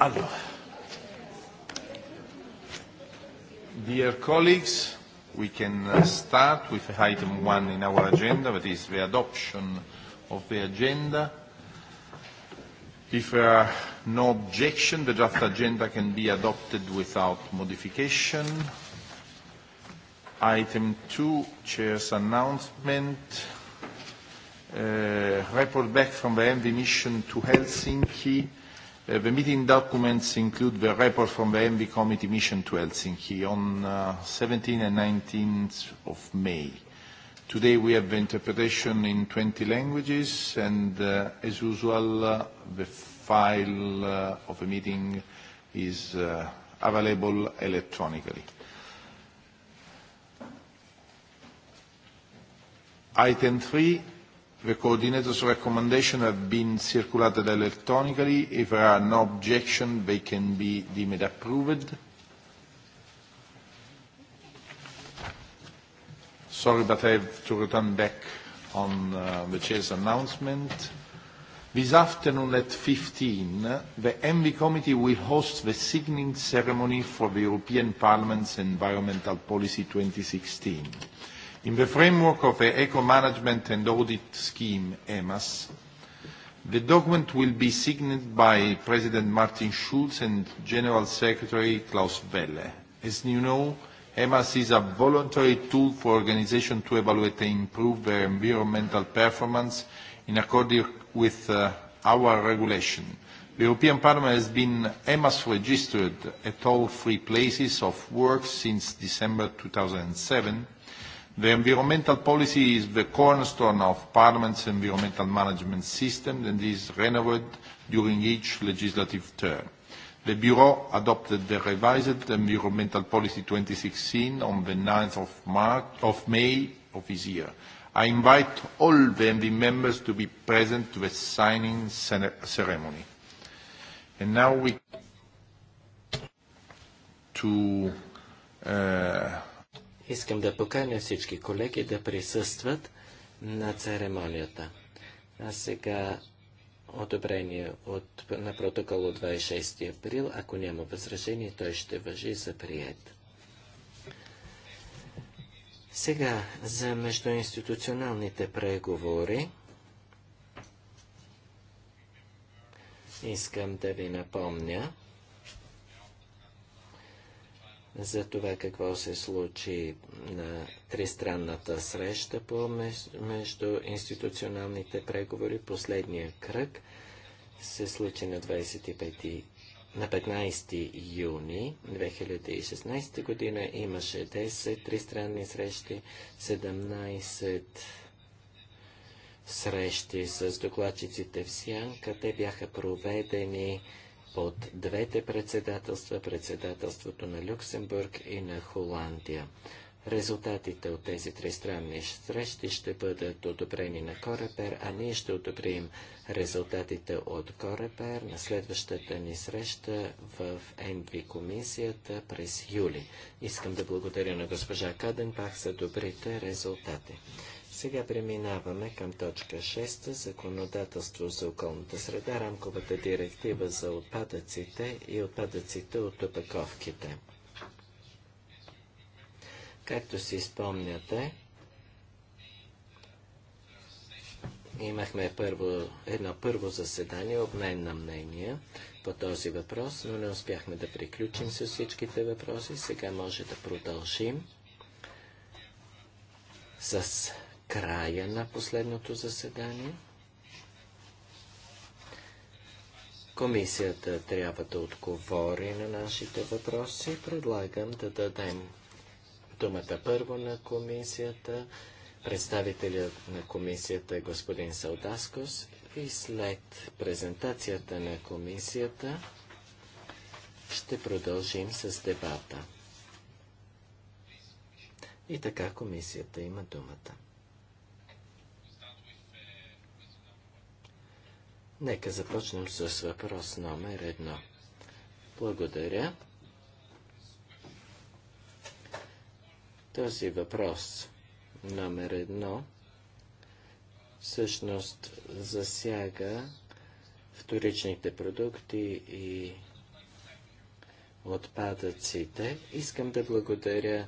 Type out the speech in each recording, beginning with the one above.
Allora, dear colleagues, we can start with item one in our agenda, that is the adoption of the agenda. If there are no objection, the draft agenda can be adopted without modification. Item two, chair's announcement. Uh, report back from the MV mission to Helsinki the meeting documents include the report from the Envi Committee mission to Helsinki on uh, 17 and 19th of May. Today we have the interpretation in 20 languages and uh, as usual uh, the file uh, of the meeting is uh, available electronically. Item 3 The coordinator's recommendation have been circulated electronically. If there are no objection, they can be deemed approved. Sorry, but I have to return back on uh, the chair's announcement. This afternoon at 15, the ENVI Committee will host the signing ceremony for the European Parliament's Environmental Policy 2016 In the framework of the Eco-Management and Audit Scheme, EMAS, the document will be signed by President Martin Schulz and General Secretary Klaus Welle. As you know, EMAS is a voluntary tool for organizations to evaluate and improve their environmental performance in accordance with uh, our regulation. The European Parliament has been EMAS registered at all three places of work since December 2007 The environmental policy is the cornerstone of Parliament's environmental management system and is renewed during each legislative term. The Bureau adopted the revised Environmental Policy 2016 on the 9th of, March, of May of this year. I invite all the MV members to be present to the signing ceremony. And now we to uh, Искам да поканя всички колеги да присъстват на церемонията. А сега одобрение от, на протокол от 26 април. Ако няма възражение, той ще въжи за прият. Сега за междуинституционалните преговори. Искам да ви напомня, за това какво се случи на тристранната среща по между институционалните преговори. Последния кръг се случи на 25 на 15 юни 2016 година имаше 10 тристранни срещи, 17 срещи с докладчиците в Сянка. Те бяха проведени под двете председателства, председателството на Люксембург и на Холандия. Резултатите от тези три странни срещи ще бъдат одобрени на Корепер, а ние ще одобрим резултатите от Корепер на следващата ни среща в НВ комисията през юли. Искам да благодаря на госпожа Каденбах за добрите резултати. Сега преминаваме към точка 6. Законодателство за околната среда, рамковата директива за отпадъците и отпадъците от опаковките. Както си спомняте, имахме първо, едно първо заседание, обмен на мнения по този въпрос, но не успяхме да приключим с всичките въпроси. Сега може да продължим с края на последното заседание. Комисията трябва да отговори на нашите въпроси. Предлагам да дадем думата първо на комисията, представителя на комисията е господин Салдаскос и след презентацията на комисията ще продължим с дебата. И така комисията има думата. Нека започнем с въпрос номер едно. Благодаря. Този въпрос номер едно всъщност засяга вторичните продукти и отпадъците. Искам да благодаря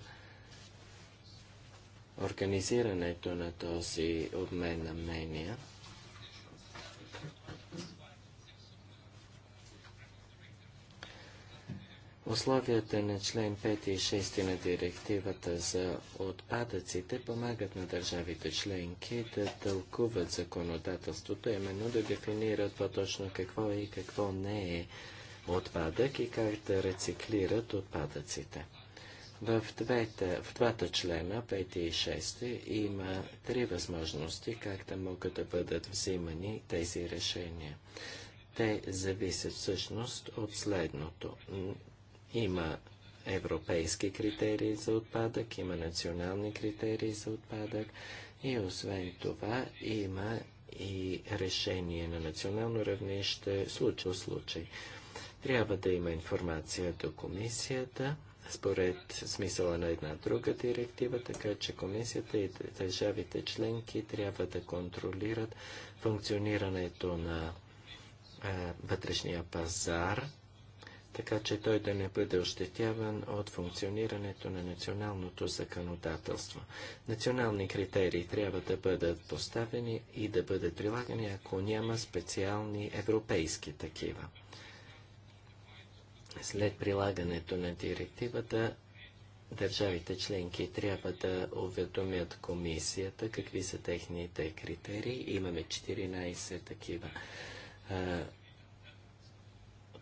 организирането на този обмен на мнения. Условията на член 5 и 6 на директивата за отпадъците помагат на държавите членки да тълкуват законодателството, именно да дефинират по-точно какво е и какво не е отпадък и как да рециклират отпадъците. В, двете, в двата члена, 5 и 6, има три възможности как да могат да бъдат взимани тези решения. Те зависят всъщност от следното. Има европейски критерии за отпадък, има национални критерии за отпадък и освен това има и решение на национално равнище, случай случай. Трябва да има информация до комисията, според смисъла на една друга директива, така че комисията и държавите членки трябва да контролират функционирането на вътрешния пазар така че той да не бъде ощетяван от функционирането на националното законодателство. Национални критерии трябва да бъдат поставени и да бъдат прилагани, ако няма специални европейски такива. След прилагането на директивата, държавите членки трябва да уведомят комисията какви са техните критерии. Имаме 14 такива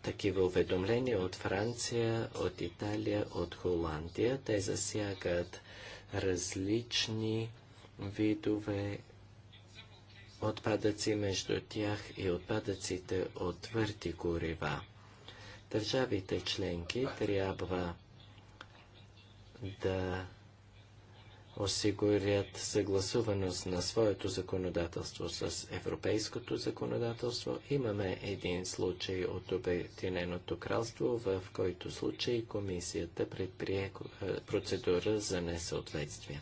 такива уведомления от Франция, от Италия, от Холандия. Те засягат различни видове отпадъци между тях и отпадъците от твърди горива. Държавите членки трябва да осигурят съгласуваност на своето законодателство с европейското законодателство. Имаме един случай от Обединеното кралство, в който случай комисията предприе е, процедура за несъответствие.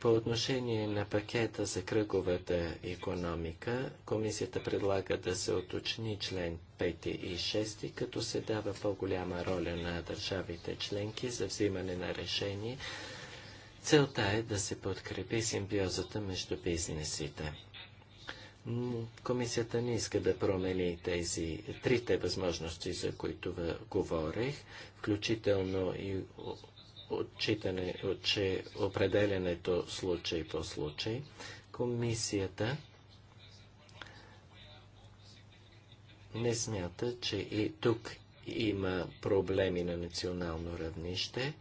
По отношение на пакета за кръговата економика, комисията предлага да се оточни член 5 и 6, като се дава по-голяма роля на държавите членки за взимане на решение Целта е да се подкрепи симбиозата между бизнесите. Комисията не иска да промени тези трите възможности, за които говорих, включително и отчитане, че определенето случай по случай. Комисията не смята, че и тук има проблеми на национално равнище.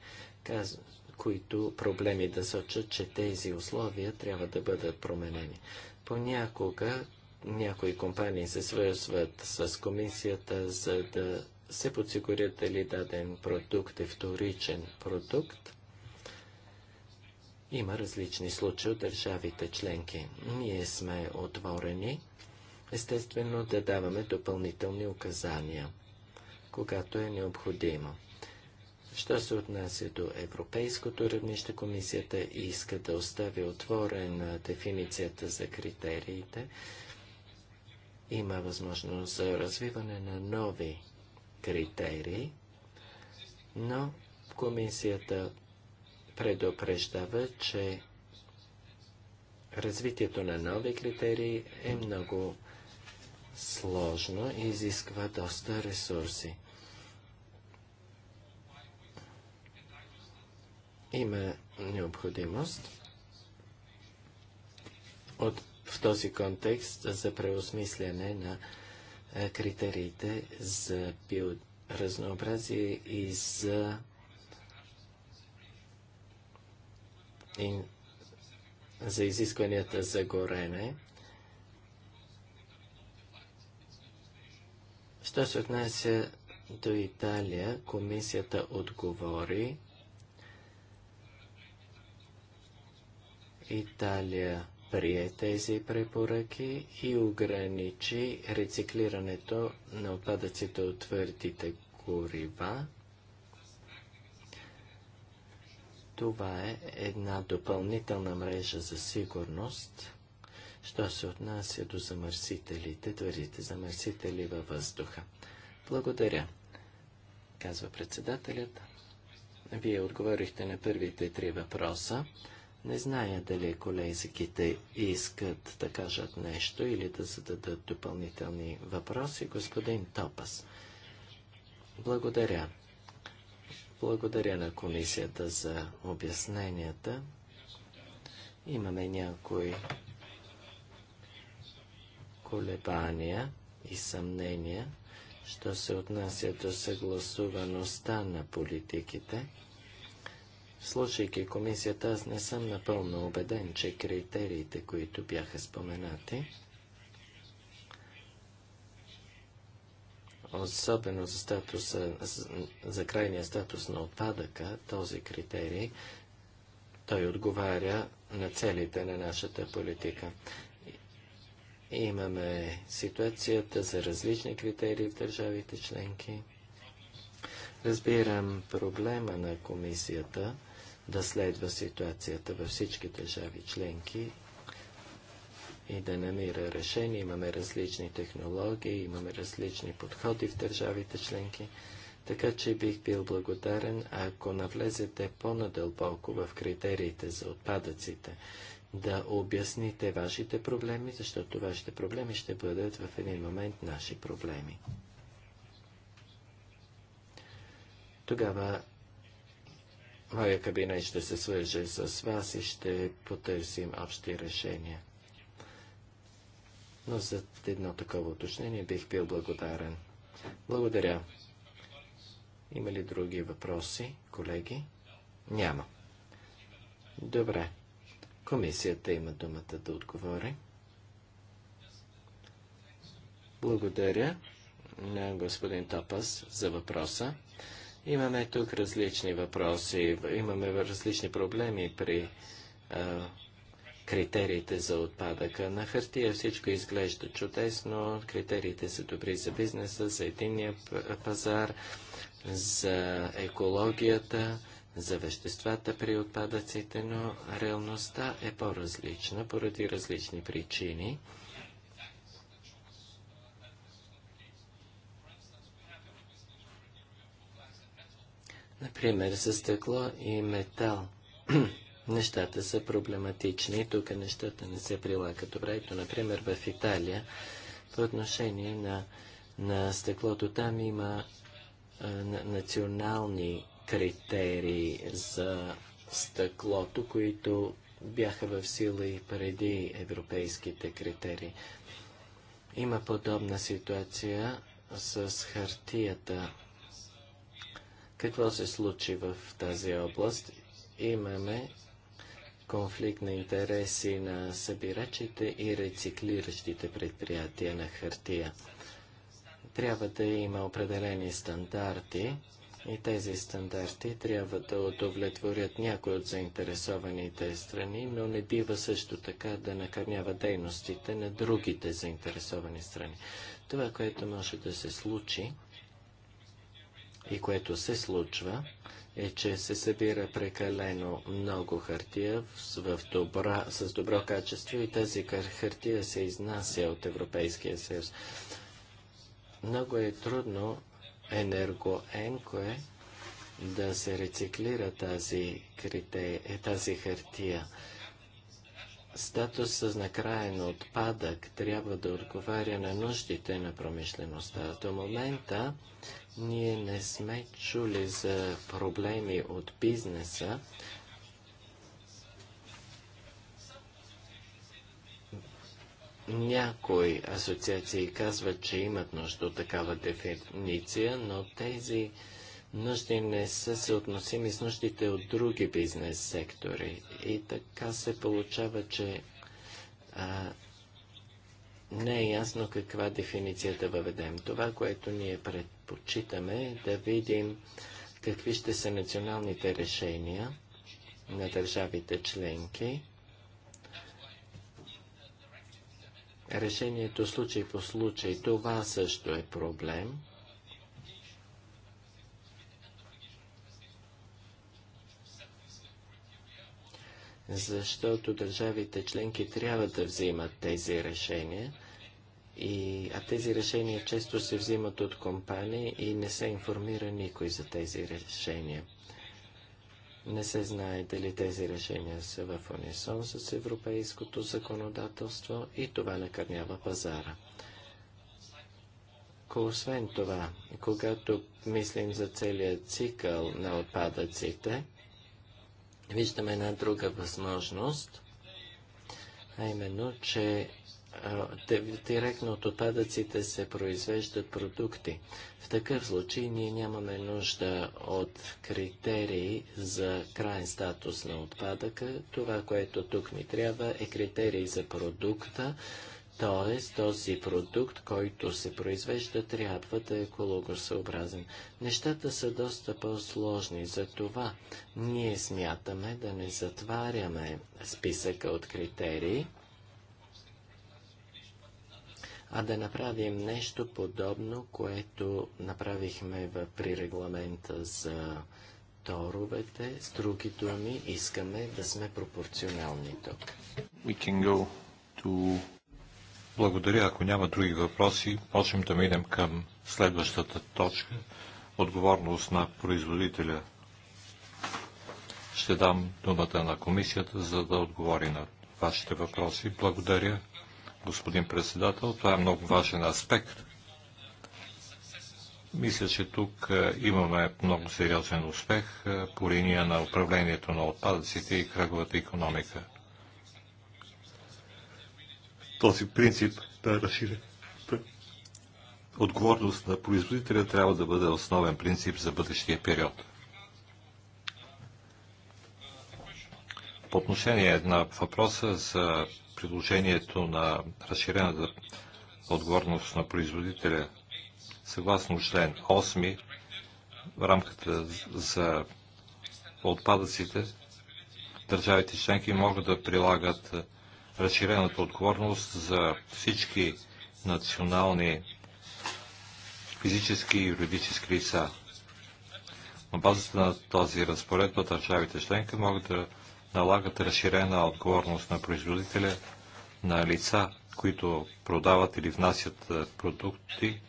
Казва, които проблеми да сочат, че тези условия трябва да бъдат променени. Понякога някои компании се свързват с комисията, за да се подсигурят дали даден продукт е вторичен продукт. Има различни случаи от държавите членки. Ние сме отворени, естествено да даваме допълнителни указания, когато е необходимо. Що се отнася до европейското равнище, комисията иска да остави отворена дефиницията за критериите. Има възможност за развиване на нови критерии, но комисията предупреждава, че развитието на нови критерии е много сложно и изисква доста ресурси. Има необходимост от, в този контекст за преосмисляне на критериите за биоразнообразие и за и, за изискванията за горене. Що се отнася до Италия, комисията отговори Италия прие тези препоръки и ограничи рециклирането на отпадъците от твърдите горива. Това е една допълнителна мрежа за сигурност, що се отнася до замърсителите, твърдите замърсители във въздуха. Благодаря, казва председателят. Вие отговорихте на първите три въпроса. Не зная дали колезиките искат да кажат нещо или да зададат допълнителни въпроси. Господин Топас, благодаря. Благодаря на комисията за обясненията. Имаме някои колебания и съмнения, що се отнася до съгласуваността на политиките. Слушайки комисията, аз не съм напълно убеден, че критериите, които бяха споменати, особено за, статуса, за крайния статус на отпадъка, този критерий, той отговаря на целите на нашата политика. Имаме ситуацията за различни критерии в държавите членки. Разбирам проблема на комисията – да следва ситуацията във всички държави членки и да намира решение. Имаме различни технологии, имаме различни подходи в държавите членки, така че бих бил благодарен, ако навлезете по-надълбоко в критериите за отпадъците, да обясните вашите проблеми, защото вашите проблеми ще бъдат в един момент наши проблеми. Тогава Моя кабинет ще се свърже с вас и ще потърсим общи решения. Но за едно такова уточнение бих бил благодарен. Благодаря. Има ли други въпроси, колеги? Няма. Добре. Комисията има думата да отговори. Благодаря на господин Топас за въпроса. Имаме тук различни въпроси, имаме различни проблеми при а, критериите за отпадъка. На хартия всичко изглежда чудесно, критериите са добри за бизнеса, за единния пазар, за екологията, за веществата при отпадъците, но реалността е по-различна поради различни причини. Например, за стъкло и метал. нещата са проблематични и тук нещата не се прилагат добре. Ето, например, в Италия по отношение на, на стъклото там има а, национални критерии за стъклото, които бяха в сила и преди европейските критерии. Има подобна ситуация с хартията какво се случи в тази област? Имаме конфликт на интереси на събирачите и рециклиращите предприятия на хартия. Трябва да има определени стандарти и тези стандарти трябва да удовлетворят някои от заинтересованите страни, но не бива също така да накърнява дейностите на другите заинтересовани страни. Това, което може да се случи, и което се случва, е, че се събира прекалено много хартия в добра, с добро качество и тази хартия се изнася от Европейския съюз. Много е трудно енергоенко е да се рециклира тази, критей, е, тази хартия. Статусът на отпадък трябва да отговаря на нуждите на промишлеността. До момента ние не сме чули за проблеми от бизнеса. Някои асоциации казват, че имат нужда от такава дефиниция, но тези нужди не са съотносими с нуждите от други бизнес сектори. И така се получава, че а, не е ясно каква дефиниция да въведем. Това, което ние предпочитаме е да видим какви ще са националните решения на държавите членки. Решението случай по случай, това също е проблем. защото държавите членки трябва да взимат тези решения, и, а тези решения често се взимат от компании и не се информира никой за тези решения. Не се знае дали тези решения са в унисон с европейското законодателство и това накърнява пазара. Освен това, когато мислим за целият цикъл на отпадъците, виждаме една друга възможност, а именно, че директно от отпадъците се произвеждат продукти. В такъв случай ние нямаме нужда от критерии за крайен статус на отпадъка. Това, което тук ни трябва е критерии за продукта, т.е. този продукт, който се произвежда, трябва да е екологосъобразен. Нещата са доста по-сложни, затова ние смятаме да не затваряме списъка от критерии, а да направим нещо подобно, което направихме при регламента за торовете. С други думи, искаме да сме пропорционални тук. We can go to... Благодаря. Ако няма други въпроси, можем да минем към следващата точка. Отговорност на производителя. Ще дам думата на комисията, за да отговори на вашите въпроси. Благодаря господин председател. Това е много важен аспект. Мисля, че тук е, имаме много сериозен успех е, по линия на управлението на отпадъците и кръговата економика. Този принцип да разширя отговорност на производителя трябва да бъде основен принцип за бъдещия период. По отношение на въпроса за предложението на разширената отговорност на производителя, съгласно член 8, рамката за отпадъците, държавите членки могат да прилагат разширената отговорност за всички национални физически и юридически лица. На базата на тази разпоредба държавите членки могат да налагат разширена отговорност на производителя на лица, които продават или внасят е, продукти,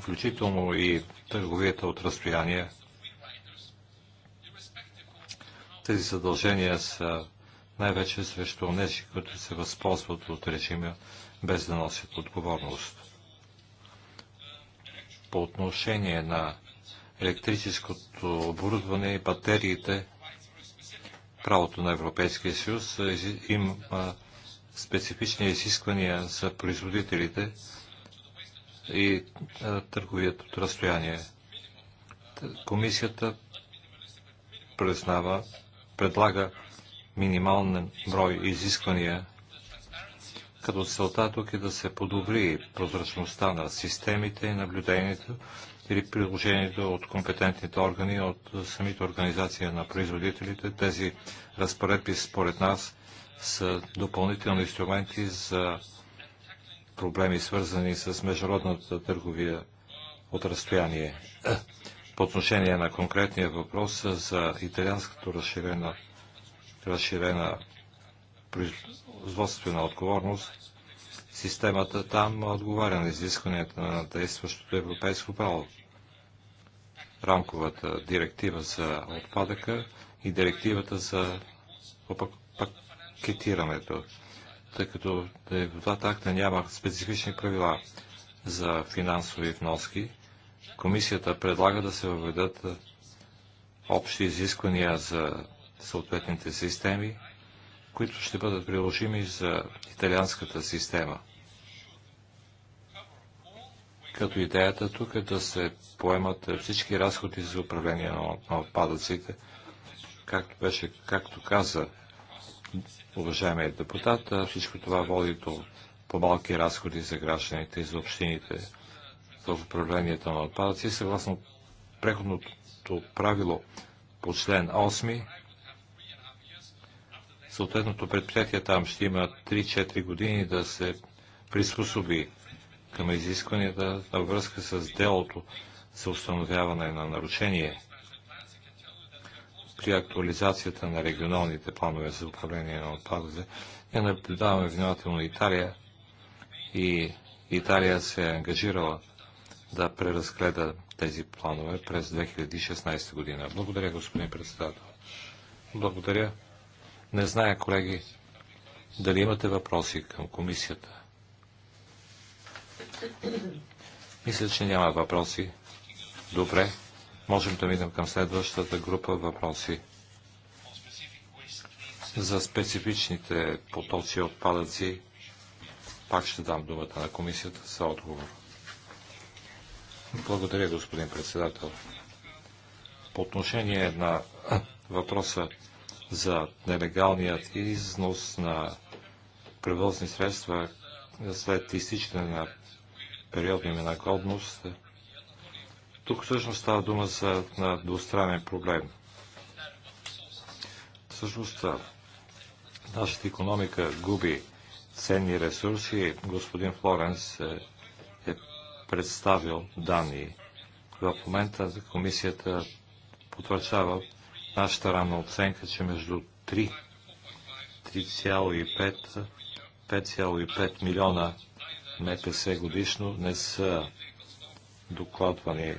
включително и търговията от разстояние. Тези задължения са най-вече срещу онези, които се възползват от режима без да носят отговорност. По отношение на електрическото оборудване и батериите, правото на Европейския съюз има специфични изисквания за производителите и търговият от разстояние. Комисията признава, предлага минимален брой изисквания, като целта тук е да се подобри прозрачността на системите и наблюдението или приложението от компетентните органи, от самите организация на производителите. Тези разпоредби според нас са допълнителни инструменти за проблеми, свързани с международната търговия от разстояние. По отношение на конкретния въпрос за италианската разширена, разширена производствена отговорност, системата там отговаря на изискванията на действащото европейско право рамковата директива за отпадъка и директивата за пакетирането, тъй като е в двата акта няма специфични правила за финансови вноски. Комисията предлага да се въведат общи изисквания за съответните системи, които ще бъдат приложими за италианската система като идеята тук е да се поемат всички разходи за управление на, отпадъците, както беше, както каза уважаемия депутат, всичко това води до по-малки разходи за гражданите и за общините в управлението на отпадъци. Съгласно преходното правило по член 8, съответното предприятие там ще има 3-4 години да се приспособи към изискванията във връзка с делото за установяване на нарушение при актуализацията на регионалните планове за управление на отпадъци, Ние наблюдаваме внимателно Италия и Италия се е ангажирала да преразгледа тези планове през 2016 година. Благодаря, господин председател. Благодаря. Не зная, колеги, дали имате въпроси към комисията. Мисля, че няма въпроси. Добре. Можем да минем към следващата група въпроси. За специфичните потоци отпадъци пак ще дам думата на комисията за отговор. Благодаря, господин председател. По отношение на въпроса за нелегалният износ на превозни средства след изтичане на периодни на годност. Тук всъщност става дума за на двустранен проблем. Всъщност нашата економика губи ценни ресурси. Господин Флоренс е, е, представил данни. В момента комисията потвърждава нашата ранна оценка, че между 3,5 5,5 милиона МПС годишно не са докладвани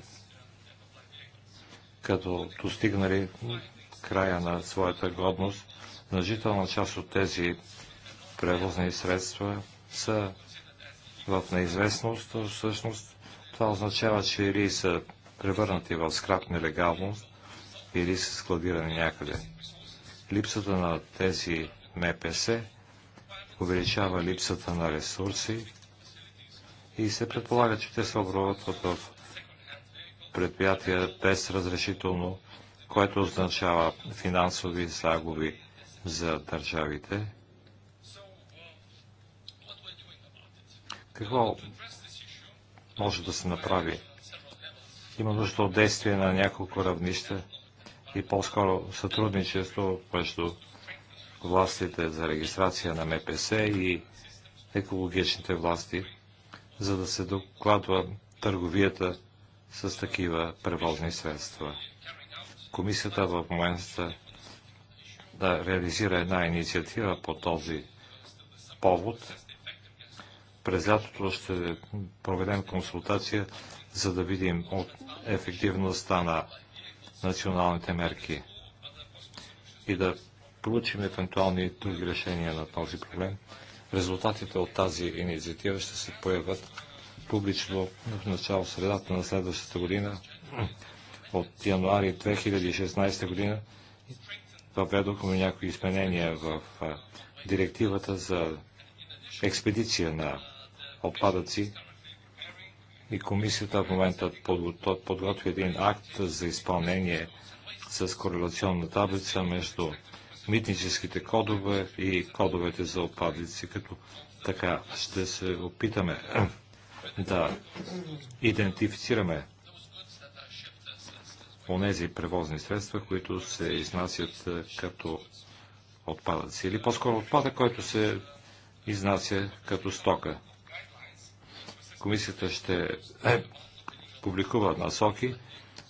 като достигнали края на своята годност. Значителна част от тези превозни средства са в неизвестност. Всъщност това означава, че или са превърнати в скрап нелегалност, или са складирани някъде. Липсата на тези МПС увеличава липсата на ресурси, и се предполага, че те се обработват в предприятия без разрешително, което означава финансови загуби за държавите. Какво може да се направи? Има нужда от действие на няколко равнища и по-скоро сътрудничество между властите за регистрация на МПС и екологичните власти за да се докладва търговията с такива превозни средства. Комисията в момента да реализира една инициатива по този повод. През лятото ще проведем консултация, за да видим от ефективността на националните мерки и да получим евентуални други решения на този проблем. Резултатите от тази инициатива ще се появят публично в начало средата на следващата година. От януари 2016 година въведохме някои изменения в директивата за експедиция на отпадъци и комисията в момента подготви един акт за изпълнение с корелационна таблица между митническите кодове и кодовете за опадици, като така ще се опитаме да идентифицираме онези превозни средства, които се изнасят като отпадъци, или по-скоро отпадък, който се изнася като стока. Комисията ще е, публикува насоки,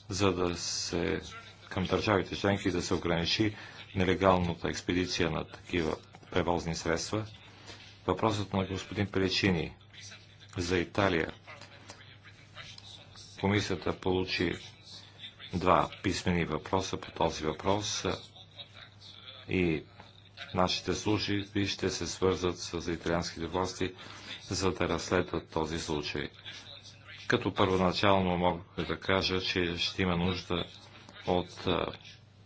за да се към държавите членки да се ограничи нелегалната експедиция на такива превозни средства. Въпросът на господин Причини за Италия. Комисията получи два писмени въпроса по този въпрос и нашите служби ще се свързат с италианските власти, за да разследват този случай. Като първоначално мога да кажа, че ще има нужда от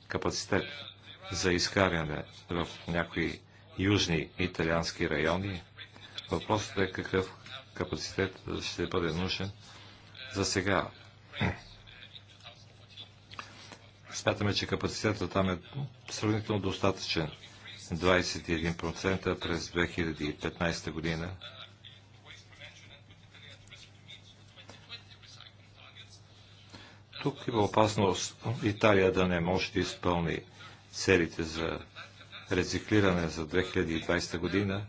капацитет за изкаряне в някои южни италиански райони. Въпросът е какъв капацитет ще бъде нужен за сега. Смятаме, че капацитетът там е сравнително достатъчен. 21% през 2015 година. Тук има опасност Италия да не може да изпълни целите за рециклиране за 2020 година,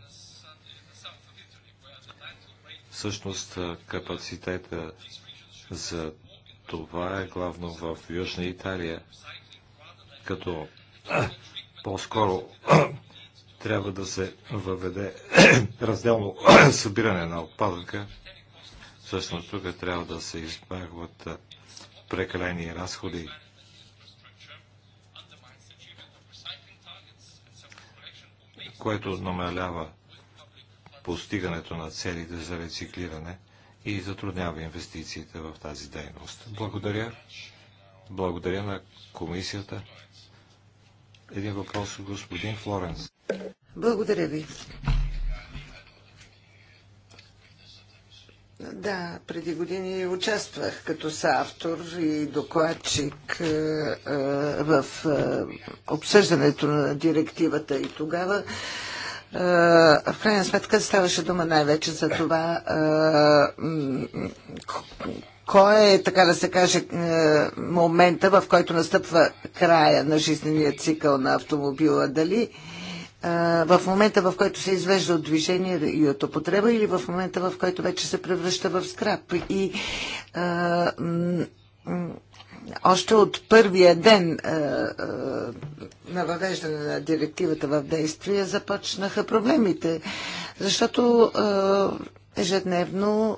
всъщност капацитета за това е главно в Южна Италия, като по-скоро трябва да се въведе разделно събиране на отпадъка. Всъщност тук трябва да се избягват прекалени разходи което намалява постигането на целите за рециклиране и затруднява инвестициите в тази дейност. Благодаря. Благодаря на комисията. Един въпрос от господин Флоренс. Благодаря ви. Да, преди години участвах като съавтор и докладчик е, е, в е, обсъждането на директивата и тогава в крайна сметка ставаше дума най-вече за това кой е, така да се каже, момента, в който настъпва края на жизнения цикъл на автомобила. Дали в момента, в който се извежда от движение и от употреба, или в момента, в който вече се превръща в скрап. И а, още от първия ден а, а, на въвеждане на директивата в действие започнаха проблемите, защото а, ежедневно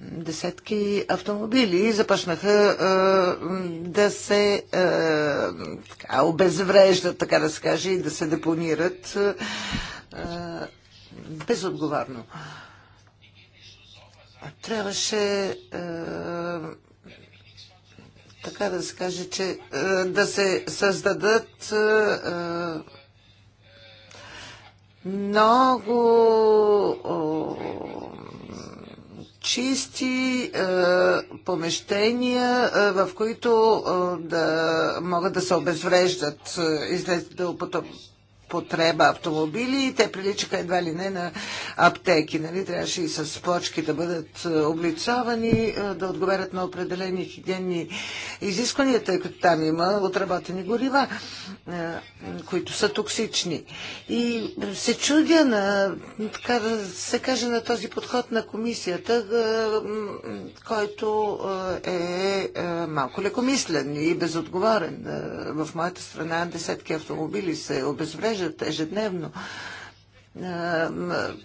десетки автомобили започнаха а, да се а, така, обезвреждат, така да се каже, и да се депонират а, безотговорно. Трябваше а, така да се каже, че а, да се създадат а, много чисти е, помещения, е, в които е, да могат да се обезвреждат е, излезли да потреба автомобили и те приличаха едва ли не на аптеки. Нали? Трябваше и с плочки да бъдат е, облицовани, е, да отговарят на определени хигиенни изисквания, тъй като там има отработени горива, е, които са токсични. И се чудя на, така да се каже, на този подход на комисията, който е малко лекомислен и безотговорен. В моята страна десетки автомобили се обезврежда отглеждат ежедневно.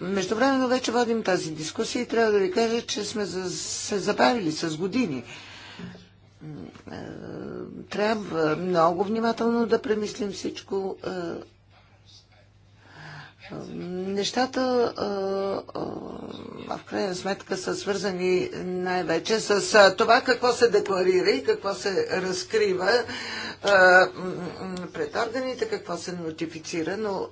Междувременно вече водим тази дискусия и трябва да ви кажа, че сме се забавили с години. Трябва много внимателно да премислим всичко Нещата в крайна сметка са свързани най-вече с това какво се декларира и какво се разкрива пред органите, какво се нотифицира, но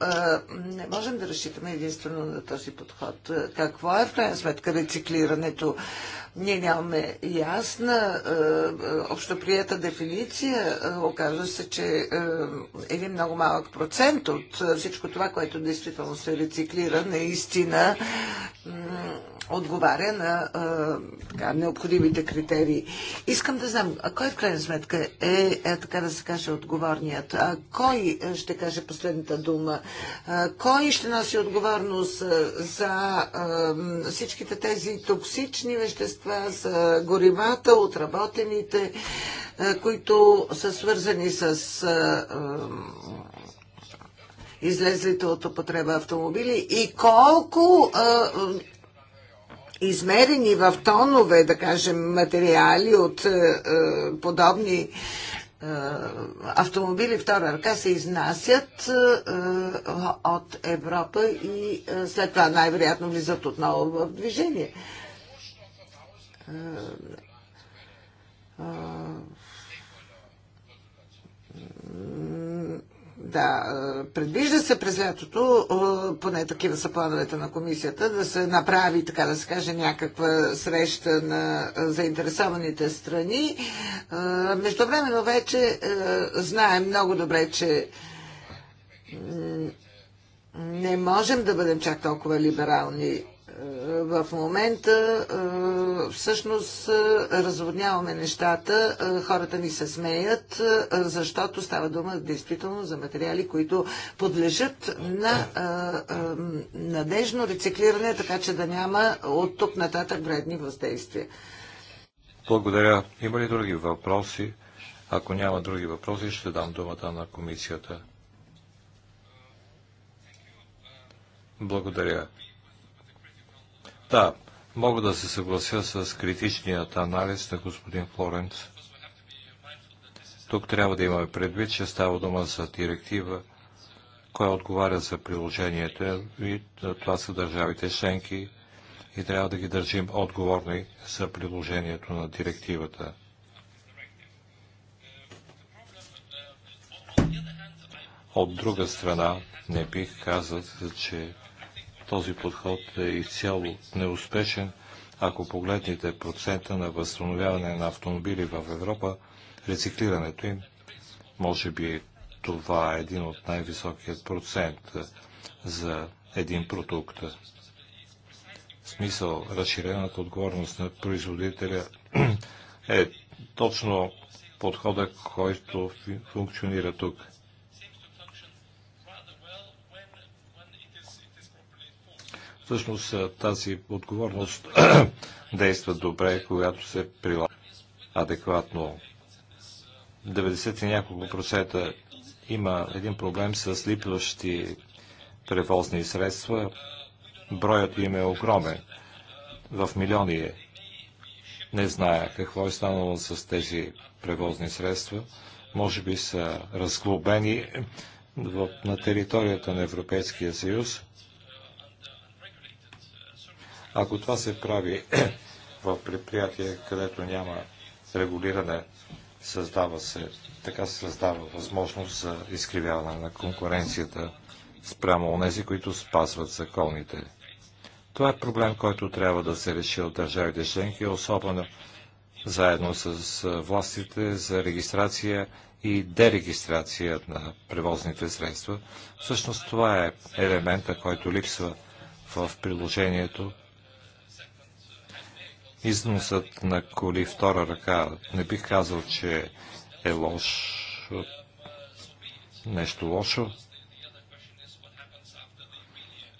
не можем да разчитаме единствено на този подход. Какво е в крайна сметка рециклирането? Ние нямаме ясна е, е, общоприета дефиниция. Е, оказва се, че е, един много малък процент от всичко това, което действително се рециклира, наистина отговаря на така, необходимите критерии. Искам да знам, а кой в крайна сметка е, е, е така да се каже, отговорният? А кой ще каже последната дума? А, кой ще носи отговорност за а, всичките тези токсични вещества? средства, за горивата, отработените, които са свързани с излезлите от употреба автомобили и колко измерени в тонове, да кажем, материали от подобни автомобили втора ръка се изнасят от Европа и след това най-вероятно влизат отново в движение. Е, да, предвижда се през лятото, поне такива са плановете на комисията, да се направи, така да се каже, някаква среща на заинтересованите страни. Междувременно вече е, знаем много добре, че не можем да бъдем чак толкова либерални в момента всъщност разводняваме нещата, хората ни се смеят, защото става дума действително за материали, които подлежат на надежно рециклиране, така че да няма от тук нататък вредни въздействия. Благодаря. Има ли други въпроси? Ако няма други въпроси, ще дам думата на комисията. Благодаря. Да, мога да се съглася с критичният анализ на господин Флоренц. Тук трябва да имаме предвид, че става дума за директива, коя отговаря за приложението и това са държавите членки и трябва да ги държим отговорни за приложението на директивата. От друга страна, не бих казал, че този подход е изцяло неуспешен. Ако погледнете процента на възстановяване на автомобили в Европа, рециклирането им, може би това е един от най-високият процент за един продукт. В смисъл, разширената отговорност на производителя е точно подхода, който функционира тук. Всъщност тази отговорност действа добре, когато се прилага адекватно. 90 и няколко процента има един проблем с липващи превозни средства. Броят им е огромен. В милиони е. Не зная какво е станало с тези превозни средства. Може би са разглобени на територията на Европейския съюз. Ако това се прави в предприятие, където няма регулиране, създава се, така се създава възможност за изкривяване на конкуренцията спрямо онези, които спазват законите. Това е проблем, който трябва да се реши от държавите членки, особено заедно с властите за регистрация и дерегистрация на превозните средства. Всъщност това е елемента, който липсва в приложението Износът на коли втора ръка не бих казал, че е лош, нещо лошо.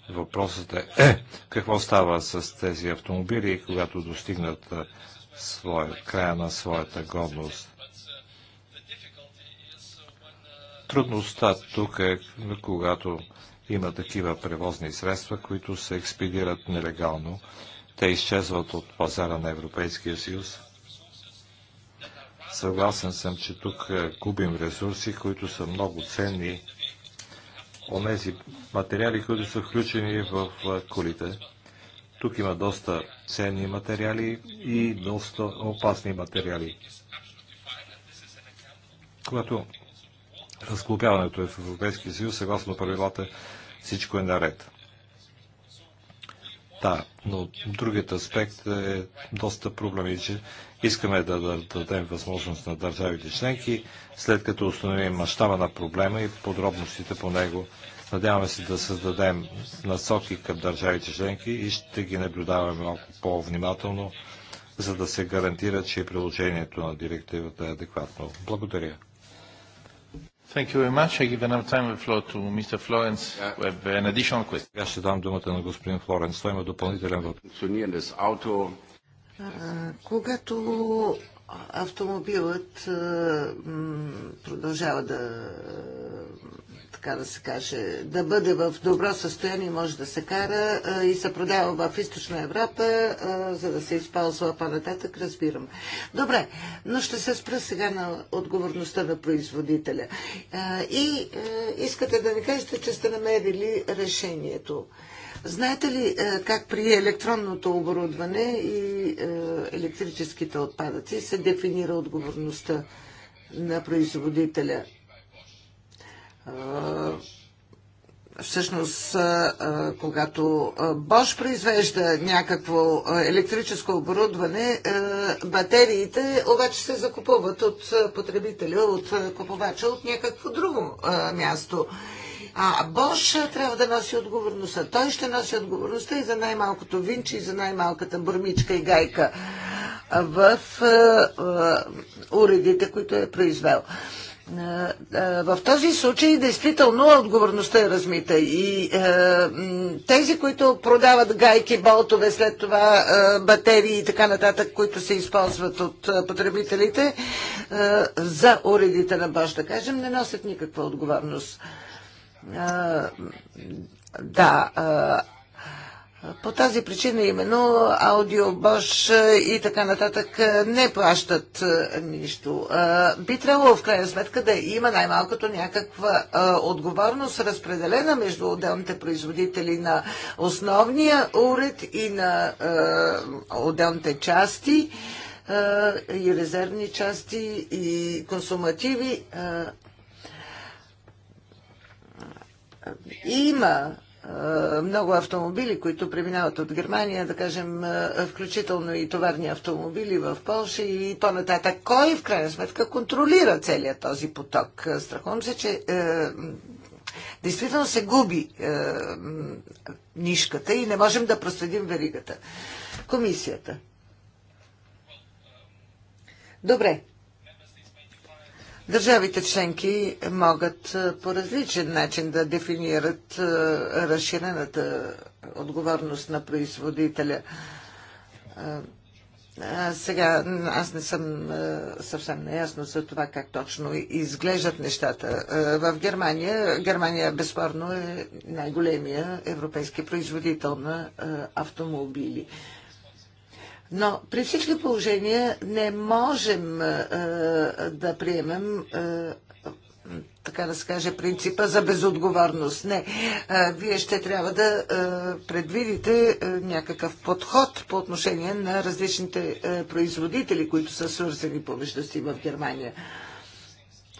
Въпросът е, е какво става с тези автомобили, когато достигнат своя, края на своята годност. Трудността тук е, когато има такива превозни средства, които се експедират нелегално те изчезват от пазара на Европейския съюз. Съгласен съм, че тук е, губим ресурси, които са много ценни. Онези материали, които са включени в е, колите. Тук има доста ценни материали и доста опасни материали. Когато разглобяването е в Европейския съюз, съгласно правилата, всичко е наред. Да, но другият аспект е доста проблемичен. Искаме да, дадем възможност на държавите членки, след като установим мащаба на проблема и подробностите по него. Надяваме се да създадем насоки към държавите членки и ще ги наблюдаваме малко по-внимателно, за да се гарантира, че приложението на директивата е адекватно. Благодаря. Thank you very much. I give another time the floor to Mr. Florence yeah. with an additional question. Аз ще дам думата на господин Флоренс. Той има допълнителен въпрос. Когато автомобилът продължава да така да се каже, да бъде в добро състояние, може да се кара и се продава в Източна Европа, за да се използва по-нататък, разбирам. Добре, но ще се спра сега на отговорността на производителя. И искате да ви кажете, че сте намерили решението. Знаете ли как при електронното оборудване и електрическите отпадъци се дефинира отговорността на производителя? всъщност, когато Бош произвежда някакво електрическо оборудване, батериите обаче се закупуват от потребителя, от купувача, от някакво друго място. А Бош трябва да носи отговорността. Той ще носи отговорността и за най-малкото винче, и за най-малката бурмичка и гайка в уредите, които е произвел. В този случай действително отговорността е размита и тези, които продават гайки, болтове, след това батерии и така нататък, които се използват от потребителите за уредите на Бош, да кажем, не носят никаква отговорност. Да, по тази причина именно Аудио, Бош и така нататък не плащат ами нищо. Би трябвало в крайна сметка да има най-малкото някаква отговорност разпределена между отделните производители на основния уред и на отделните части и резервни части и консумативи. Има е, много автомобили, които преминават от Германия, да кажем, е, включително и товарни автомобили в Польша и по-нататък. Кой в крайна сметка контролира целият този поток? Е, страхувам се, че е, действително се губи е, нишката и не можем да проследим веригата. Комисията. Добре. Държавите членки могат е, по различен начин да дефинират е, разширената отговорност на производителя. Е, сега аз не съм съвсем наясно за това как точно изглеждат нещата. В Германия, Германия безспорно е най-големия европейски производител на автомобили. Но при всички положения не можем да приемем така да се каже, принципа за безотговорност. Не, вие ще трябва да предвидите някакъв подход по отношение на различните производители, които са свързани по си в Германия.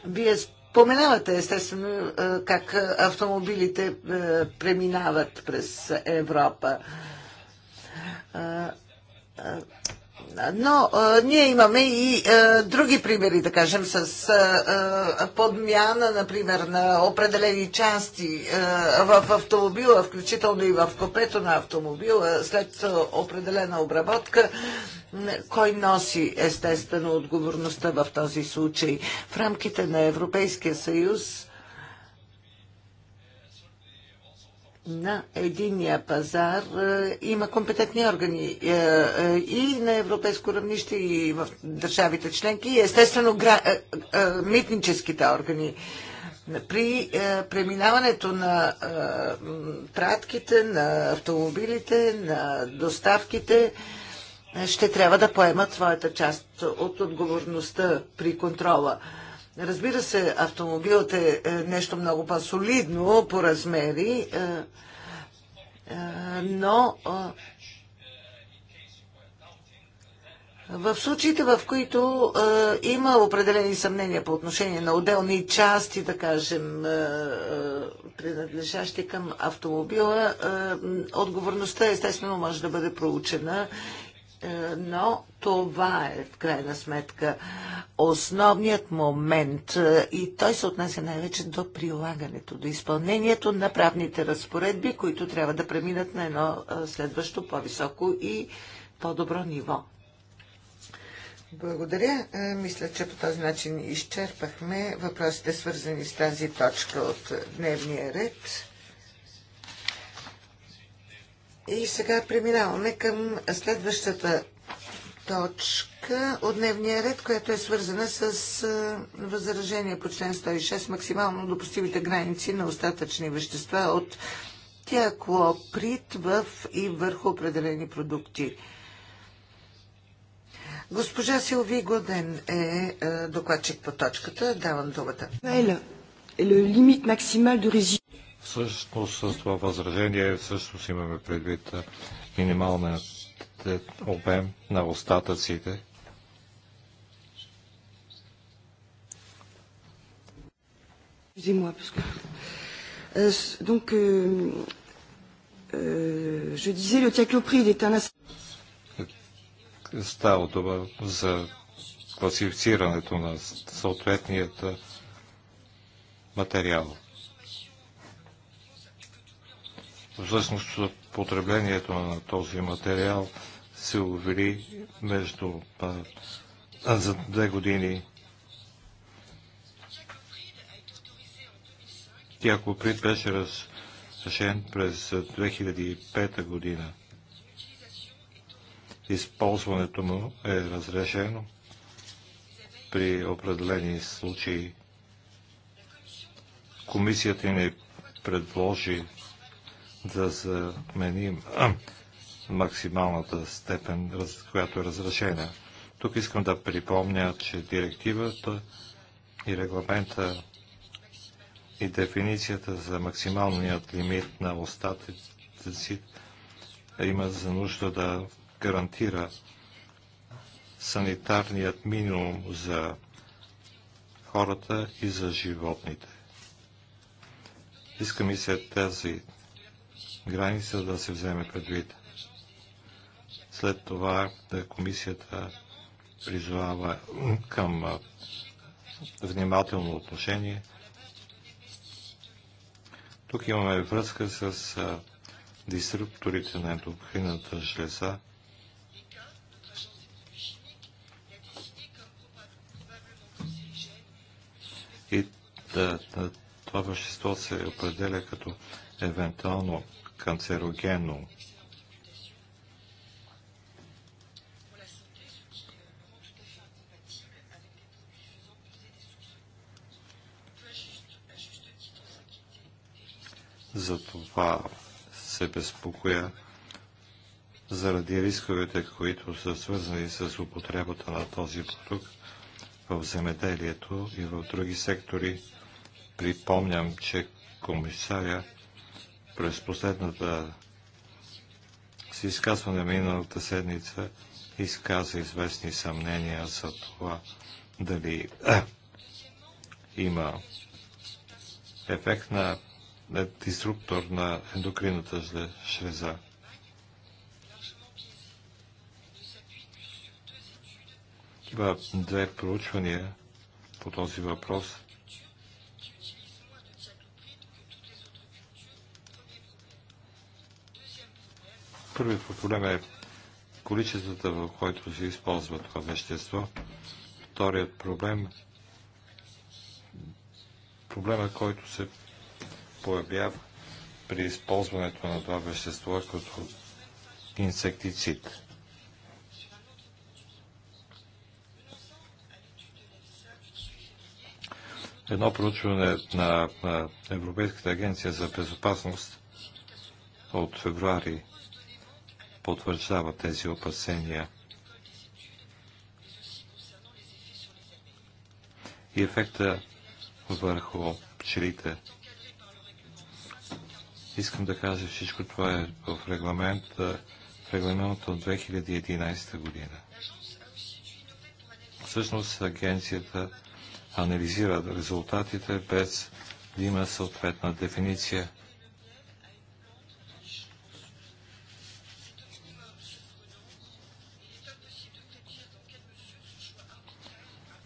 Вие споменавате, естествено, как автомобилите преминават през Европа. Но а, ние имаме и а, други примери, да кажем, с а, подмяна, например, на определени части в автомобила, включително и в копето на автомобила, след определена обработка. Кой носи естествено отговорността в този случай? В рамките на Европейския съюз на единия пазар е, има компетентни органи е, е, и на европейско равнище, и в държавите членки, и естествено митническите органи. При преминаването на пратките, на автомобилите, на доставките, ще трябва да поемат своята част от отговорността при контрола. Разбира се, автомобилът е, е нещо много по-солидно по размери, е, е, но в случаите, в които има определени съмнения по отношение на отделни части, да кажем, принадлежащи към автомобила, отговорността естествено може да бъде проучена е, но това е в крайна сметка основният момент е, и той се отнася най-вече до прилагането, до изпълнението на правните разпоредби, които трябва да преминат на едно е, следващо по-високо и по-добро ниво. Благодаря. Мисля, че по този начин изчерпахме въпросите, свързани с тази точка от дневния ред. И сега преминаваме към следващата точка от дневния ред, която е свързана с възражение по член 106 максимално допустимите граници на остатъчни вещества от тиаклоприт в и върху определени продукти. Госпожа Силви Годен е докладчик по точката. Давам думата. Всъщност с това възражение всъщност имаме предвид минималният е, обем на остатъците. Euh, donc, euh, euh, je disais, le tiaclopride est un... Става дума за класифицирането на съответният материал. Всъщност потреблението на този материал се увели между а, за две години. Куприт беше разрешен през 2005 година. Използването му е разрешено при определени случаи. Комисията ни предложи да заменим максималната степен, която е разрешена. Тук искам да припомня, че директивата и регламента и дефиницията за максималният лимит на си има за нужда да гарантира санитарният минимум за хората и за животните. Искам и след тази граница да се вземе предвид. След това комисията призвава към внимателно отношение. Тук имаме връзка с диструкторите на ендокрината жлеза. И да, да, това вещество се определя като евентуално канцерогенно. За това се безпокоя заради рисковете, които са свързани с употребата на този продукт в земеделието и в други сектори. Припомням, че комисаря през последната си изказване миналата седмица изказа известни съмнения за това дали а, е, има ефект на диструктор на ендокрината жлеза. Има две проучвания по този въпрос. Първият проблем е количествата, в което се използва това вещество. Вторият проблем проблема, който се появява при използването на това вещество е като инсектицид. Едно проучване на Европейската агенция за безопасност от февруари потвърждава тези опасения. И ефекта върху пчелите. Искам да кажа, всичко това е в регламент, в регламент от 2011 година. Всъщност агенцията анализира резултатите без да има съответна дефиниция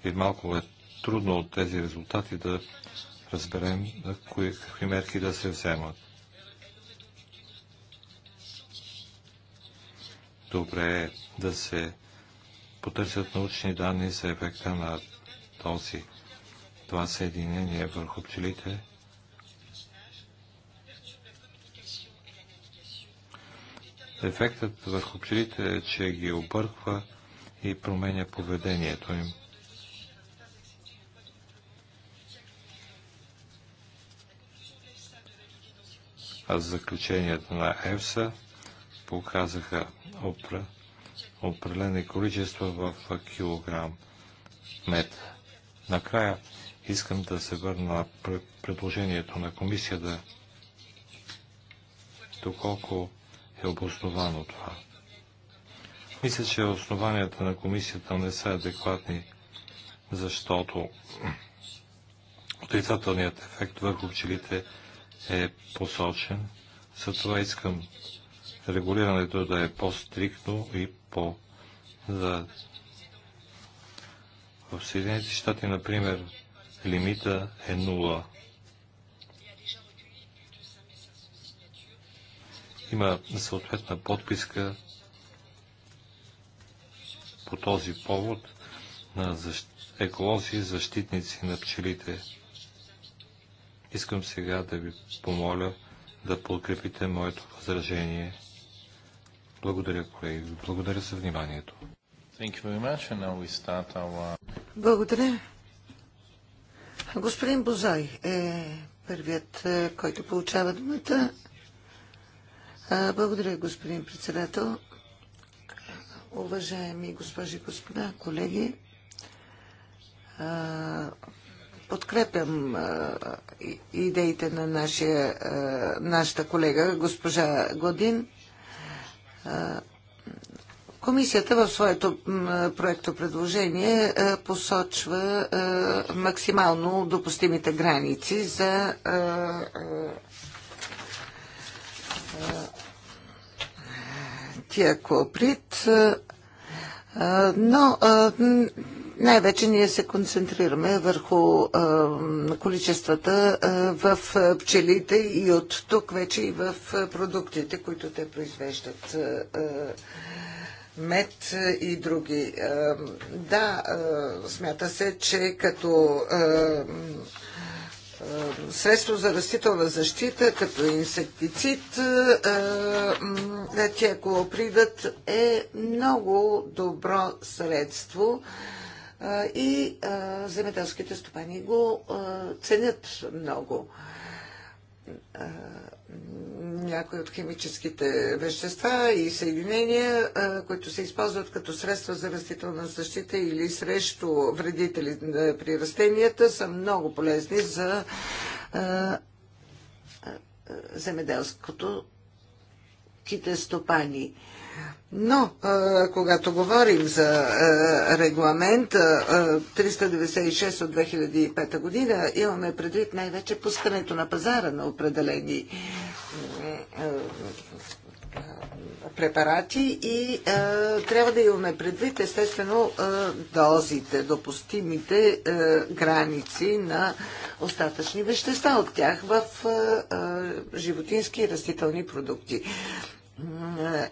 и малко е трудно от тези резултати да разберем кои, какви мерки да се вземат. Добре е да се потърсят научни данни за ефекта на този това съединение върху пчелите. Ефектът върху пчелите е, че ги обърква и променя поведението им. заключенията на ЕФСА показаха опра, определени количества в килограм мед. Накрая искам да се върна на предложението на комисията, доколко е обосновано това. Мисля, че основанията на комисията не са адекватни, защото отрицателният ефект върху пчелите е посочен. Затова искам регулирането да е по-стрикно и по за в Съединените щати, например, лимита е 0. Има съответна подписка по този повод на защ... еколози, защитници на пчелите. Искам сега да ви помоля да подкрепите моето възражение. Благодаря, колеги. Благодаря за вниманието. Благодаря. Господин Бозай е първият, е, който получава думата. Благодаря, господин председател. Уважаеми госпожи и господа, колеги, подкрепям идеите на нашия, нашата колега, госпожа Годин. Комисията в своето проекто предложение посочва максимално допустимите граници за тия но най-вече ние се концентрираме върху а, количествата а, в пчелите и от тук вече и в продуктите, които те произвеждат. А, мед и други. А, да, а, смята се, че като а, средство за растителна защита, като инсектицид, тия придат е много добро средство и земеделските стопани го ценят много. Някои от химическите вещества и съединения, които се използват като средства за растителна защита или срещу вредители при растенията, са много полезни за земеделското ките стопани. Но, а, когато говорим за а, регламент а, 396 от 2005 година, имаме предвид най-вече пускането на пазара на определени а, е, е, препарати и а, е, трябва да имаме предвид, естествено, а, дозите, допустимите а, граници на остатъчни вещества от тях в а, а, животински и растителни продукти.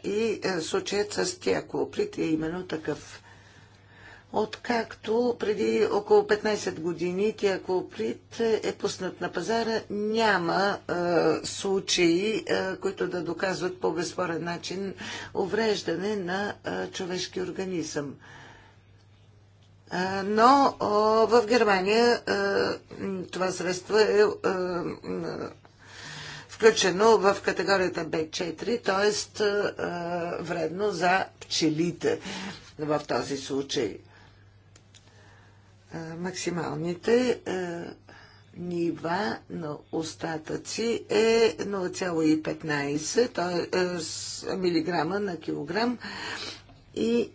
И е, случаят с тия Клоплит е именно такъв. Откакто преди около 15 години тия Клоплит е пуснат на пазара, няма е, случаи, е, които да доказват по безспорен начин увреждане на е, човешки организъм. Е, но в Германия е, това средство е включено в категорията B4, т.е. Е, е, вредно за пчелите в този случай. Е, максималните нива на остатъци е 0,15 мг на килограм и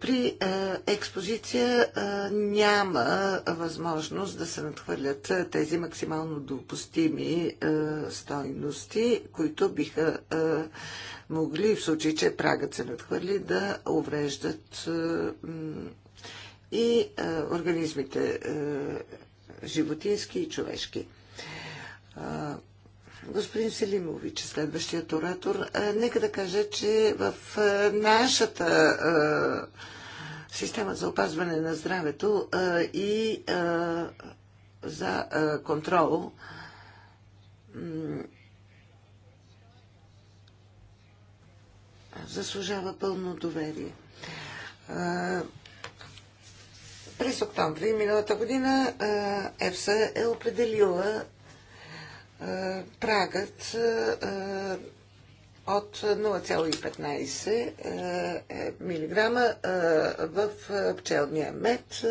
при експозиция няма възможност да се надхвърлят тези максимално допустими стойности, които биха могли, в случай, че прагът се надхвърли, да увреждат и организмите животински и човешки. Господин Селимович, следващият оратор, нека да кажа, че в нашата система за опазване на здравето и за контрол заслужава пълно доверие. През октомври миналата година ЕФСА е определила е, прагът е, е, от 0,15 мг в пчелния мед.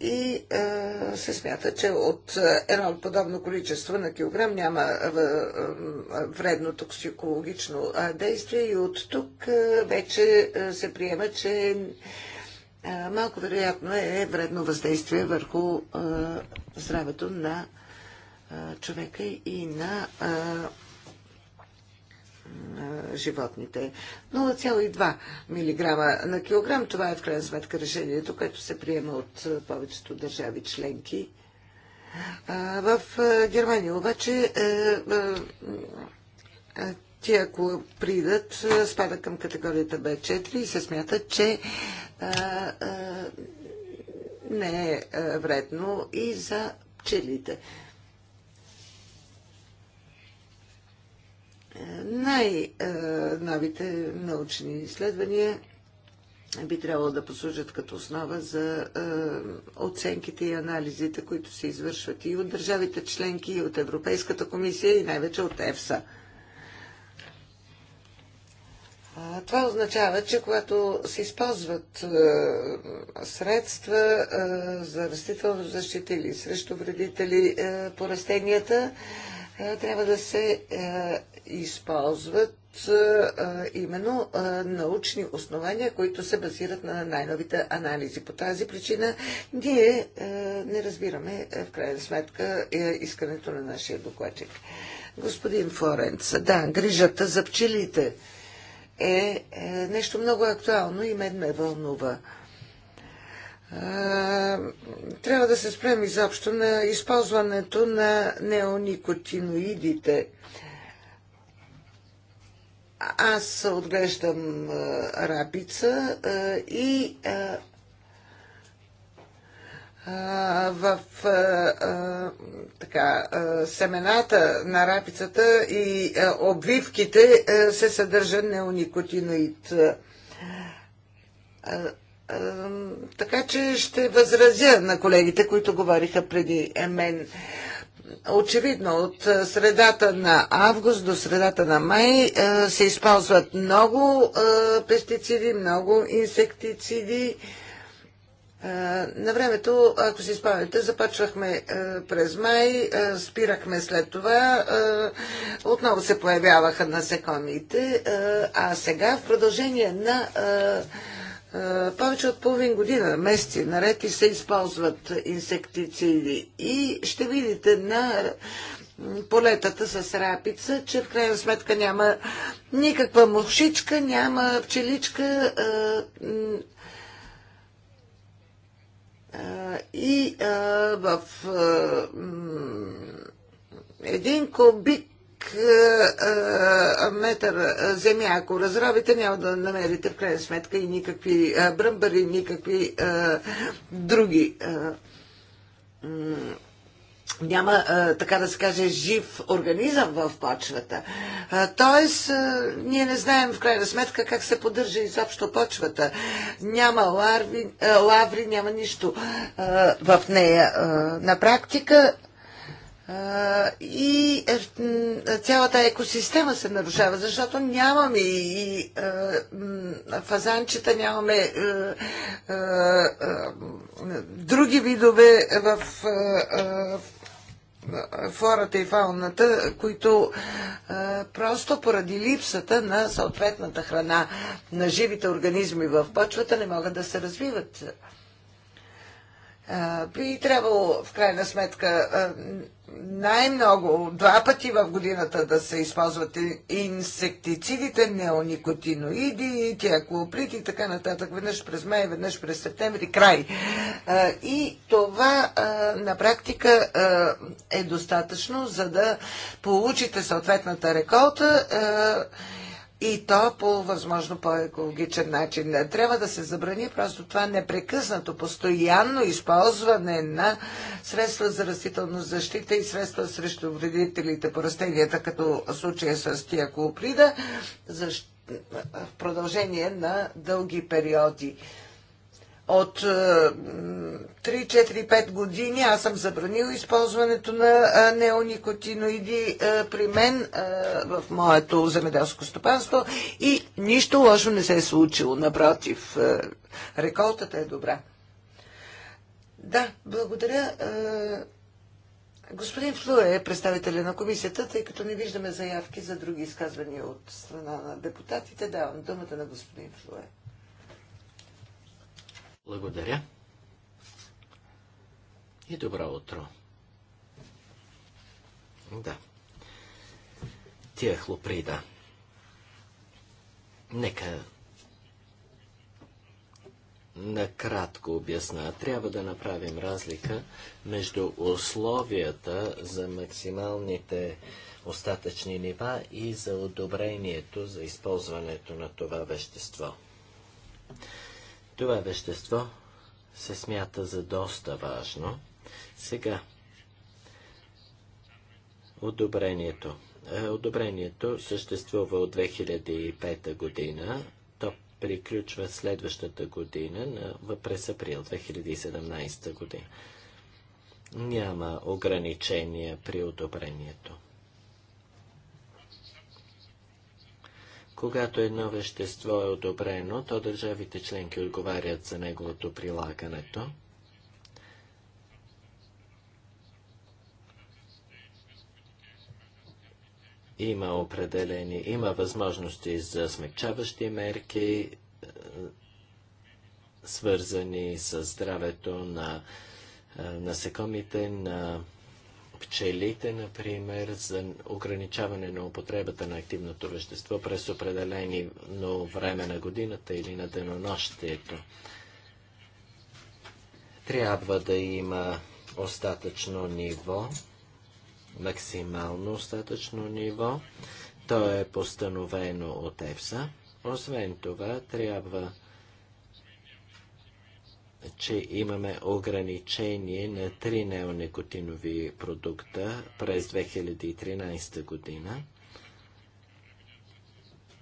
И се смята, че от едно подобно количество на килограм няма вредно токсикологично действие и от тук вече се приема, че малко вероятно е вредно въздействие върху здравето на човека и на животните. 0,2 мг на килограм, това е в крайна сметка решението, което се приема от повечето държави членки. В Германия обаче е, е, те, ако придат, е, спада към категорията Б4 и се смятат, че а, е, а, е, не е вредно и за пчелите. Най-новите научни изследвания би трябвало да послужат като основа за е, оценките и анализите, които се извършват и от държавите членки, и от Европейската комисия, и най-вече от ЕФСА. Това означава, че когато се използват е, средства е, за растително защита или срещу вредители е, по растенията, трябва да се използват именно научни основания, които се базират на най-новите анализи. По тази причина ние не разбираме в крайна сметка искането на нашия докладчик. Господин Форенц, да, грижата за пчелите – е, е нещо много актуално и мен ме вълнува. Трябва да се спрем изобщо на използването на неоникотиноидите. Аз отглеждам рабица и в така, семената на рапицата и обвивките се съдържа неоникотиноид. Така че ще възразя на колегите, които говориха преди мен. Очевидно, от средата на август до средата на май се използват много пестициди, много инсектициди. Е, на времето, ако си спомняте, започвахме е, през май, е, спирахме след това, отново се появяваха насекомите, а сега в продължение на повече от половин година, месеци наред и се използват инсектициди. И ще видите на полетата с рапица, че в крайна сметка няма никаква мушичка, няма пчеличка и в един кубик метър земя, ако разровите, няма да намерите в крайна сметка и никакви бръмбари, никакви други няма, така да се каже, жив организъм в почвата. Тоест, ние не знаем в крайна сметка как се поддържа изобщо почвата. Няма ларви, лаври, няма нищо в нея. На практика и е, цялата екосистема се нарушава, защото нямаме и фазанчета, нямаме е, е, други видове в флората и фауната, които а, просто поради липсата на съответната храна на живите организми в почвата не могат да се развиват би трябвало в крайна сметка най-много два пъти в годината да се използват инсектицидите, неоникотиноиди, тиаклоприт и така нататък. Веднъж през май, веднъж през септември, край. И това на практика е достатъчно, за да получите съответната реколта и то по възможно по-екологичен начин. Не трябва да се забрани просто това непрекъснато, постоянно използване на средства за растителна защита и средства срещу вредителите по растенията, като случая с тия колоприда, в продължение на дълги периоди от 3-4-5 е, години аз съм забранил използването на е, неоникотиноиди е, при мен в моето земеделско стопанство и нищо лошо не се е случило. Напротив, реколтата е добра. Да, благодаря. Господин Флуе е представителя на комисията, тъй като не виждаме заявки за други изказвания от страна на депутатите. Давам думата на господин Флуе. Благодаря и добро утро. Да. Тия хлоприда. Нека накратко обясна. Трябва да направим разлика между условията за максималните остатъчни нива и за одобрението за използването на това вещество. Това вещество се смята за доста важно. Сега, одобрението. Е, одобрението съществува от 2005 година. То приключва следващата година, през април 2017 година. Няма ограничения при одобрението. Когато едно вещество е одобрено, то държавите членки отговарят за неговото прилагането. Има определени, има възможности за смягчаващи мерки, е, свързани с здравето на е, насекомите, на пчелите, например, за ограничаване на употребата на активното вещество през определени време на годината или на денонощието. Трябва да има остатъчно ниво, максимално остатъчно ниво. То е постановено от ЕФСА. Освен това, трябва че имаме ограничение на три неонекотинови продукта през 2013 година,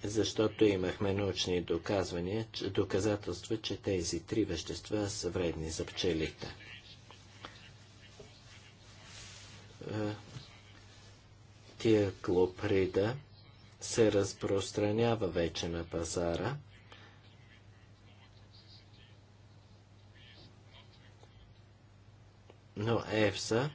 защото имахме научни доказвания, доказателства, че тези три вещества са вредни за пчелите. Е, тия клоприда се разпространява вече на пазара – но ЕФСА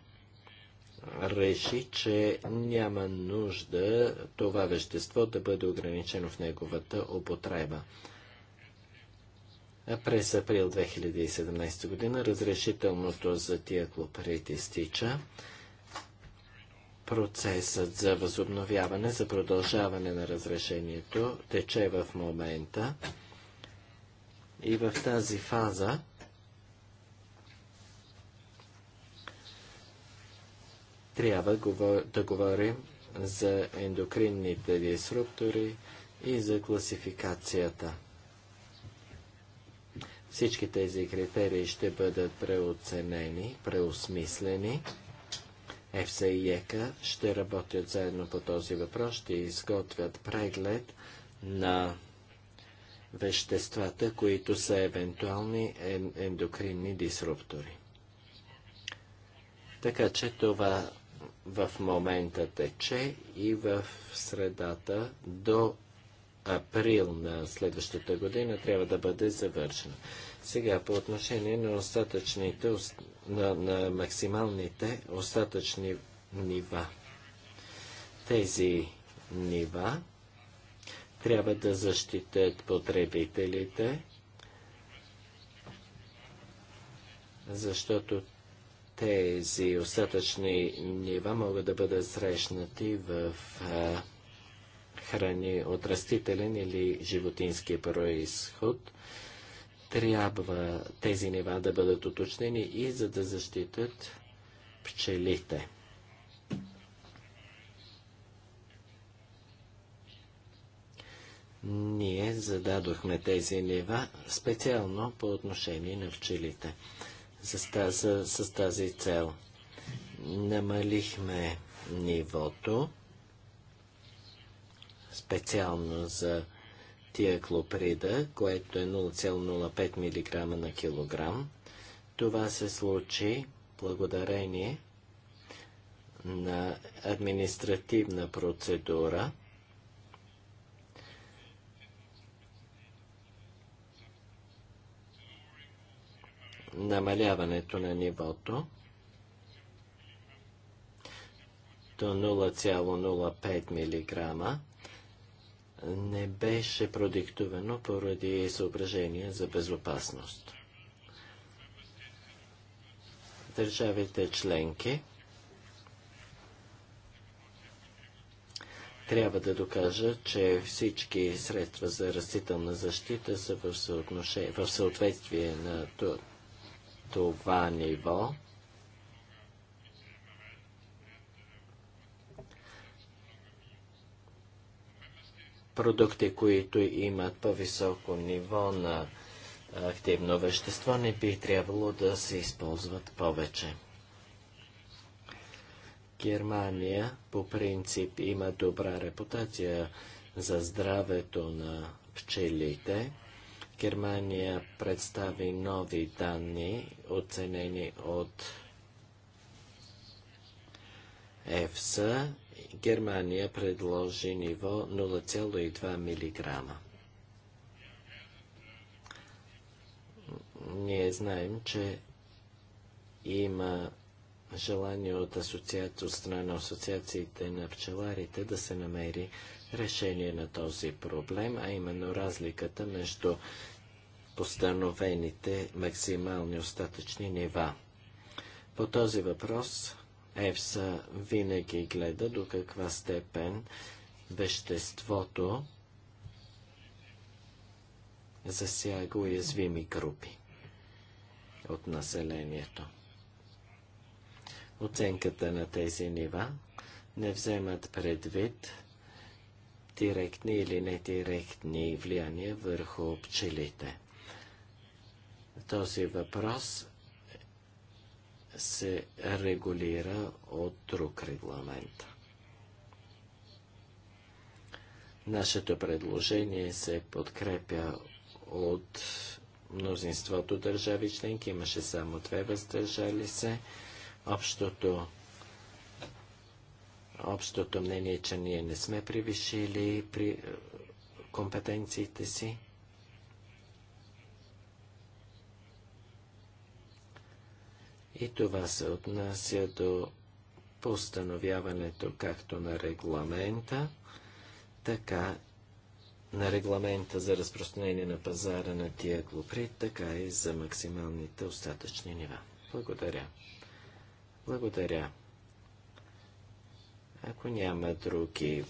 реши, че няма нужда това вещество да бъде ограничено в неговата употреба. През април 2017 година разрешителното за тиаклоприт изтича. Процесът за възобновяване, за продължаване на разрешението тече в момента. И в тази фаза трябва да говорим за ендокринните дисруптори и за класификацията. Всички тези критерии ще бъдат преоценени, преосмислени. ЕФСА и ЕКА ще работят заедно по този въпрос, ще изготвят преглед на веществата, които са евентуални ендокринни дисруптори. Така че това в момента тече и в средата до април на следващата година трябва да бъде завършена. Сега по отношение на остатъчните, на, на максималните остатъчни нива. Тези нива трябва да защитят потребителите, защото тези остатъчни нива могат да бъдат срещнати в храни от растителен или животински происход. Трябва тези нива да бъдат уточнени и за да защитат пчелите. Ние зададохме тези нива специално по отношение на пчелите с, тази, с тази цел. Намалихме нивото специално за тиаклоприда, което е 0,05 мг на килограм. Това се случи благодарение на административна процедура намаляването на нивото до 0,05 мг не беше продиктовано поради съображения за безопасност. Държавите членки трябва да докажа, че всички средства за растителна защита са в, в съответствие на това ниво. Продукти, които имат по-високо ниво на активно вещество, не би трябвало да се използват повече. Германия по принцип има добра репутация за здравето на пчелите. Германия представи нови данни, оценени от ЕФСА. Германия предложи ниво 0,2 мг. Ние знаем, че има желание от, асоциация от страна на асоциациите на пчеларите да се намери решение на този проблем, а именно разликата между постановените максимални остатъчни нива. По този въпрос ЕФСА винаги гледа до каква степен веществото засяга уязвими групи от населението. Оценката на тези нива не вземат предвид директни или недиректни влияния върху пчелите. Този въпрос се регулира от друг регламент. Нашето предложение се подкрепя от мнозинството държави членки. Имаше само две въздържали се. Общото, общото мнение, че ние не сме превишили при компетенциите си. И това се отнася до постановяването както на регламента, така на регламента за разпространение на пазара на тия глупри, така и за максималните остатъчни нива. Благодаря. Благодаря. Ако няма други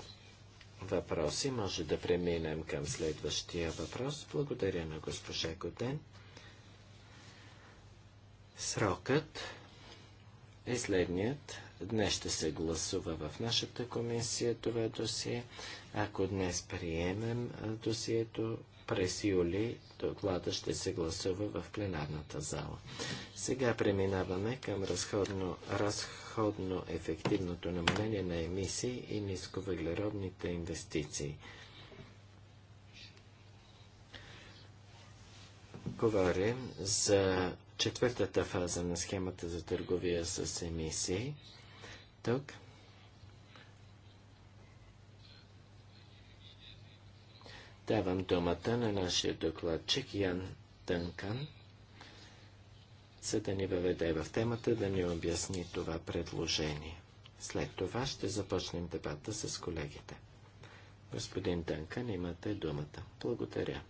въпроси, може да преминем към следващия въпрос. Благодаря на госпожа Годен. Срокът е следният. Днес ще се гласува в нашата комисия това досие. Ако днес приемем досието, през юли доклада ще се гласува в пленарната зала. Сега преминаваме към разходно, разходно ефективното намаление на емисии и нисковъглеродните инвестиции. Говорим за четвъртата фаза на схемата за търговия с емисии. Тук давам думата на нашия докладчик Ян Тънкан, за да ни въведе в темата, да ни обясни това предложение. След това ще започнем дебата с колегите. Господин Дънкан, имате думата. Благодаря.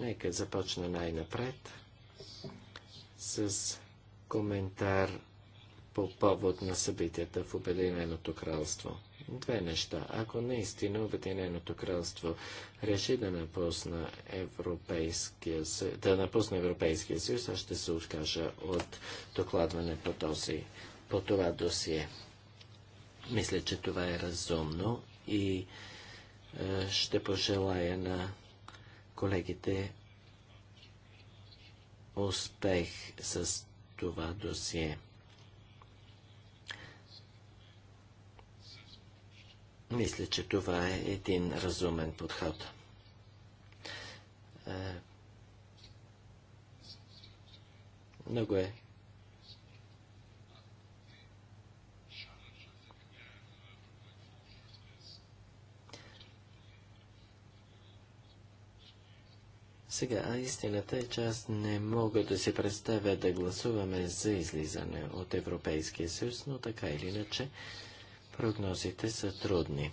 Нека започна най-напред с коментар по повод на събитията в Обединеното кралство. Две неща. Ако наистина Обединеното кралство реши да напусне Европейския, да напусне Европейския съюз, аз ще се откажа от докладване по, този, по това досие. Мисля, че това е разумно и е, ще пожелая на колегите успех с това досие. Мисля, че това е един разумен подход. Е, много е Сега, истината е, че аз не мога да си представя да гласуваме за излизане от Европейския съюз, но така или иначе прогнозите са трудни.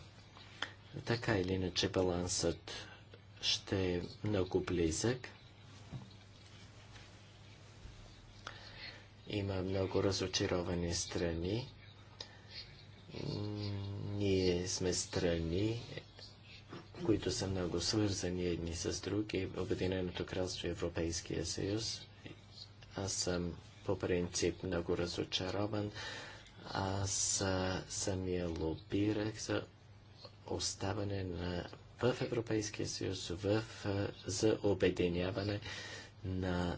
Така или иначе балансът ще е много близък. Има много разочаровани страни. Ние сме страни, които са много свързани едни с други. Обединеното кралство и Европейския съюз. Аз съм по принцип много разочарован. Аз самия лобирах за оставане на, в Европейския съюз, в, за обединяване на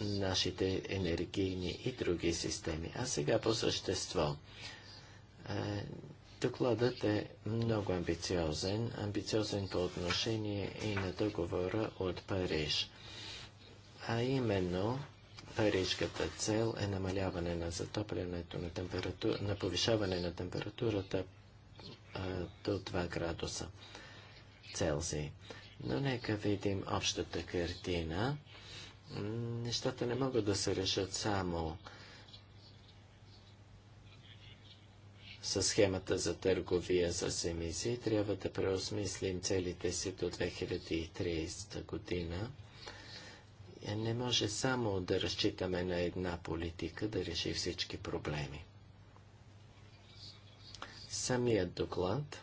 нашите енергийни и други системи. А сега по същество. Е, Докладът е много амбициозен, амбициозен по отношение и на договора от Париж. А именно, парижката цел е намаляване на затоплянето на температура, на повишаване на температурата а, до 2 градуса Целзий. Но нека видим общата картина. Нещата не могат да се решат само с схемата за търговия с емисии. Трябва да преосмислим целите си до 2030 година. Е, не може само да разчитаме на една политика да реши всички проблеми. Самият доклад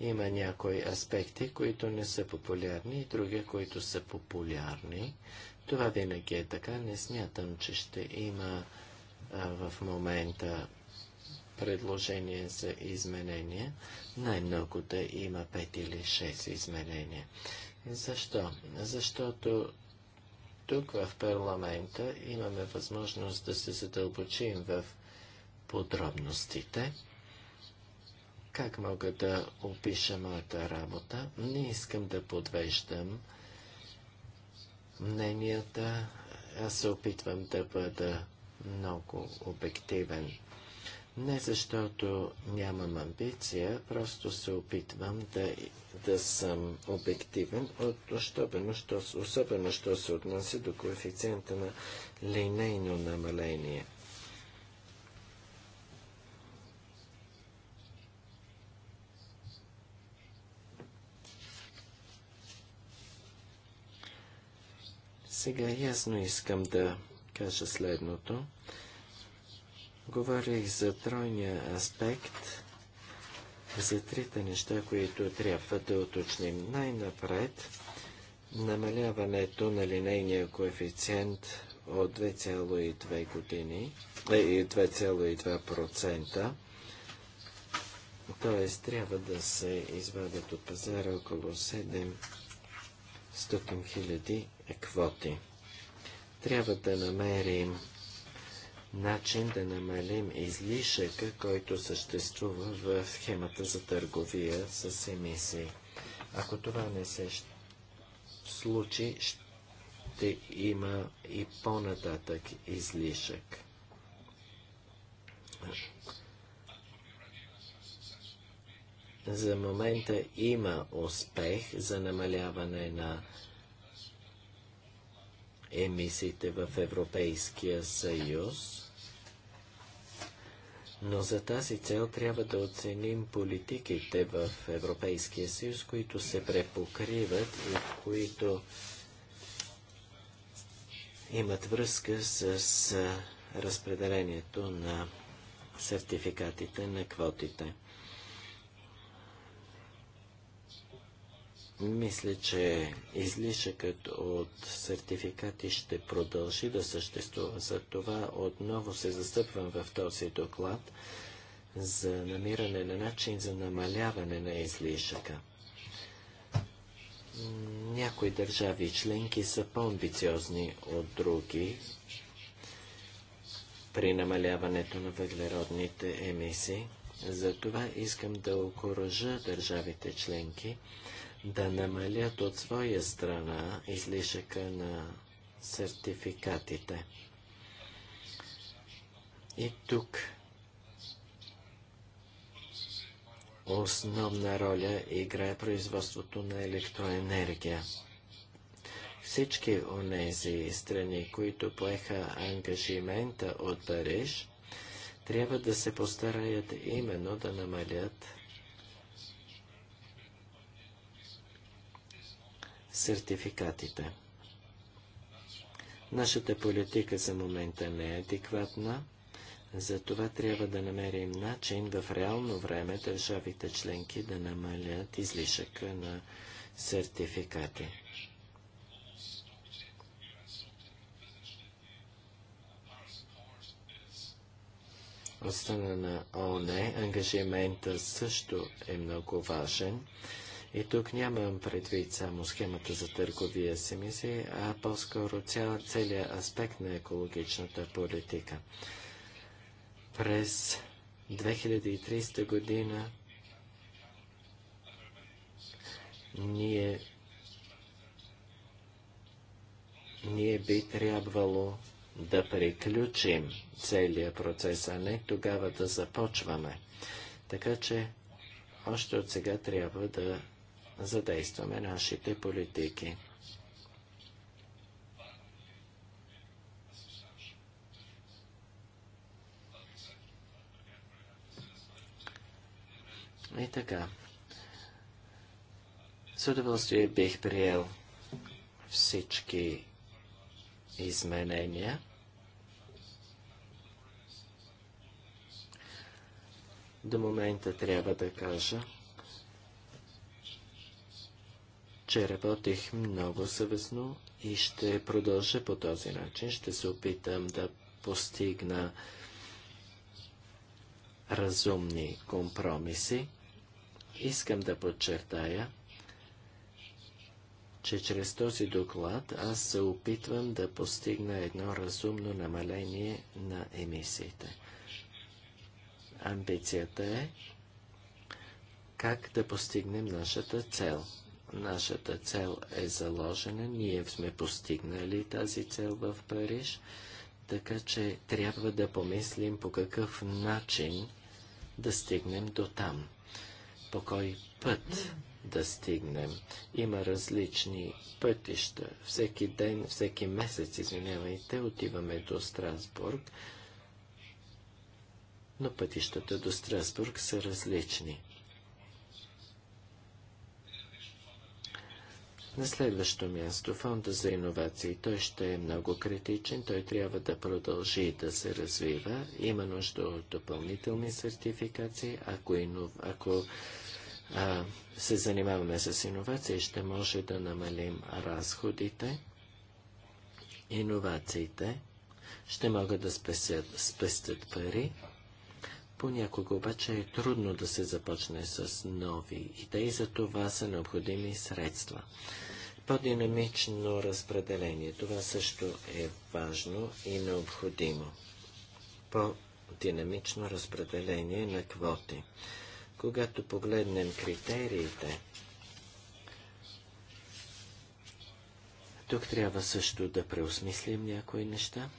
има някои аспекти, които не са популярни и други, които са популярни. Това винаги е така. Не смятам, че ще има а, в момента предложения за изменения, най-много да има 5 или 6 изменения. Защо? Защото тук в парламента имаме възможност да се задълбочим в подробностите. Как мога да опиша моята работа? Не искам да подвеждам мненията. Аз се опитвам да бъда много обективен. Не защото нямам амбиция, просто се опитвам да, да съм обективен, особено що, особено що се отнася до коефициента на линейно намаление. Сега ясно искам да кажа следното. Говорих за тройния аспект, за трите неща, които трябва да уточним. Най-напред, намаляването на линейния коефициент от 2,2 години, 2,2%. Е, Т.е. трябва да се извадят от пазара около 700 000 квоти. Трябва да намерим начин да намалим излишъка, който съществува в схемата за търговия с емисии. Ако това не се случи, ще има и по-нататък излишък. За момента има успех за намаляване на емисиите в Европейския съюз. Но за тази цел трябва да оценим политиките в Европейския съюз, които се препокриват и които имат връзка с, разпределението на сертификатите на квотите. Мисля, че излишъкът от сертификати ще продължи да съществува. За това отново се застъпвам в този доклад за намиране на начин за намаляване на излишъка. Някои държави и членки са по-амбициозни от други при намаляването на въглеродните емисии. Затова искам да окоръжа държавите членки да намалят от своя страна излишъка на сертификатите. И тук основна роля играе производството на електроенергия. Всички онези страни, които поеха ангажимента от Париж, трябва да се постараят именно да намалят сертификатите. Нашата политика за момента не е адекватна, затова трябва да намерим начин в реално време държавите членки да намалят излишъка на сертификати. От страна на ОНЕ, ангажимента също е много важен. И тук нямам предвид само схемата за търговия с емисии, а по-скоро цял, целият аспект на екологичната политика. През 2300 година ние, ние би трябвало да приключим целият процес, а не тогава да започваме. Така че още от сега трябва да задействаме нашите политики. И така. С удоволствие бих приел всички изменения. До момента трябва да кажа, че работих много съвестно и ще продължа по този начин. Ще се опитам да постигна разумни компромиси. Искам да подчертая, че чрез този доклад аз се опитвам да постигна едно разумно намаление на емисиите. Амбицията е как да постигнем нашата цел – Нашата цел е заложена, ние сме постигнали тази цел в Париж, така че трябва да помислим по какъв начин да стигнем до там, по кой път да стигнем. Има различни пътища. Всеки ден, всеки месец, извинявайте, отиваме до Страсбург, но пътищата до Страсбург са различни. На следващо място, фонда за иновации. Той ще е много критичен, той трябва да продължи да се развива. Има нужда от допълнителни сертификации. Ако, инов... ако а, се занимаваме с иновации, ще може да намалим разходите. Иновациите ще могат да спестят, спестят пари Понякога обаче е трудно да се започне с нови идеи, за това са необходими средства. По-динамично разпределение. Това също е важно и необходимо. По-динамично разпределение на квоти. Когато погледнем критериите, тук трябва също да преосмислим някои неща.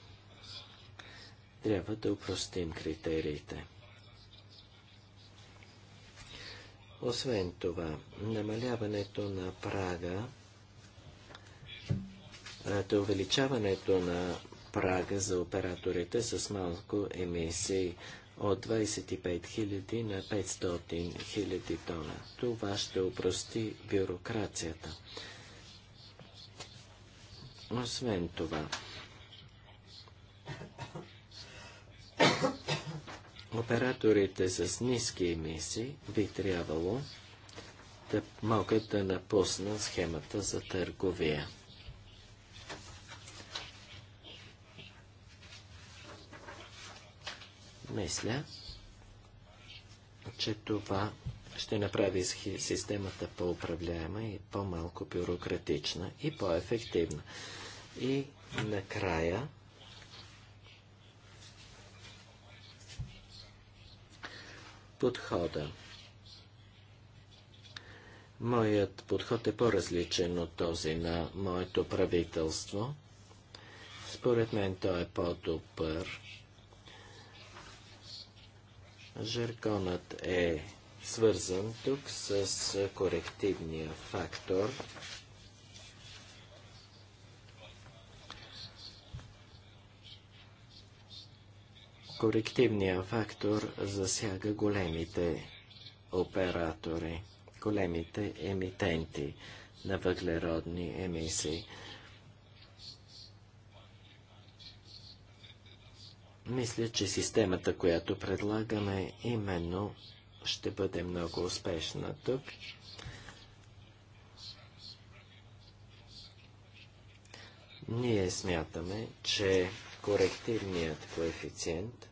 Трябва да упростим критериите. Освен това, намаляването на прага, увеличаването на прага за операторите с малко емисии от 25 000 на 500 000 тона. Това ще упрости бюрокрацията. Освен това, Операторите с ниски емисии би трябвало да могат да напуснат схемата за търговия. Мисля, че това ще направи системата по-управляема и по-малко бюрократична и по-ефективна. И накрая подхода. Моят подход е по-различен от този на моето правителство. Според мен той е по-добър. Жерконът е свързан тук с корективния фактор корективният фактор засяга големите оператори, големите емитенти на въглеродни емисии. Мисля, че системата, която предлагаме, именно ще бъде много успешна тук. Ние смятаме, че корективният коефициент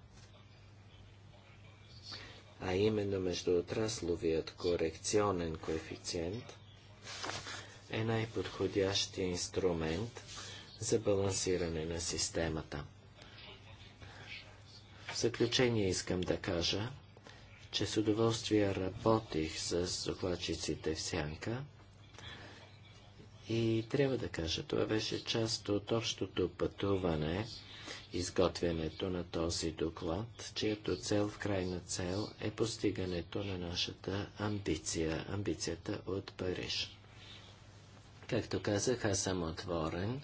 а именно между отрасловият корекционен коефициент е най-подходящия инструмент за балансиране на системата. В заключение искам да кажа, че с удоволствие работих с докладчиците в Сянка и трябва да кажа, това беше част от общото пътуване, изготвянето на този доклад, чието цел, в крайна цел, е постигането на нашата амбиция, амбицията от Париж. Както казах, аз съм отворен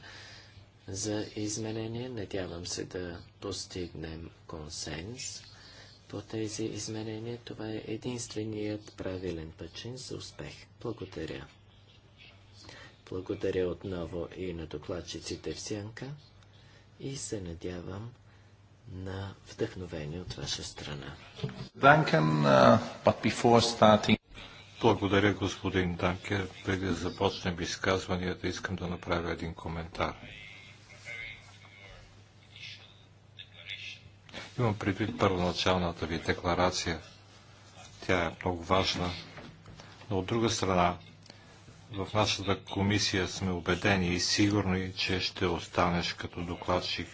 за изменение. Надявам се да постигнем консенс по тези изменения. Това е единственият правилен пъчин за успех. Благодаря. Благодаря отново и на докладчиците в Сянка и се надявам на вдъхновение от ваша страна. Благодаря, господин Данкер. Преди да започнем изказванията, искам да направя един коментар. Имам предвид първоначалната ви декларация. Тя е много важна. Но от друга страна, в нашата комисия сме убедени и сигурни, че ще останеш като докладчик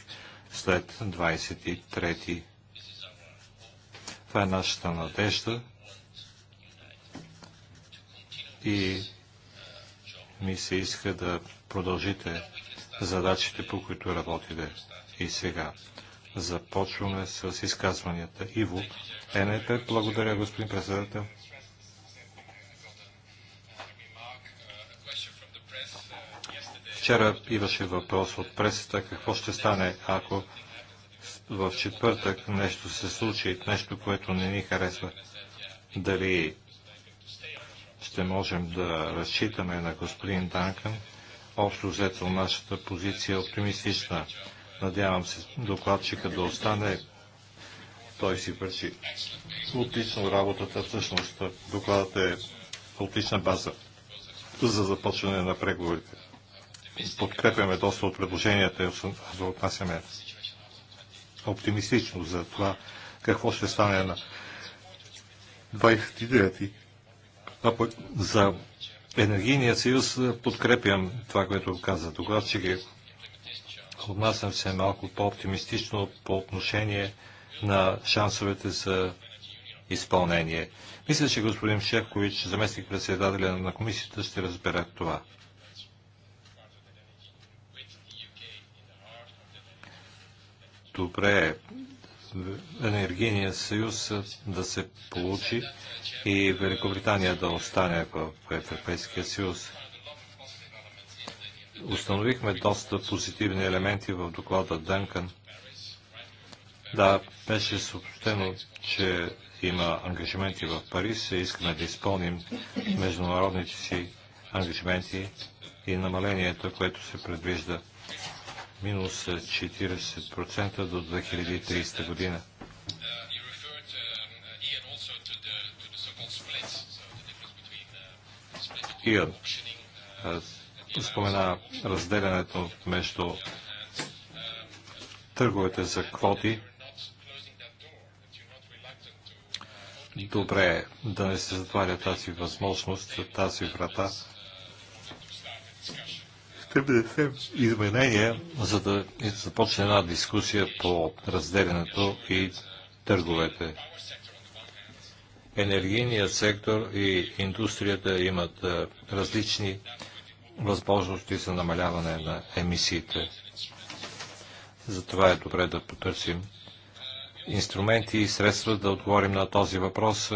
след 23-ти. Това е нашата надежда и ми се иска да продължите задачите, по които работите и сега. Започваме с изказванията. Иво, НЕП, благодаря господин председател. Вчера имаше въпрос от пресата какво ще стане, ако в четвъртък нещо се случи, нещо, което не ни харесва. Дали ще можем да разчитаме на господин Данкън. Общо взето нашата позиция е оптимистична. Надявам се докладчика да остане. Той си върши отлично работата. Всъщност докладът е отлична база за започване на преговорите подкрепяме доста от предложенията и се отнасяме оптимистично за това какво ще стане на 29-ти. За енергийния съюз подкрепям това, което каза ги е, Отнасям се малко по-оптимистично по отношение на шансовете за изпълнение. Мисля, че господин Шефкович, заместник председателя на комисията, ще разбере това. добре енергийния съюз да се получи и Великобритания да остане в Европейския съюз. Установихме доста позитивни елементи в доклада Дънкън. Да, беше съобщено, че има ангажименти в Париж и искаме да изпълним международните си ангажименти и намалението, което се предвижда минус 40% до 2030 година. Иан спомена разделянето между търговете за квоти. Добре е да не се затваря тази възможност, тази врата ще внесем изменения, за да започне една дискусия по разделянето и търговете. Енергийният сектор и индустрията имат различни възможности за намаляване на емисиите. Затова е добре да потърсим инструменти и средства да отговорим на този въпрос.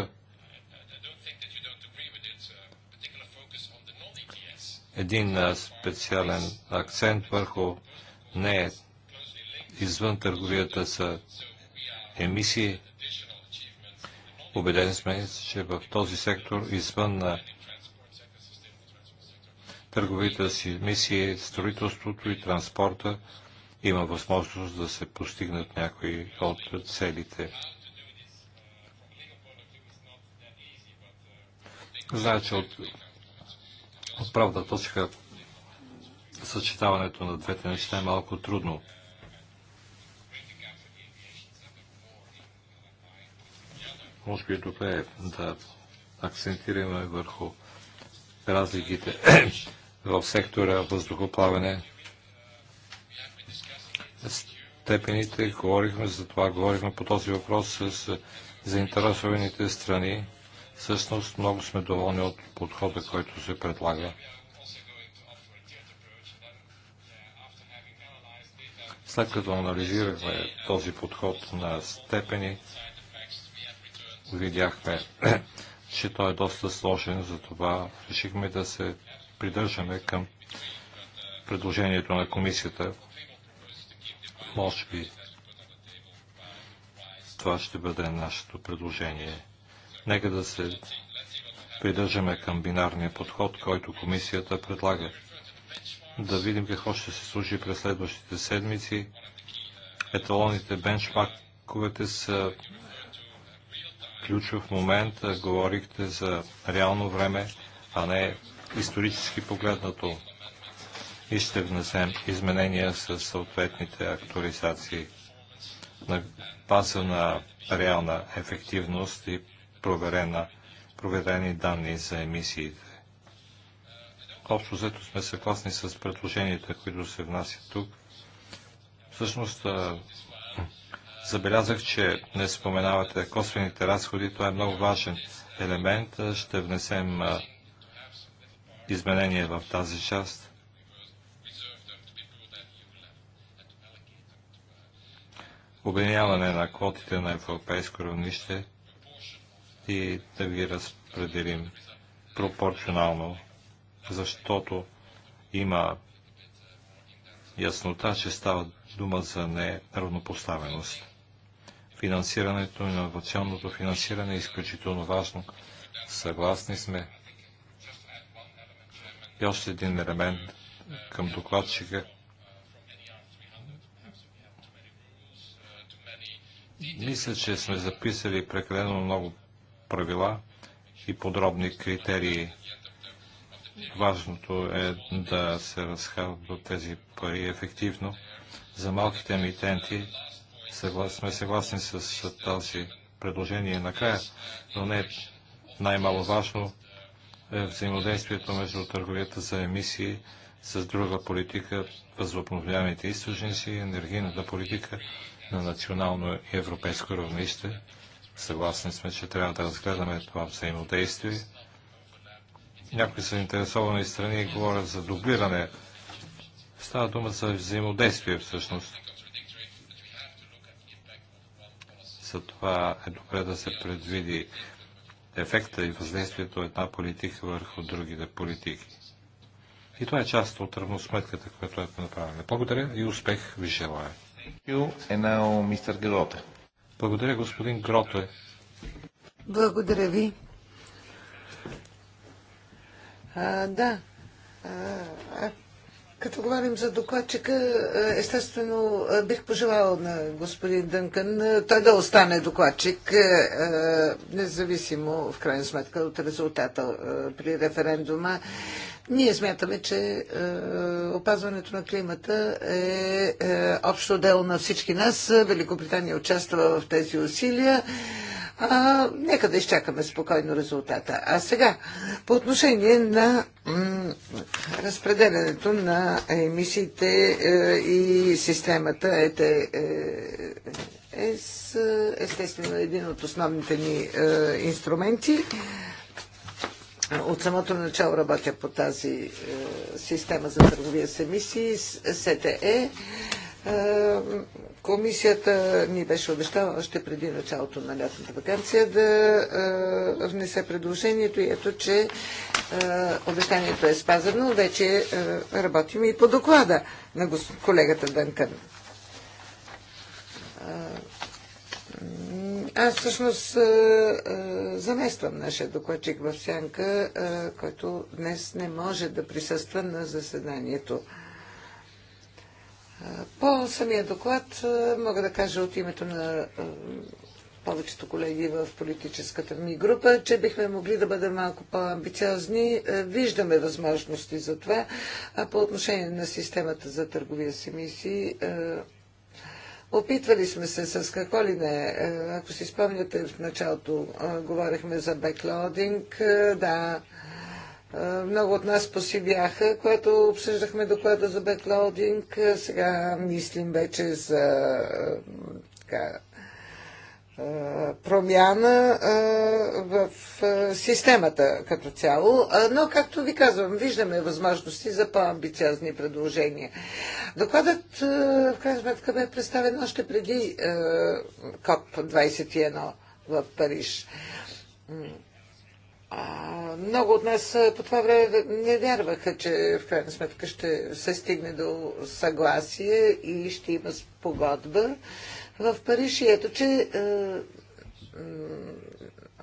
един специален акцент върху не извън търговията с емисии. Обеден сме, че в този сектор, извън на търговията с емисии, строителството и транспорта, има възможност да се постигнат някои от целите. Значи от от правда точка съчетаването на двете неща е малко трудно. Може би е добре е да акцентираме върху разликите в сектора въздухоплаване. Степените говорихме за това, говорихме по този въпрос с заинтересованите страни. Всъщност много сме доволни от подхода, който се предлага. След като анализирахме този подход на степени, видяхме, че той е доста сложен, затова решихме да се придържаме към предложението на комисията. Може би това ще бъде нашето предложение. Нека да се придържаме към бинарния подход, който комисията предлага. Да видим какво ще се случи през следващите седмици. Еталоните бенчмарковете са ключов момент. Говорихте за реално време, а не исторически погледнато. И ще внесем изменения с съответните актуализации на база на реална ефективност и проверена, проверени данни за емисиите. Общо взето сме съгласни с предложенията, които се внасят тук. Всъщност, забелязах, че не споменавате косвените разходи. Това е много важен елемент. Ще внесем изменения в тази част. Обединяване на квотите на европейско равнище и да ги разпределим пропорционално, защото има яснота, че става дума за неравнопоставеност. Финансирането, инновационното финансиране е изключително важно. Съгласни сме. И още един елемент към докладчика. Мисля, че сме записали прекалено много правила и подробни критерии. Важното е да се разхарват тези пари ефективно. За малките емитенти сме съгласни с тази предложение накрая, но не най важно е взаимодействието между търговията за емисии с друга политика, възобновяемите източници, енергийната политика на национално и европейско равнище. Съгласни сме, че трябва да разгледаме това взаимодействие. Някои са интересовани страни говорят за дублиране. Става дума за взаимодействие всъщност. Затова е добре да се предвиди ефекта и въздействието една политика върху другите политики. И това е част от равносметката, която е направена. Благодаря и успех ви желая. Now, благодаря, господин Гротове. Благодаря ви. А, да. А, като говорим за докладчика, е, естествено е, бих пожелал на господин Дънкън е, той да остане докладчик, независимо в крайна сметка от резултата при референдума. Ние смятаме, че опазването на климата е общо дело на всички нас. Великобритания участва в тези усилия. А, нека да изчакаме спокойно резултата. А сега, по отношение на разпределянето на емисиите е, и системата ЕТЕ. Е, е, е естествено, един от основните ни е, инструменти. От самото начало работя по тази е, система за търговия с емисии, СТЕ Комисията ни беше обещала още преди началото на лятната вакансия да а, внесе предложението и ето, че а, обещанието е спазено. Вече а, работим и по доклада на колегата Дънкън. Аз всъщност замествам нашия докладчик в Сянка, който днес не може да присъства на заседанието. По самия доклад мога да кажа от името на повечето колеги в политическата ми група, че бихме могли да бъдем малко по-амбициозни. Виждаме възможности за това. А по отношение на системата за търговия с емисии, Опитвали сме се с какво ли не. Ако си спомняте, в началото говорихме за беклодинг. Да, много от нас бяха, което обсъждахме доклада за бетлоудинг, Сега мислим вече за така, промяна в системата като цяло, но както ви казвам, виждаме възможности за по-амбициозни предложения. Докладът в крайна сметка бе представен още преди КОП 21 в Париж много от нас по това време не вярваха, че в крайна сметка ще се стигне до съгласие и ще има спогодба в Париж. И ето, че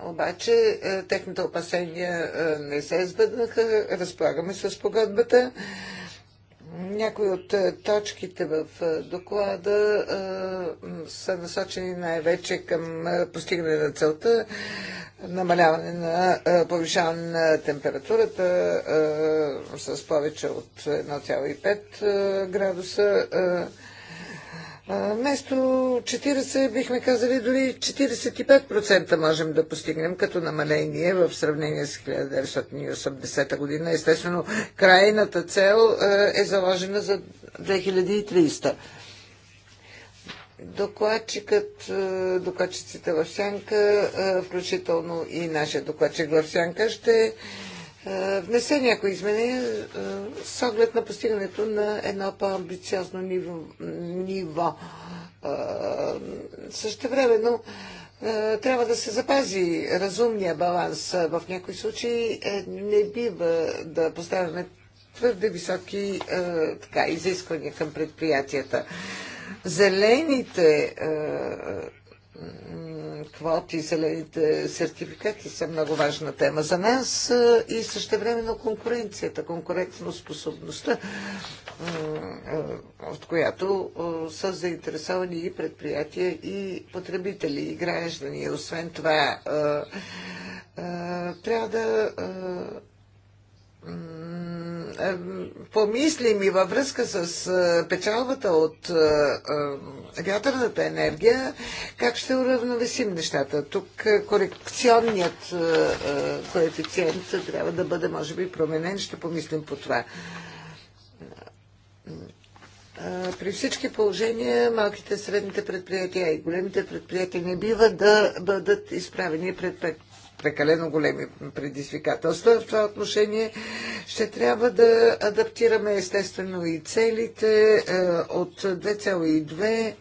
обаче техните опасения не се сбъднаха. Разполагаме с погодбата. Някои от е, точките в е, доклада е, са насочени най-вече към постигане на целта, намаляване на повишаване на температурата с повече от 1,5 градуса Вместо 40 бихме казали дори 45% можем да постигнем като намаление в сравнение с 1980 година. Естествено, крайната цел е заложена за 2300. Докладчикът, докладчиците в Сянка, включително и нашия докладчик в Сянка, ще внесе е, някои изменения е, с оглед на постигането на едно по-амбициозно ниво. ниво. Е, Също но трябва да се запази разумния баланс. В някои случаи не бива да поставяме твърде високи така, изисквания към предприятията. Зелените квоти, зелените сертификати са много важна тема за нас и също на конкуренцията, конкурентно способността, от която са заинтересовани и предприятия, и потребители, и граждани. Освен това, трябва да помислим и във връзка с печалбата от вятърната енергия, как ще уравновесим нещата. Тук корекционният коефициент трябва да бъде, може би, променен. Ще помислим по това. При всички положения малките, средните предприятия и големите предприятия не бива да бъдат изправени пред прекалено големи предизвикателства. В това отношение ще трябва да адаптираме естествено и целите е, от 2,2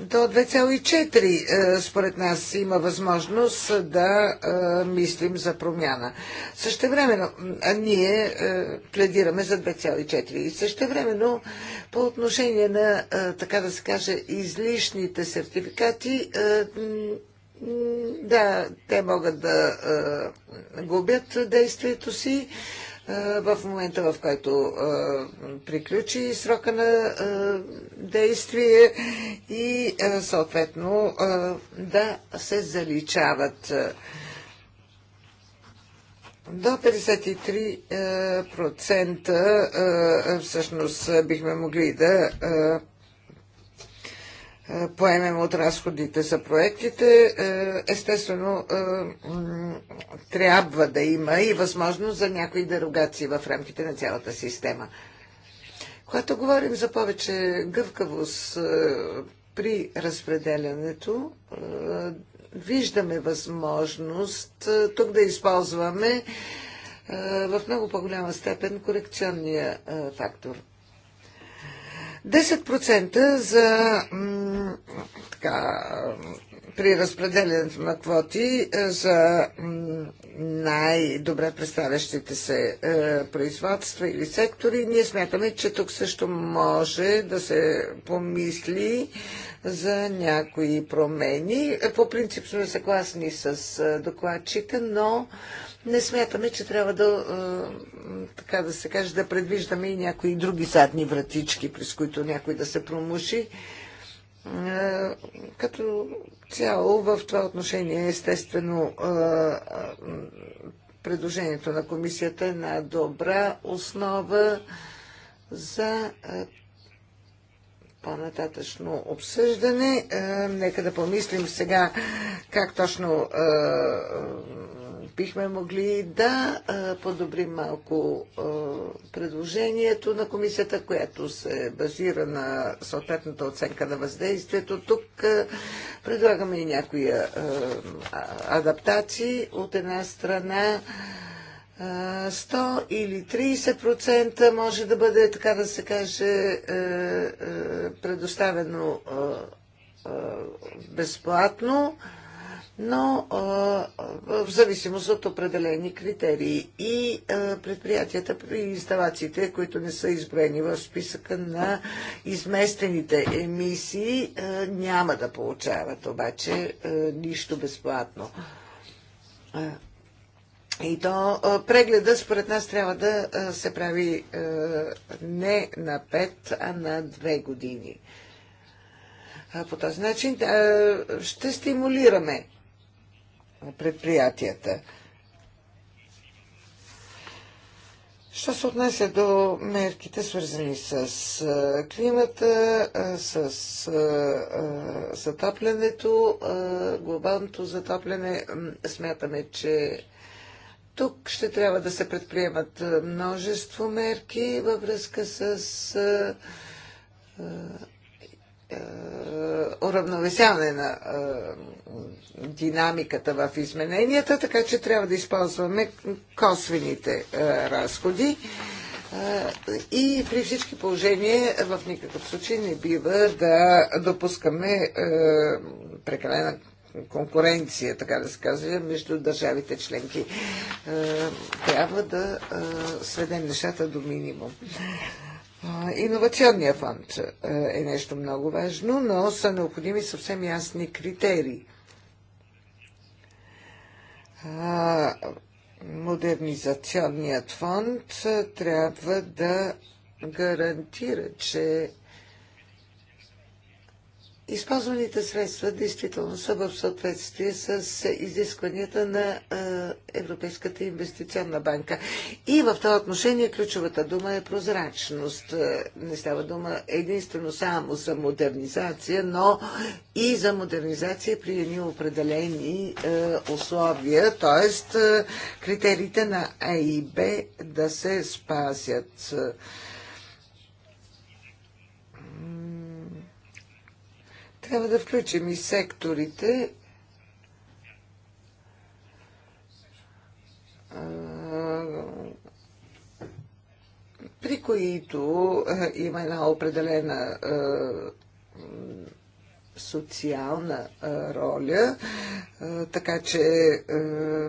до 2,4 е, според нас има възможност да е, мислим за промяна. Същевременно, времено ние пледираме за 2,4 и същевременно по отношение на, така да се каже, излишните сертификати, да, те могат да губят действието си в момента, в който приключи срока на действие и съответно да се заличават до 53% всъщност бихме могли да е, поемем от разходите за проектите, е, естествено е, трябва да има и възможност за някои дерогации в рамките на цялата система. Когато говорим за повече гъвкавост при разпределянето, виждаме възможност тук да използваме в много по-голяма степен корекционния фактор – 10% за така, при разпределянето на квоти е, за най-добре представящите се е, производства или сектори. Ние смятаме, че тук също може да се помисли за някои промени. По принцип сме съгласни с е, докладчика, но не смятаме, че трябва да, така да се каже, да предвиждаме и някои други задни вратички, през които някой да се промуши. Като цяло в това отношение, естествено, предложението на комисията е на добра основа за по-нататъчно обсъждане. Нека да помислим сега как точно бихме могли да подобрим малко предложението на комисията, което се базира на съответната оценка на въздействието. Тук предлагаме и някои адаптации. От една страна 100 или 30% може да бъде, така да се каже, предоставено безплатно но в зависимост от определени критерии. И предприятията при инсталациите, които не са изброени в списъка на изместените емисии, няма да получават обаче нищо безплатно. И то прегледа според нас трябва да се прави не на 5, а на 2 години. По този начин ще стимулираме предприятията. Що се отнася до мерките, свързани с климата, с затаплянето, глобалното затапляне, смятаме, че тук ще трябва да се предприемат множество мерки във връзка с е, уравновесяване на е, динамиката в измененията, така че трябва да използваме косвените е, разходи. И при всички положения в никакъв случай не бива да допускаме прекалена конкуренция, така да се казва, между държавите членки. Трябва да сведем нещата до минимум. Инновационният фонд е, е нещо много важно, но са необходими съвсем ясни критерии. Модернизационният фонд е, трябва да гарантира, че използваните средства действително са в съответствие с изискванията на Европейската инвестиционна банка. И в това отношение ключовата дума е прозрачност. Не става дума единствено само за модернизация, но и за модернизация при едни определени условия, т.е. критериите на А и Б да се спазят. Трябва да включим и секторите, при които има една определена социална роля, така че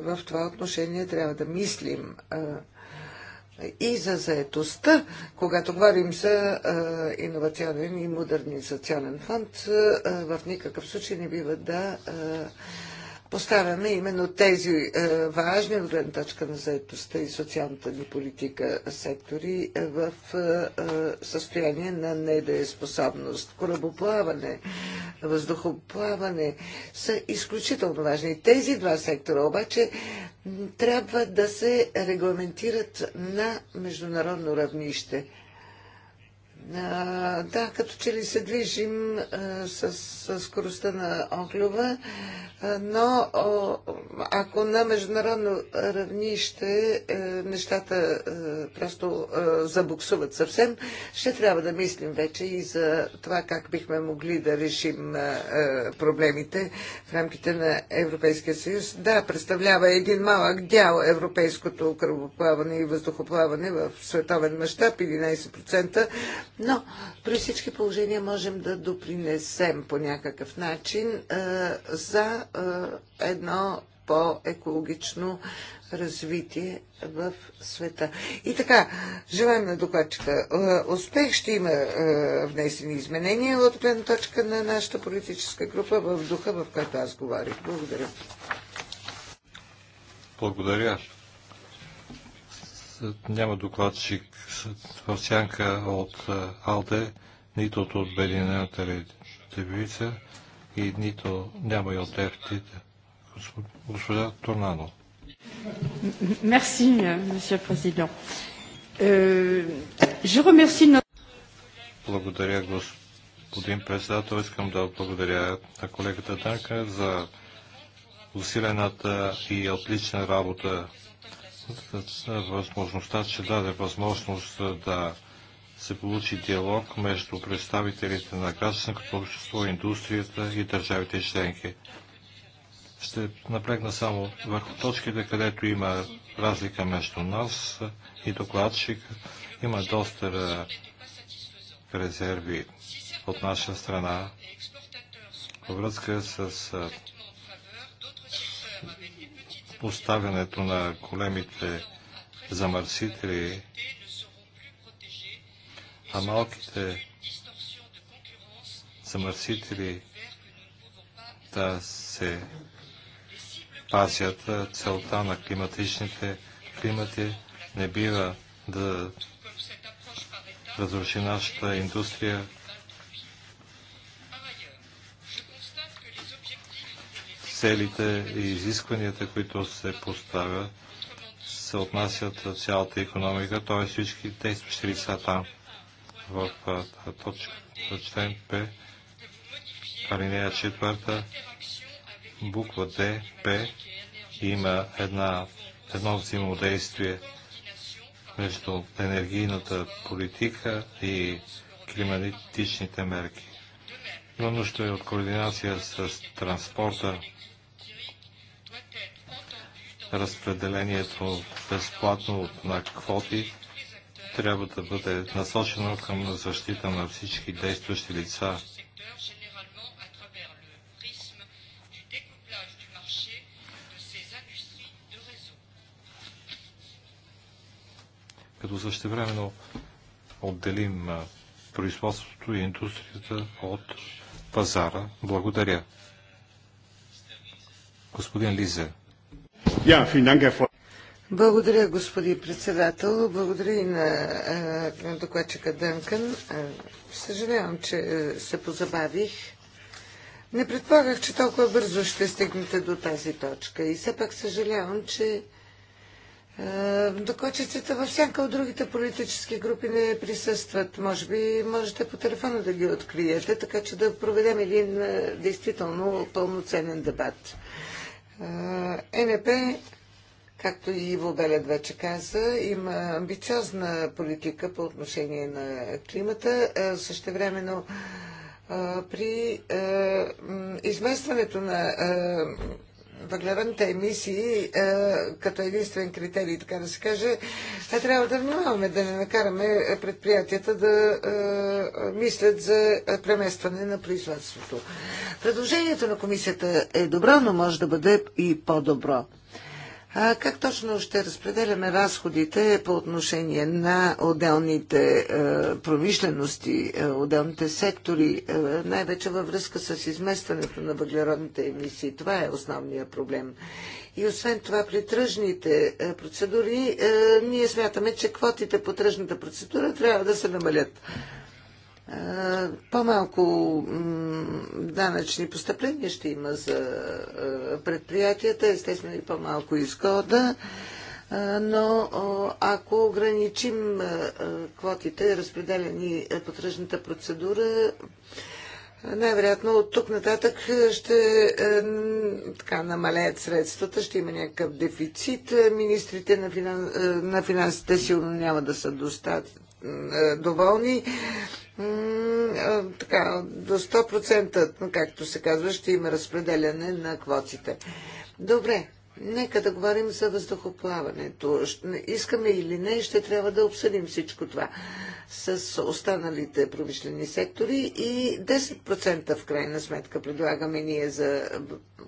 в това отношение трябва да мислим и за заетостта, когато говорим за иновационен и модернизационен фонд, в никакъв случай не бива да поставяме именно тези е, важни от гледна точка на заедостта и социалната ни политика сектори е, в е, е, състояние на недееспособност. Корабоплаване, въздухоплаване са изключително важни. Тези два сектора обаче трябва да се регламентират на международно равнище – да, като че ли се движим с, с скоростта на оклюва, но ако на международно равнище е, нещата е, просто е, забуксуват съвсем, ще трябва да мислим вече и за това как бихме могли да решим проблемите в рамките на Европейския съюз. Да, представлява един малък дял европейското кръвоплаване и въздухоплаване в световен мащаб 11% но при всички положения можем да допринесем по някакъв начин е, за е, едно по-екологично развитие в света. И така, желаем на докладчика е, успех. Ще има внесени изменения от гледна точка на нашата политическа група в духа, в който аз говорих. Благодаря. Благодаря няма докладчик в сянка от АЛДЕ, нито от Обединената телевизия и нито няма и от ФТ. Госпожа Торнано. Merci, monsieur le Je remercie notre... Благодаря, господин председател. Искам да благодаря на колегата Данка за усилената и отлична работа е възможността, че даде възможност да се получи диалог между представителите на гражданското общество, индустрията и държавите и членки. Ще напрегна само върху точките, където има разлика между нас и докладчик. Има доста резерви от наша страна във връзка с поставянето на големите замърсители, а малките замърсители да се пазят. Целта на климатичните климати не бива да разруши нашата индустрия целите и изискванията, които се поставят, се отнасят за цялата економика, т.е. всички действащи лица там в точка член П, алинея 4, буква Д, П, има една, едно взаимодействие между енергийната политика и климатичните мерки. Има нужда и от координация с транспорта, разпределението безплатно на квоти трябва да бъде насочено към защита на всички действащи лица. Като същевременно отделим производството и индустрията от пазара. Благодаря. Господин Лизе. Благодаря, господин председател. Благодаря и на, на докладчика Дънкън. Съжалявам, че се позабавих. Не предполагах, че толкова бързо ще стигнете до тази точка. И все пак съжалявам, че докладчицата във всяка от другите политически групи не присъстват. Може би можете по телефона да ги откриете, така че да проведем един действително пълноценен дебат. ЕНП, е както и Иво Белед вече каза, има амбициозна политика по отношение на климата. Е, същевременно е, при изместването на въглеродните емисии е, като единствен критерий, така да се каже, трябва да внимаваме, да не накараме предприятията да е, мислят за преместване на производството. Предложението на комисията е добро, но може да бъде и по-добро. Как точно ще разпределяме разходите по отношение на отделните е, промишлености, е, отделните сектори, е, най-вече във връзка с изместването на въглеродните емисии? Това е основният проблем. И освен това, при тръжните процедури, ние смятаме, че квотите по тръжната процедура трябва да се намалят по-малко данъчни постъпления ще има за предприятията, естествено и по-малко изгода, но ако ограничим квотите, разпределени по тръжната процедура, най-вероятно от тук нататък ще е, така, намалеят средствата, ще има някакъв дефицит. Министрите на, финанс... Е, на финансите сигурно няма да са доста... Е, доволни така, до 100%, както се казва, ще има разпределяне на квотите. Добре, нека да говорим за въздухоплаването. Искаме или не, ще трябва да обсъдим всичко това с останалите промишлени сектори и 10% в крайна сметка предлагаме ние за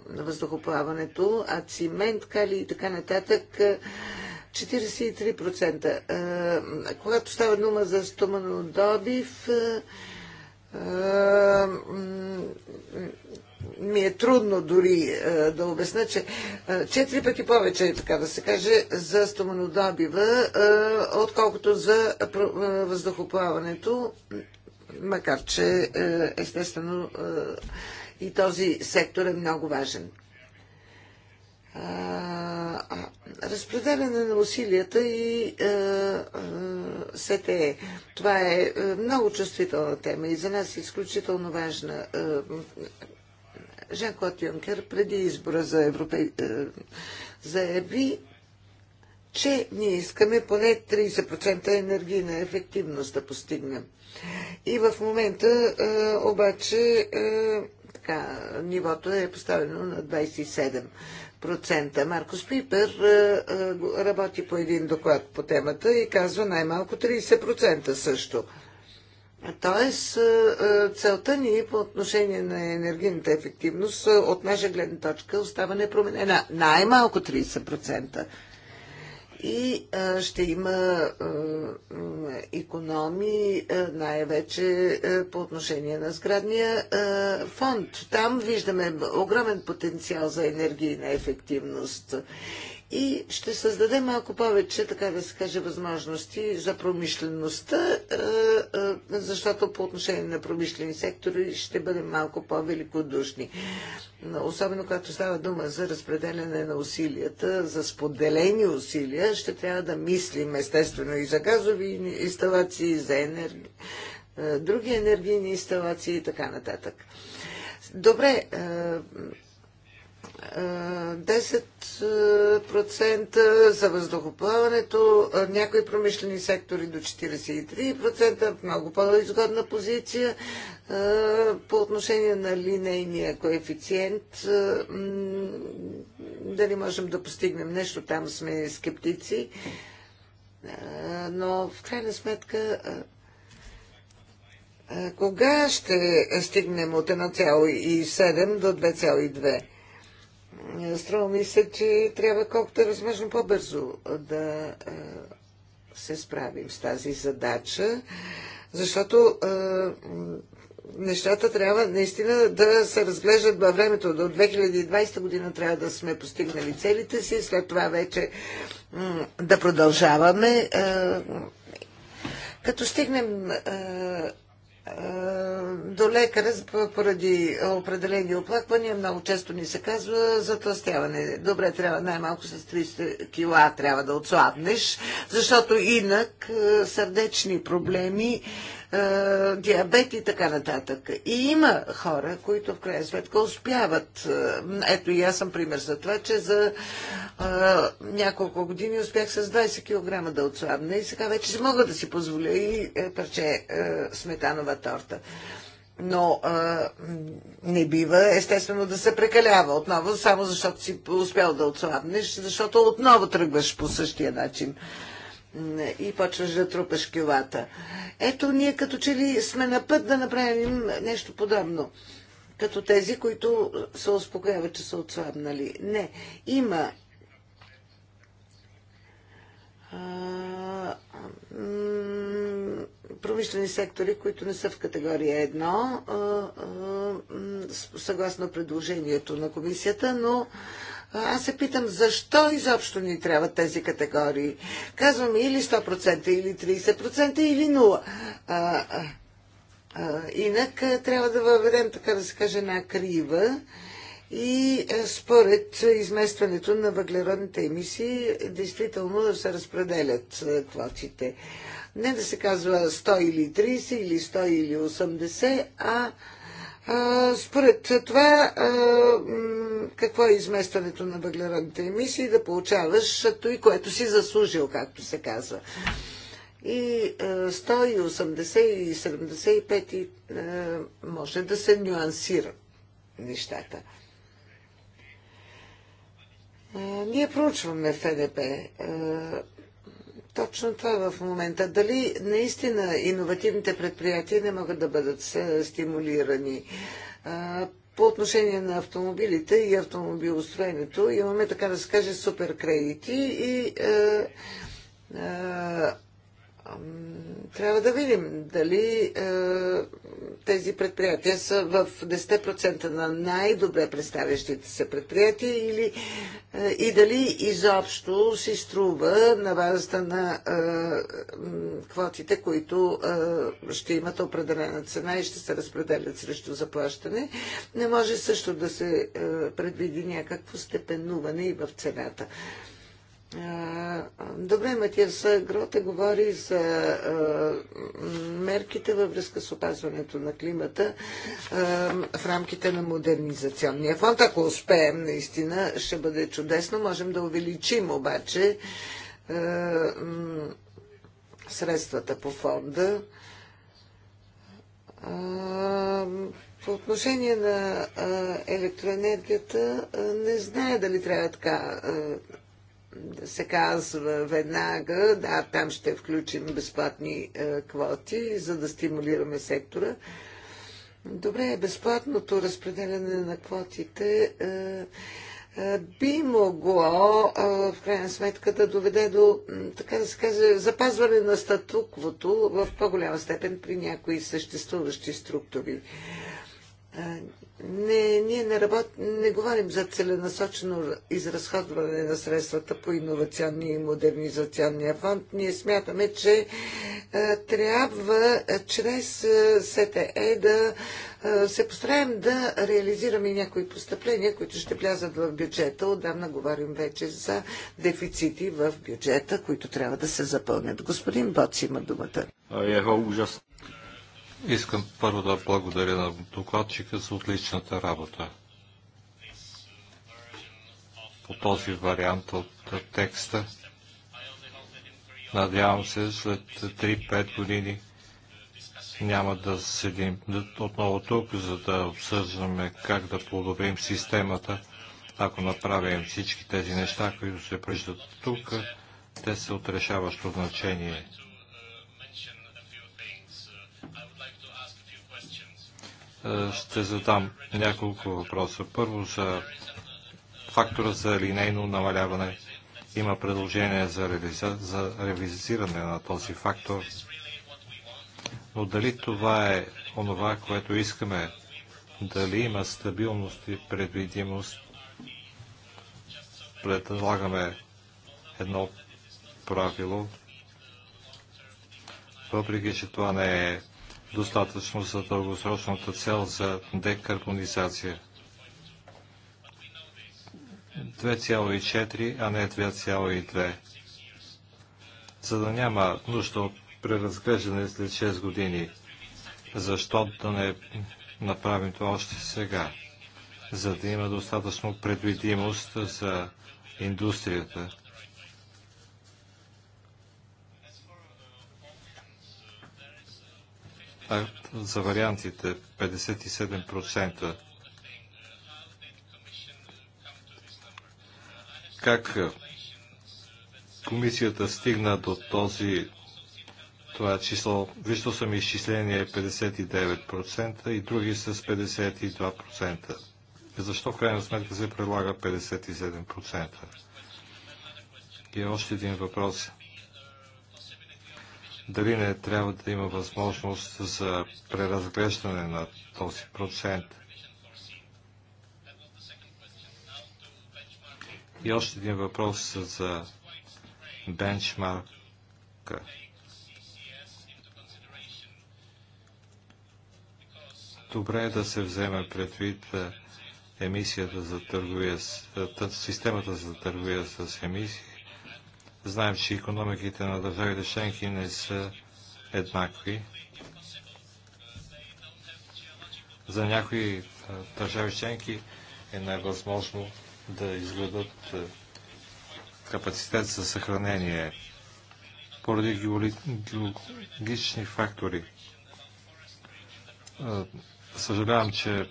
въздухоплаването, а цимент, кали и така нататък 43%. Е, когато става дума за стоманодобив, е, е, ми е трудно дори да обясна, че четири пъти повече, така да се каже, за стоманодобива, отколкото за въздухоплаването, макар че естествено и този сектор е много важен разпределяне на усилията и СТЕ. Това е много чувствителна тема и за нас е изключително важна. Жан-Клод Юнкер преди избора за Европе... заяви, че ние искаме поне 30% енергийна ефективност да постигнем. И в момента обаче така, нивото е поставено на 27% процента. Маркус Пипер е, е, работи по един доклад по темата и казва най-малко 30% също. Тоест, е, целта ни по отношение на енергийната ефективност от наша гледна точка остава непроменена. Най-малко 30% и ще има економии най-вече по отношение на сградния фонд. Там виждаме огромен потенциал за енергийна ефективност и ще създаде малко повече, така да се каже, възможности за промишлеността, е, е, защото по отношение на промишлени сектори ще бъдем малко по-великодушни. Особено когато става дума за разпределяне на усилията, за споделени усилия, ще трябва да мислим естествено и за газови инсталации, за енерги... Е, други енергийни инсталации и така нататък. Добре, 10% за въздухоплаването, някои промишлени сектори до 43%, в много по-изгодна позиция. По отношение на линейния коефициент, дали можем да постигнем нещо, там сме скептици. Но в крайна сметка кога ще стигнем от 1,7 до 2,2? Струва ми се, че трябва колкото е възможно по-бързо да е, се справим с тази задача, защото е, нещата трябва наистина да се разглеждат във времето. До 2020 година трябва да сме постигнали целите си, след това вече да продължаваме. Е, като стигнем е, до лекаря поради определени оплаквания много често ни се казва затластяване. Добре, трябва най-малко с 300 кила трябва да отслабнеш, защото инак е, сърдечни проблеми е, диабет и така нататък. И има хора, които в крайна сметка успяват. Е, ето и аз съм пример за това, че за а, е, няколко години успях с 20 кг да отслабна и сега вече си мога да си позволя и парче сметанова торта. Но а, не бива, естествено, да се прекалява отново, само защото си успял да отслабнеш, защото отново тръгваш по същия начин. А, и почваш да трупаш килата. Ето, ние като че ли сме на път да направим нещо подобно. Като тези, които се успокояват, че са отслабнали. Не. Има а, промишлени сектори, които не са в категория 1, а, а, съгласно предложението на комисията, но аз се питам, защо изобщо ни трябват тези категории? Казваме или 100%, или 30%, или 0%. А, а, а, инак трябва да въведем, така да се каже, една крива и според изместването на въглеродните емисии, действително да се разпределят квотите. Не да се казва 100 или 30 или 100 или 80, а според това какво е изместването на въглеродните емисии, да получаваш той, което си заслужил, както се казва. И 180 и 75 може да се нюансира нещата. Ние проучваме ФДП точно това е в момента. Дали наистина иновативните предприятия не могат да бъдат е, стимулирани? По отношение на автомобилите и автомобилостроенето имаме, така да се каже, суперкредити и е, трябва да видим дали е, тези предприятия са в 10% на най-добре представящите се предприятия или, е, и дали изобщо си струва на базата на е, квотите, които е, ще имат определена цена и ще се разпределят срещу заплащане. Не може също да се е, предвиди някакво степенуване и в цената. Е, Добре, Матиас Грота говори за мерките във връзка с опазването на климата в рамките на модернизационния фонд. Ако успеем, наистина ще бъде чудесно. Можем да увеличим обаче средствата по фонда. По отношение на електроенергията, не знае дали трябва така се казва веднага, да, там ще включим безплатни е, квоти, за да стимулираме сектора. Добре, безплатното разпределяне на квотите е, е, би могло, е, в крайна сметка, да доведе до, така да се каже, запазване на статуквото в по-голяма степен при някои съществуващи структури. Е, не, ние не, работ... не говорим за целенасочено изразходване на средствата по иновационния и модернизационния фонд. Ние смятаме, че а, е, трябва а, е, чрез е, СТЕ да а, е, се постараем да реализираме някои постъпления, които ще влязат в бюджета. Отдавна говорим вече за дефицити в бюджета, които трябва да се запълнят. Господин Боц има думата. Е, е ужасно Искам първо да благодаря на докладчика за отличната работа по този вариант от текста. Надявам се, след 3-5 години няма да седим отново тук, за да обсъждаме как да подобрим системата. Ако направим всички тези неща, които се преждат тук, те са отрешаващо значение. Е, ще задам няколко въпроса. Първо за фактора за линейно намаляване. Има предложение за, ревиза, за ревизиране на този фактор. Но дали това е онова, което искаме? Дали има стабилност и предвидимост? Предлагаме едно правило, въпреки че това не е достатъчно за дългосрочната цел за декарбонизация. 2,4, а не 2,2. За да няма нужда от преразглеждане след 6 години, защо да не направим това още сега, за да има достатъчно предвидимост за индустрията а за вариантите 57%. Как комисията стигна до този това число. Виждал съм изчисление 59% е и други с 52%. Защо в крайна сметка се предлага 57%? И още един въпрос дали не трябва да има възможност за преразглеждане на този процент. И още един въпрос за бенчмарка. Добре е да се вземе предвид е, емисията за търговия, с, е, системата за търговия с емисии Знаем, че економиките на държавите членки не са еднакви. За някои държави членки е невъзможно да изградат капацитет за съхранение поради геологични фактори. Съжалявам, че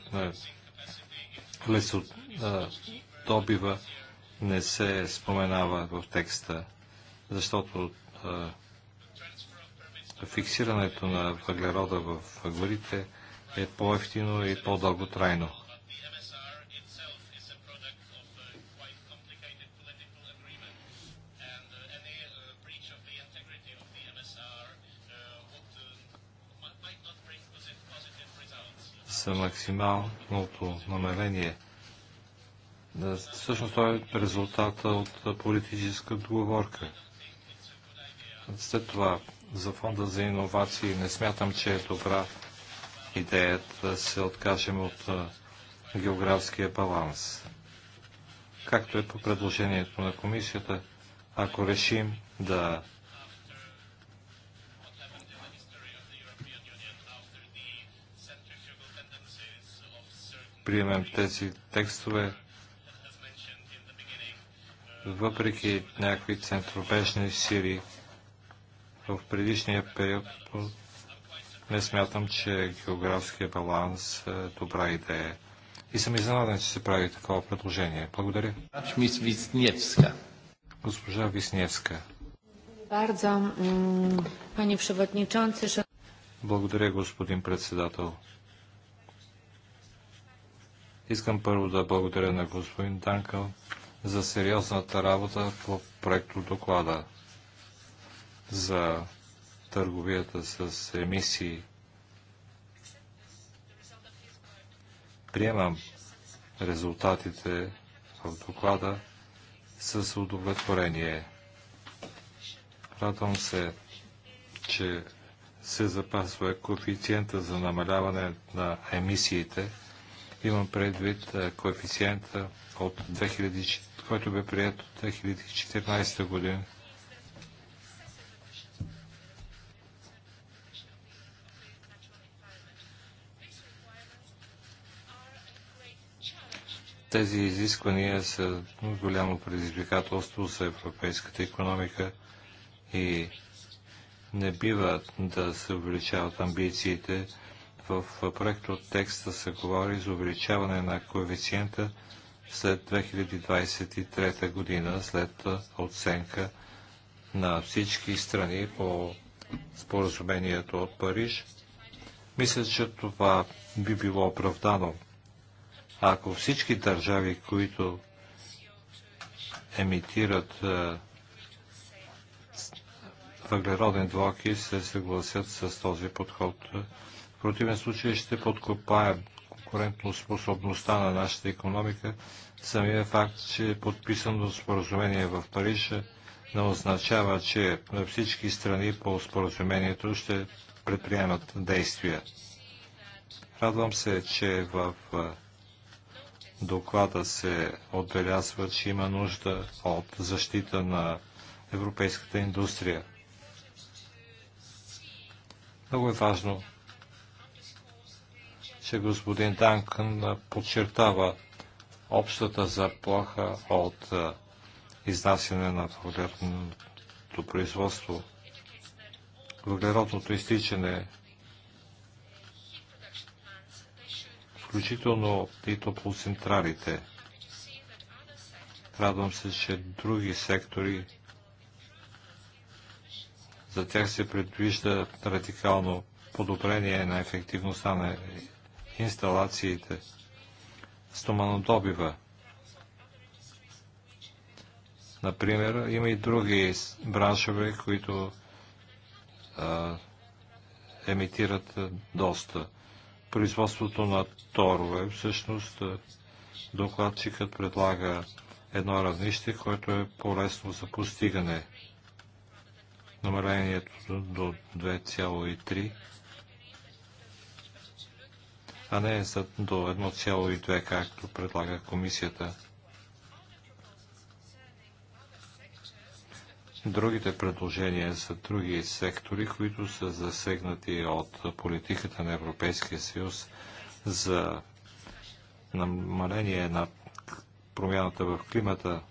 лесодобива не се споменава в текста защото фиксирането на въглерода в горите е по-ефтино и по-дълготрайно. за максималното намерение. Всъщност това е резултата от политическа договорка. След това за фонда за иновации не смятам, че е добра идея да се откажем от географския баланс. Както е по предложението на комисията, ако решим да приемем тези текстове, въпреки някои центробежни сири в предишния период, не смятам, че географския баланс е добра идея. И съм изненадан, че се прави такова предложение. Благодаря. Госпожа Висневска. Благодаря, господин председател. Искам първо да благодаря на господин Данкъл за сериозната работа по проекто доклада за търговията с емисии. Приемам резултатите в доклада с удовлетворение. Радвам се, че се запазва коефициента за намаляване на емисиите. Имам предвид коефициента, от 2000, който бе прият от 2014 година Тези изисквания са голямо предизвикателство за европейската економика и не бива да се увеличават амбициите. В проект от текста се говори за увеличаване на коефициента след 2023 година, след оценка на всички страни по споразумението от Париж. Мисля, че това би било оправдано ако всички държави, които емитират въглероден двоки, се съгласят с този подход, в противен случай ще подкопаем конкурентно способността на нашата економика. Самия факт, че е подписано споразумение в Париж, е, не означава, че всички страни по споразумението ще предприемат действия. Радвам се, че в доклада се отбелязва, че има нужда от защита на европейската индустрия. Много е важно, че господин Данкън подчертава общата заплаха от изнасяне на въглеродното производство. Въглеродното изтичане включително и топлоцентралите. Радвам се, че други сектори за тях се предвижда радикално подобрение на ефективността на инсталациите. Стоманодобива. Например, има и други браншове, които а, емитират доста производството на торове. Всъщност е, докладчикът предлага едно равнище, което е по-лесно за постигане. Намерението до 2,3 а не до 1,2, както предлага комисията. Другите предложения са други сектори, които са засегнати от политиката на Европейския съюз за намаление на промяната в климата.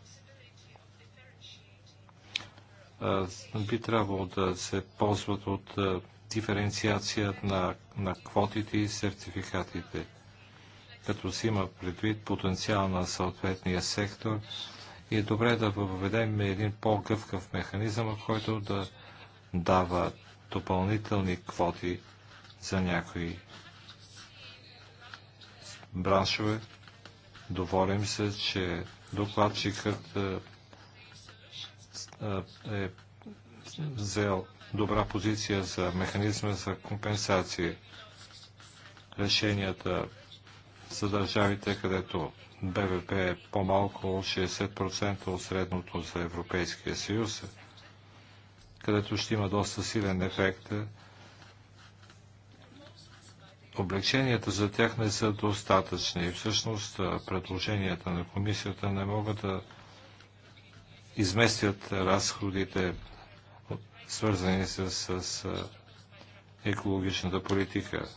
Би трябвало да се ползват от диференциация на, на квотите и сертификатите, като се има предвид потенциал на съответния сектор – и е добре да въведем един по-гъвкав механизъм, който да дава допълнителни квоти за някои браншове. Доволим се, че докладчикът е, е, е взел добра позиция за механизма за компенсация. Решенията за държавите, където БВП е по-малко от 60% от средното за Европейския съюз, където ще има доста силен ефект. Облегченията за тях не са достатъчни. Всъщност предложенията на комисията не могат да изместят разходите, свързани с, с екологичната политика.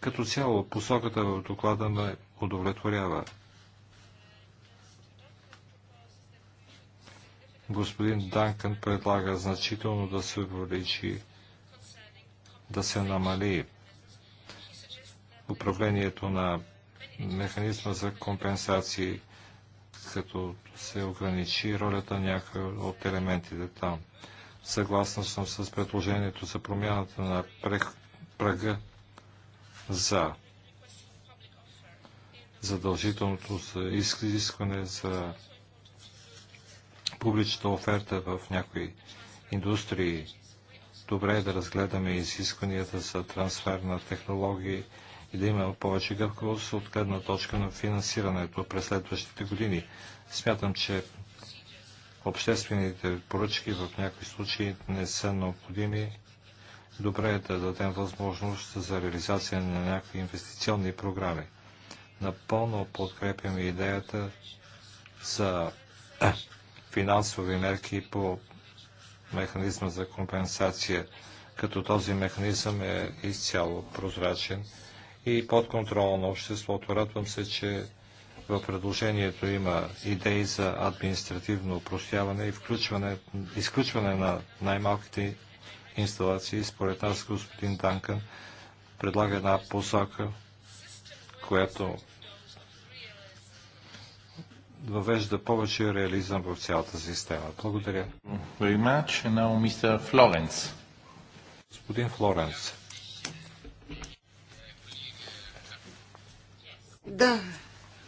Като цяло, посоката в доклада ме удовлетворява. Господин Данкън предлага значително да се увеличи, да се намали управлението на механизма за компенсации, като се ограничи ролята някои от елементите там. Съгласна съм с предложението за промяната на прага за задължителното за изискване за Публичната оферта в някои индустрии. Добре е да разгледаме изискванията за трансфер на технологии и да имаме повече гъвкавост от гледна точка на финансирането през следващите години. Смятам, че обществените поръчки в някои случаи не са необходими. Добре е да дадем възможност за реализация на някакви инвестиционни програми. Напълно подкрепяме идеята за финансови мерки по механизма за компенсация, като този механизъм е изцяло прозрачен и под контрол на обществото. Радвам се, че в предложението има идеи за административно упростяване и включване, изключване на най-малките инсталации. Според нас господин Данкан предлага една посока, която въвежда повече реализъм в цялата система. Благодаря. Господин Флоренс. Да,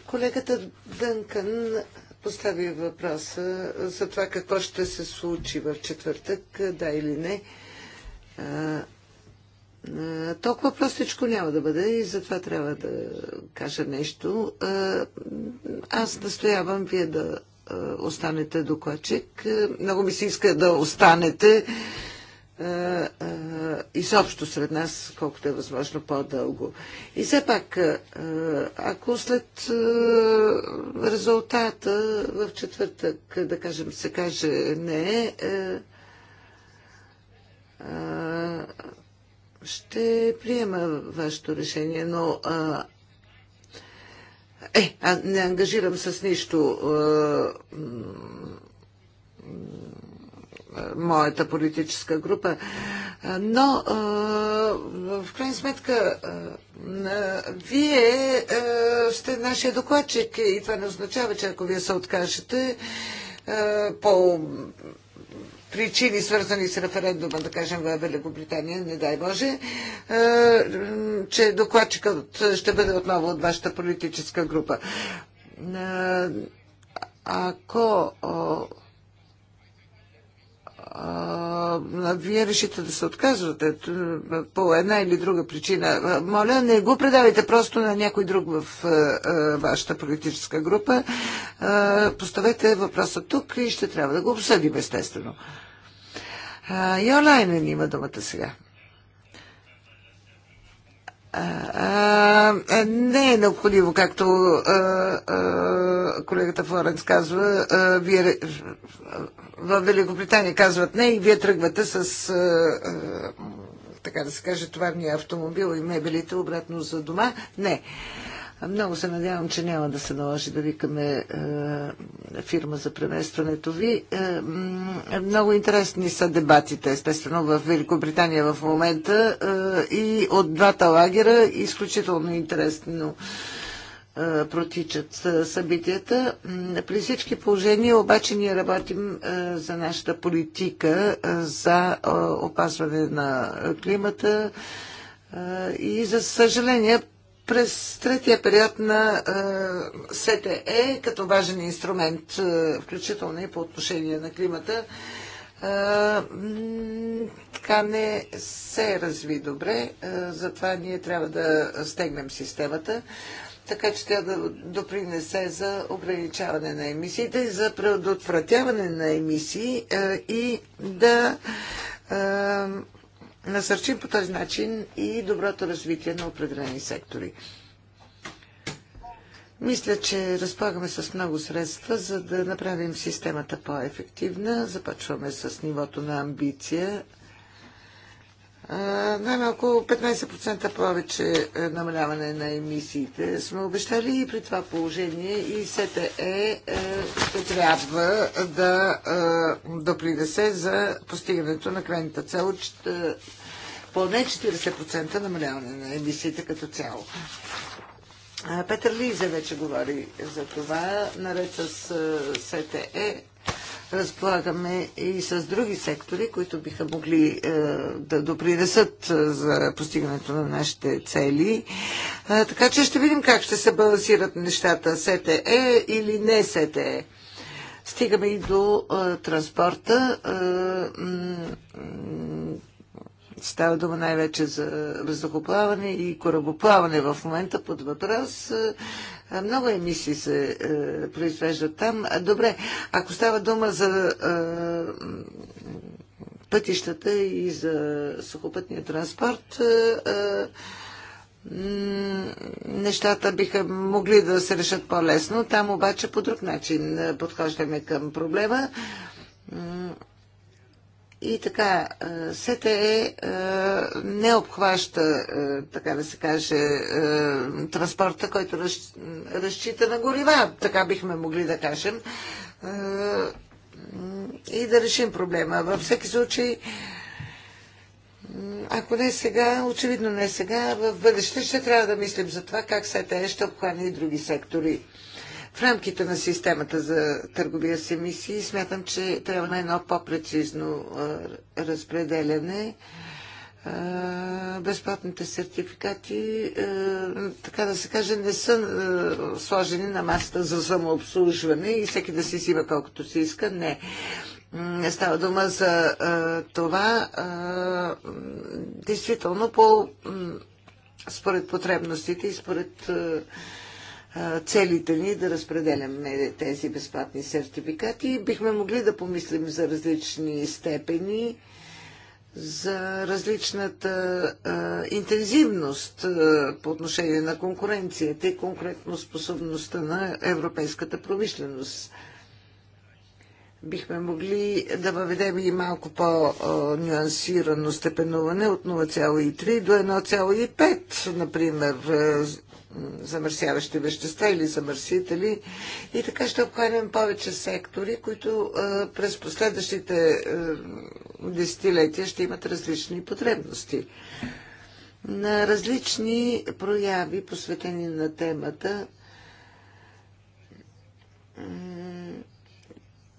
колегата Дънкан постави въпроса за това какво ще се случи в четвъртък, да или не толкова простичко няма да бъде и затова трябва да кажа нещо. Аз настоявам вие да останете докладчик. Много ми се иска да останете изобщо сред нас, колкото е възможно по-дълго. И все пак, ако след резултата в четвъртък, да кажем, се каже не, е. Ще приема вашето решение, но а, е, а не ангажирам с нищо а, моята политическа група. Но, в крайна сметка, вие сте нашия докладчик и това не означава, че ако вие се откажете по причини, свързани с референдума, да кажем, в Великобритания, не дай Боже, е, че докладчикът ще бъде отново от вашата политическа група. Е, ако вие решите да се отказвате по една или друга причина, моля, не го предавайте просто на някой друг в вашата политическа група. Поставете въпроса тук и ще трябва да го обсъдим, естествено. Йолайнен има думата сега а, не е необходимо, както а, а, колегата Флоренц казва, а, вие в Великобритания казват не и вие тръгвате с, а, а, така да се каже, товарния автомобил и мебелите обратно за дома. Не. А, много се надявам, че няма да се наложи да викаме е, фирма за преместването ви. Е, много интересни са дебатите, естествено, в Великобритания в момента е, и от двата лагера изключително интересно е, протичат е, събитията. При всички положения обаче ние работим е, за нашата политика е, за е, опазване на климата. Е, и за съжаление през третия период на СТЕ като важен инструмент, включително и по отношение на климата, така не се разви добре. Затова ние трябва да стегнем системата, така че тя да допринесе за ограничаване на емисиите, за предотвратяване на емисии и да насърчим по този начин и доброто развитие на определени сектори. Мисля, че разполагаме с много средства, за да направим системата по-ефективна. Започваме с нивото на амбиция най-малко 15% повече е, намаляване на емисиите сме обещали и при това положение и СТЕ е, ще трябва да е, допринесе за постигането на крайната цел е, поне 40% намаляване на емисиите като цяло. Петър Лиза вече говори за това, наред с СТЕ разполагаме и с други сектори, които биха могли е, да допринесат е, за постигането на нашите цели. Е, така че ще видим как ще се балансират нещата СТЕ или не СТЕ. Стигаме и до е, транспорта. Е, става дума най-вече за въздухоплаване и корабоплаване в момента под въпрос. Е, много емисии се е, произвеждат там. Добре, ако става дума за е, пътищата и за сухопътния транспорт, е, нещата биха могли да се решат по-лесно. Там обаче по друг начин подхождаме към проблема. И така, е, СТЕ е, не обхваща, е, така да се каже, транспорта, който разчита на горива, така бихме могли да кажем, и да решим проблема. Във всеки случай, ако не сега, очевидно не сега, в бъдеще ще трябва да мислим за това как СТЕ ще обхване и други сектори в рамките на системата за търговия с емисии смятам, че трябва на едно по-прецизно разпределяне. Безплатните сертификати, така да се каже, не са сложени на масата за самообслужване и всеки да си взима колкото си иска. Не. Става дума за това. Действително, по, според потребностите и според целите ни да разпределяме тези безплатни сертификати. Бихме могли да помислим за различни степени, за различната а, интензивност а, по отношение на конкуренцията и конкурентоспособността на европейската промишленост бихме могли да въведем и малко по-нюансирано степенуване от 0,3 до 1,5, например, е, замърсяващи вещества или замърсители. И така ще обхванем повече сектори, които е, през последващите е, десетилетия ще имат различни потребности. На различни прояви, посветени на темата,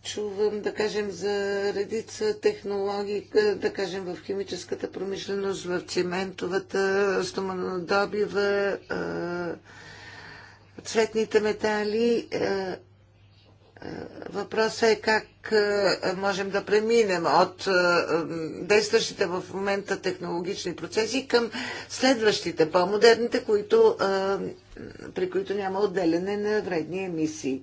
чувам, да кажем, за редица технологии, е, да кажем, в химическата промишленост, в циментовата, стоманодобива, е, цветните метали. Е, въпросът е как можем да преминем от действащите в момента технологични процеси към следващите, по-модерните, които, при които няма отделяне на вредни емисии.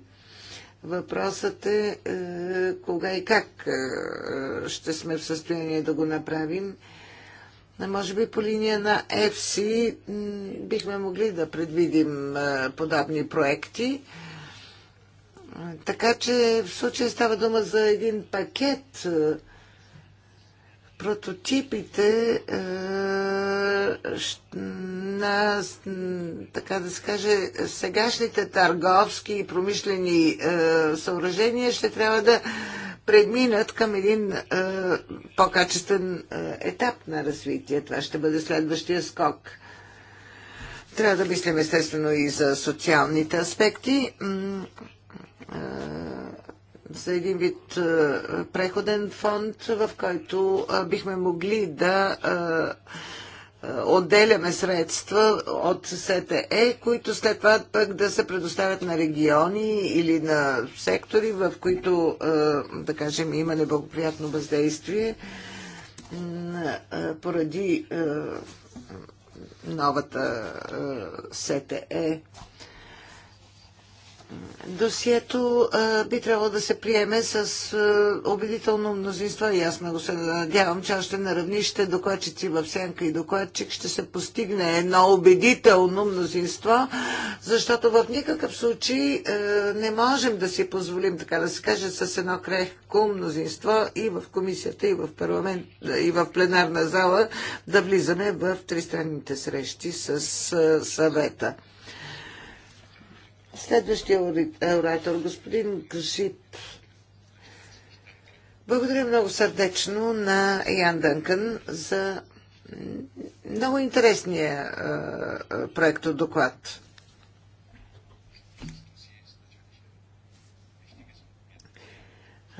Въпросът е, е кога и как е, е, ще сме в състояние да го направим. Може би по линия на FC бихме могли да предвидим подобни проекти. Така че в случая става дума за един пакет прототипите е, на, така да се каже, сегашните търговски и промишлени е, съоръжения ще трябва да предминат към един е, по-качествен е, етап на развитие. Това ще бъде следващия скок. Трябва да мислим естествено и за социалните аспекти е, за един вид преходен фонд, в който бихме могли да отделяме средства от СТЕ, които след това пък да се предоставят на региони или на сектори, в които, да кажем, има неблагоприятно въздействие поради новата СТЕ досието а, би трябвало да се приеме с а, убедително мнозинство и аз много се надявам, че още на равнище докладчици в сянка и докладчик ще се постигне едно убедително мнозинство, защото в никакъв случай а, не можем да си позволим, така да се каже, с едно крехко мнозинство и в комисията, и в парламент, и в пленарна зала да влизаме в тристранните срещи с а, съвета. Следващия е, оратор, господин Кашип. Благодаря много сърдечно на Ян Дънкън за много интересния е, проект от доклад.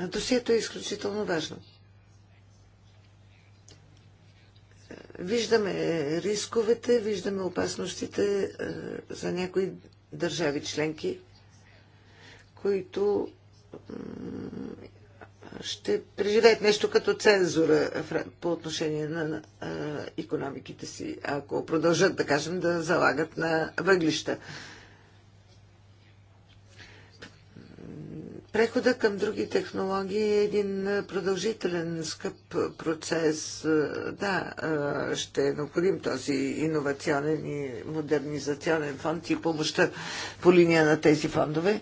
Досието е изключително важно. Виждаме рисковете, виждаме опасностите е, за някои държави членки, които ще преживеят нещо като цензура по отношение на економиките си, ако продължат, да кажем, да залагат на въглища. Прехода към други технологии е един е, продължителен, скъп е, процес. Е, да, ще е необходим този иновационен и модернизационен фонд и помощта по линия на тези фондове.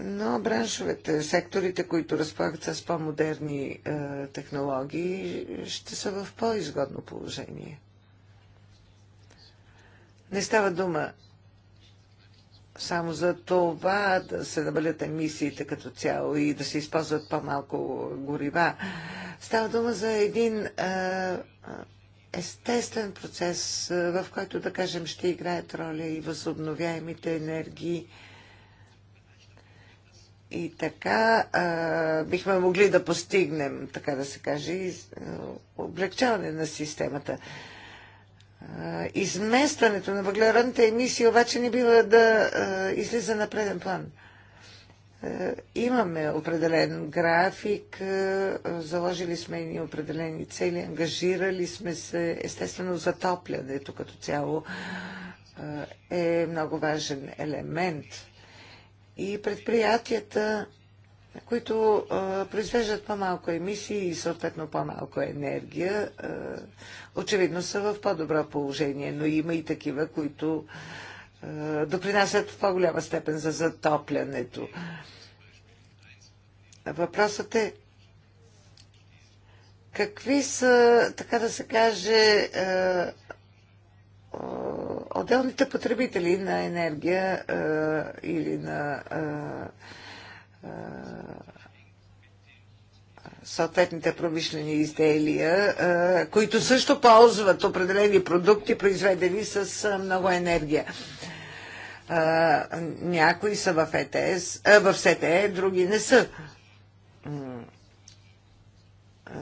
Но браншовете, секторите, които разполагат с по-модерни е, технологии, ще са в по-изгодно положение. Не става дума само за това да се намалят емисиите като цяло и да се използват по-малко горива. Става дума за един естествен процес, в който, да кажем, ще играят роля и възобновяемите енергии. И така а, бихме могли да постигнем, така да се каже, облегчаване на системата изместването на въглеродната емисия обаче не бива да излиза на преден план. Имаме определен график, заложили сме и определени цели, ангажирали сме се. Естествено, затоплянето като цяло е много важен елемент. И предприятията които а, произвеждат по-малко емисии и съответно по-малко енергия, а, очевидно са в по-добро положение, но има и такива, които а, допринасят в по-голяма степен за затоплянето. Въпросът е какви са, така да се каже, а, а, отделните потребители на енергия а, или на а, съответните промишлени изделия, които също ползват определени продукти, произведени с много енергия. Някои са в ЕТС, в СТЕ, други не са.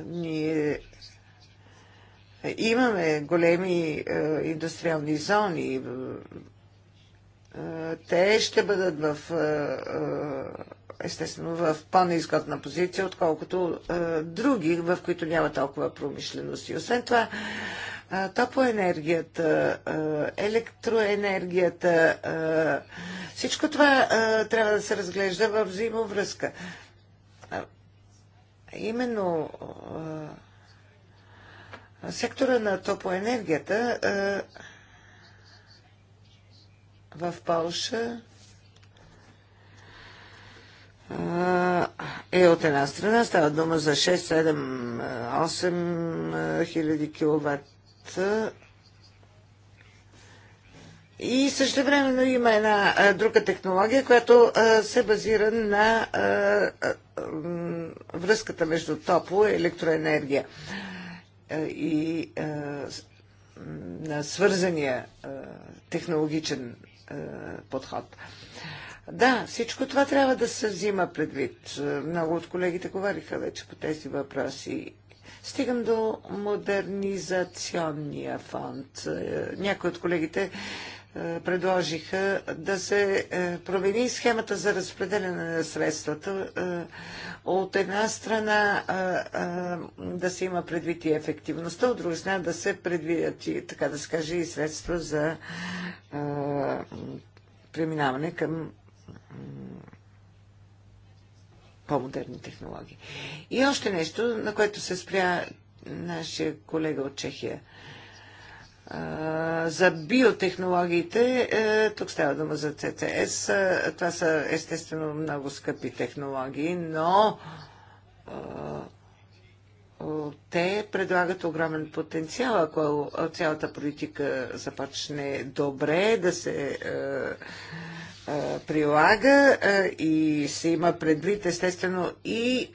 Ние имаме големи индустриални зони. Те ще бъдат в естествено, в по-неизгодна позиция, отколкото е, други, в които няма толкова промишленост. И освен това, е, топлоенергията, е, електроенергията, е, всичко това е, трябва да се разглежда в взаимовръзка. Е, именно е, сектора на топлоенергията е, в Польша е от една страна. Става дума за 6, 7, 8 хиляди киловатт. И също времено има една а, друга технология, която а, се базира на а, а, връзката между топло и електроенергия а, и а, на свързания а, технологичен а, подход. А, да, всичко това трябва да се взима предвид. Много от колегите говориха вече по тези въпроси. Стигам до модернизационния фонд. Е, някои от колегите е, предложиха да се е, промени схемата за разпределяне на средствата. От една страна да се има предвид и ефективността, от друга страна да се предвидят и, така да се каже, и средства за преминаване към по-модерни технологии. И още нещо, на което се спря нашия колега от Чехия. За биотехнологиите, е, тук става дума за ЦЦС, това са естествено много скъпи технологии, но те предлагат огромен потенциал, ако цялата политика започне добре да се е, прилага и се има предвид естествено и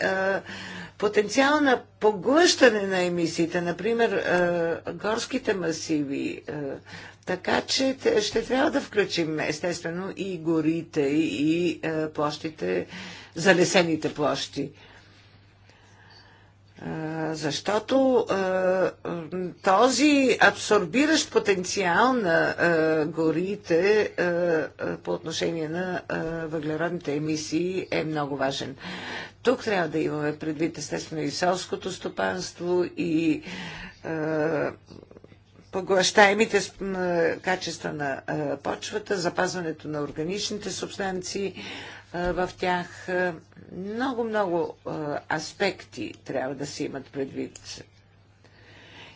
потенциал на поглъщане на емисиите, например горските масиви. Така че ще трябва да включим естествено и горите, и площите, залесените площи защото този абсорбиращ потенциал на горите по отношение на въглеродните емисии е много важен. Тук трябва да имаме предвид естествено и селското стопанство и поглъщаемите качества на почвата, запазването на органичните субстанции в тях много, много аспекти трябва да се имат предвид.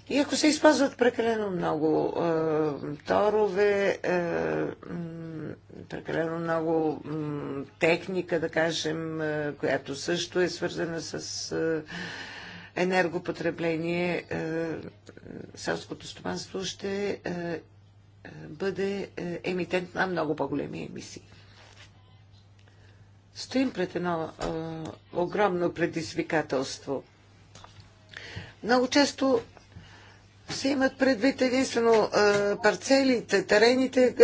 И ако се използват прекалено много е, торове, е, прекалено много е, техника, да кажем, е, която също е свързана с е, енергопотребление, е, селското стопанство ще е, бъде емитент на много по-големи емисии стоим пред едно а, огромно предизвикателство. Много често се имат предвид единствено а, парцелите, терените, а,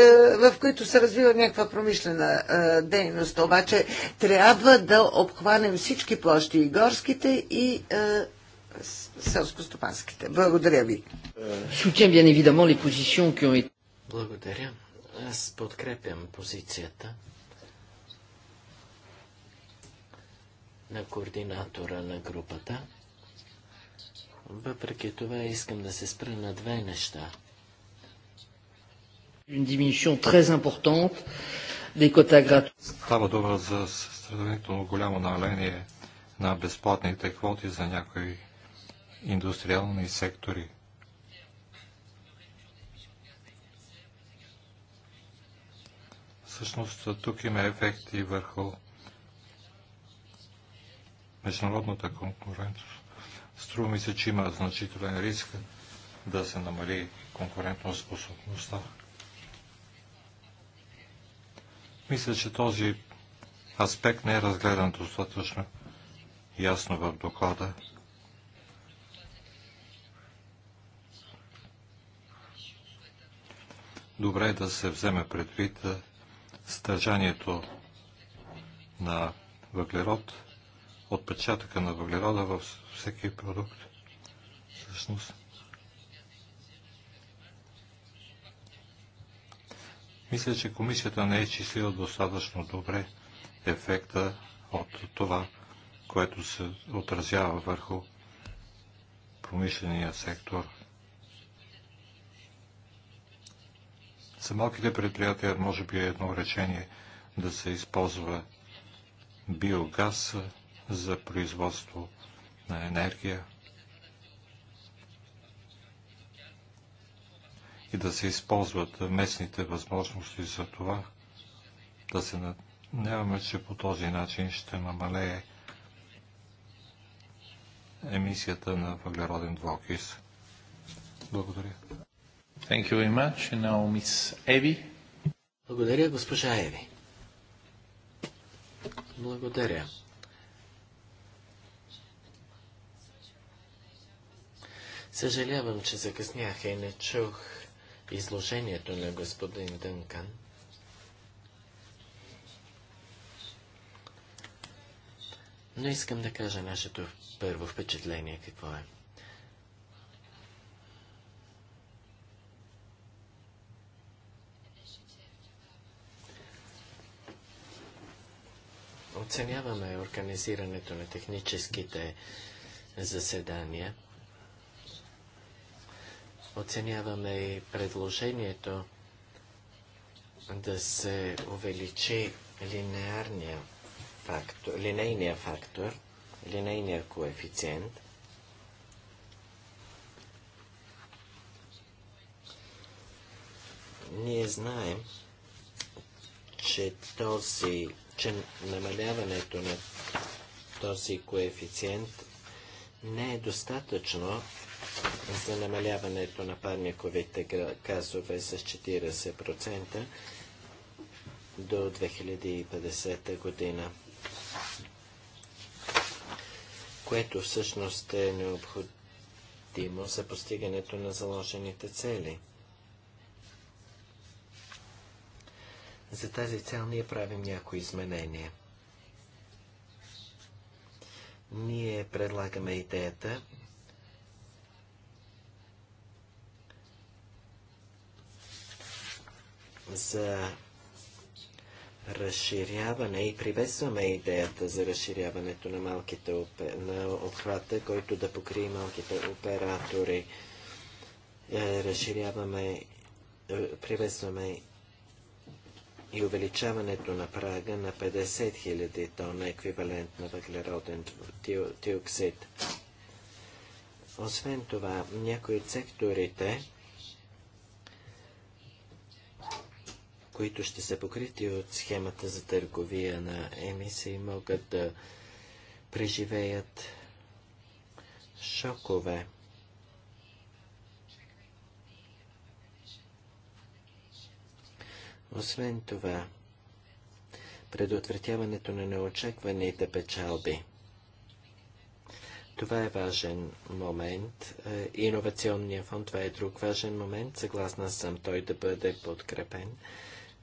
в които се развива някаква промишлена а, дейност. Обаче трябва да обхванем всички площи, и горските, и а, селско-стопанските. Благодаря ви. Благодаря. Аз подкрепям позицията на координатора на групата. Въпреки това искам да се спра на две неща. Става дума за сравнително голямо намаление на безплатните квоти за някои индустриални сектори. Всъщност тук има ефекти върху международната конкурентност. Струва ми се, че има значителен риск да се намали конкурентно способността. Мисля, че този аспект не е разгледан достатъчно ясно в доклада. Добре е да се вземе предвид стържанието на въглерод – отпечатъка на въглерода във всеки продукт. Всъщност. Мисля, че комисията не е числила достатъчно добре ефекта от това, което се отразява върху промишления сектор. За малките предприятия може би е едно решение да се използва биогаз, за производство на енергия и да се използват местните възможности за това, да се надяваме, че по този начин ще намалее емисията на въглероден двокис. Благодаря. Thank you very much. And now Miss Evi. Благодаря, госпожа Еви. Благодаря. Съжалявам, че закъснях и не чух изложението на господин Дънкан. Но искам да кажа нашето първо впечатление какво е. Оценяваме организирането на техническите заседания – Оценяваме и предложението да се увеличи линейния фактор, линейния фактор, линейния коефициент. Ние знаем, че този, че намаляването на този коефициент не е достатъчно, за намаляването на парниковите газове с 40% до 2050 година, което всъщност е необходимо за постигането на заложените цели. За тази цел ние правим някои изменения. Ние предлагаме идеята за разширяване и приветстваме идеята за разширяването на, малките, на обхвата, който да покрие малките оператори. Е, разширяваме, е, приветстваме и увеличаването на прага на 50 000 тона еквивалент на въглероден диоксид. Освен това, някои от секторите които ще са покрити от схемата за търговия на емисии, могат да преживеят шокове. Освен това, предотвратяването на неочакваните печалби. Това е важен момент. Е, иновационният фонд, това е друг важен момент. Съгласна съм той да бъде подкрепен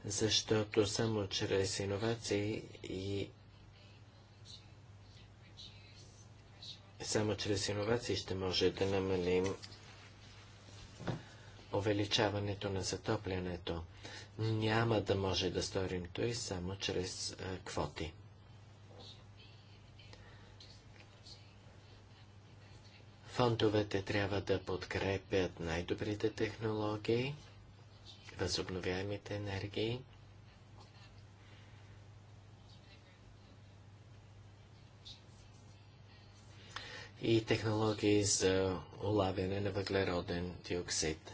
защото само чрез иновации и само чрез иновации ще може да намалим увеличаването на затоплянето. Няма да може да сторим той само чрез а, е, квоти. Фондовете трябва да подкрепят най-добрите технологии, възобновяемите енергии. и технологии за улавяне на въглероден диоксид.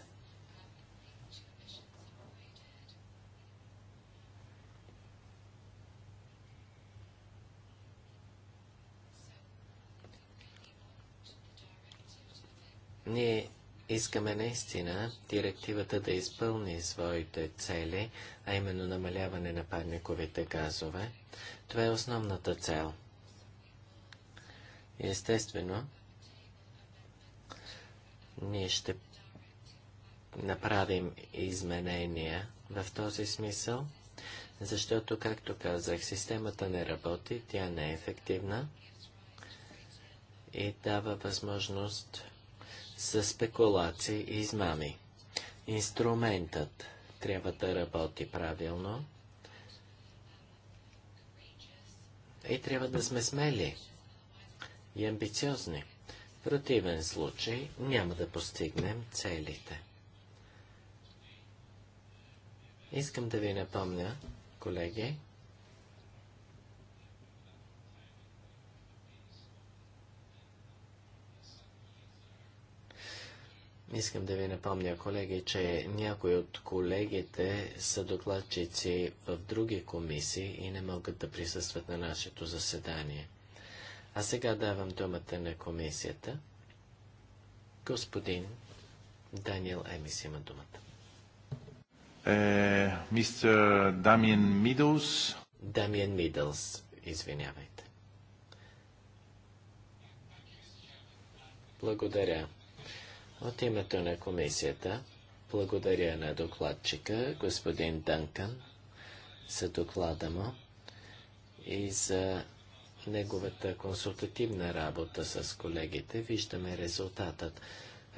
Ние Искаме наистина директивата да изпълни своите цели, а именно намаляване на парниковите газове. Това е основната цел. Естествено, ние ще направим изменения в този смисъл, защото, както казах, системата не работи, тя не е ефективна и дава възможност с спекулации и измами. Инструментът трябва да работи правилно и трябва да сме смели и амбициозни. В противен случай няма да постигнем целите. Искам да ви напомня, колеги, Искам да ви напомня, колеги, че някои от колегите са докладчици в други комисии и не могат да присъстват на нашето заседание. А сега давам думата на комисията. Господин Даниел Емис има думата. Е, мистер Дамиен Мидълс. Дамиен Мидълс, извинявайте. Благодаря. От името на комисията благодаря на докладчика, господин Дънкан, за доклада му и за неговата консултативна работа с колегите. Виждаме резултатът,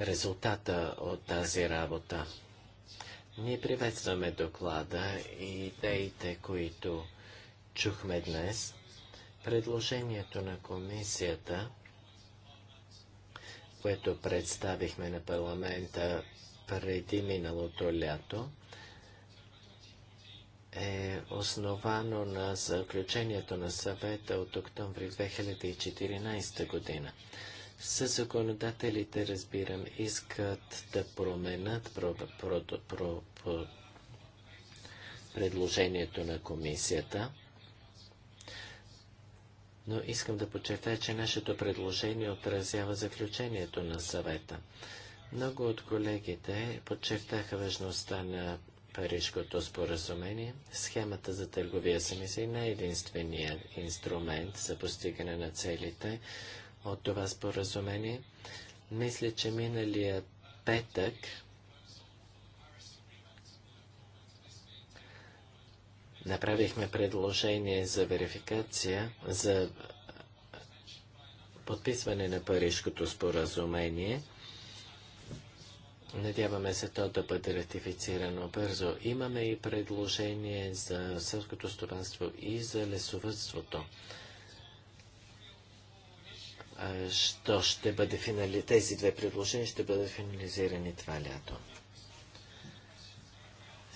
резултата от тази работа. Ние приветстваме доклада и идеите, които чухме днес. Предложението на комисията – което представихме на парламента преди миналото лято, е основано на заключението на съвета от октомври 2014 година. Със законодателите, разбирам, искат да променят про, про, про, про, предложението на комисията – но искам да подчертая, че нашето предложение отразява заключението на съвета. Много от колегите подчертаха важността на Парижкото споразумение. Схемата за търговия с емисии не е единствения инструмент за постигане на целите от това споразумение. Мисля, че миналия петък направихме предложение за верификация, за подписване на Парижското споразумение. Надяваме се то да бъде ратифицирано бързо. Имаме и предложение за селското стопанство и за лесовътството. Що ще бъде финали... Тези две предложения ще бъдат финализирани това лято.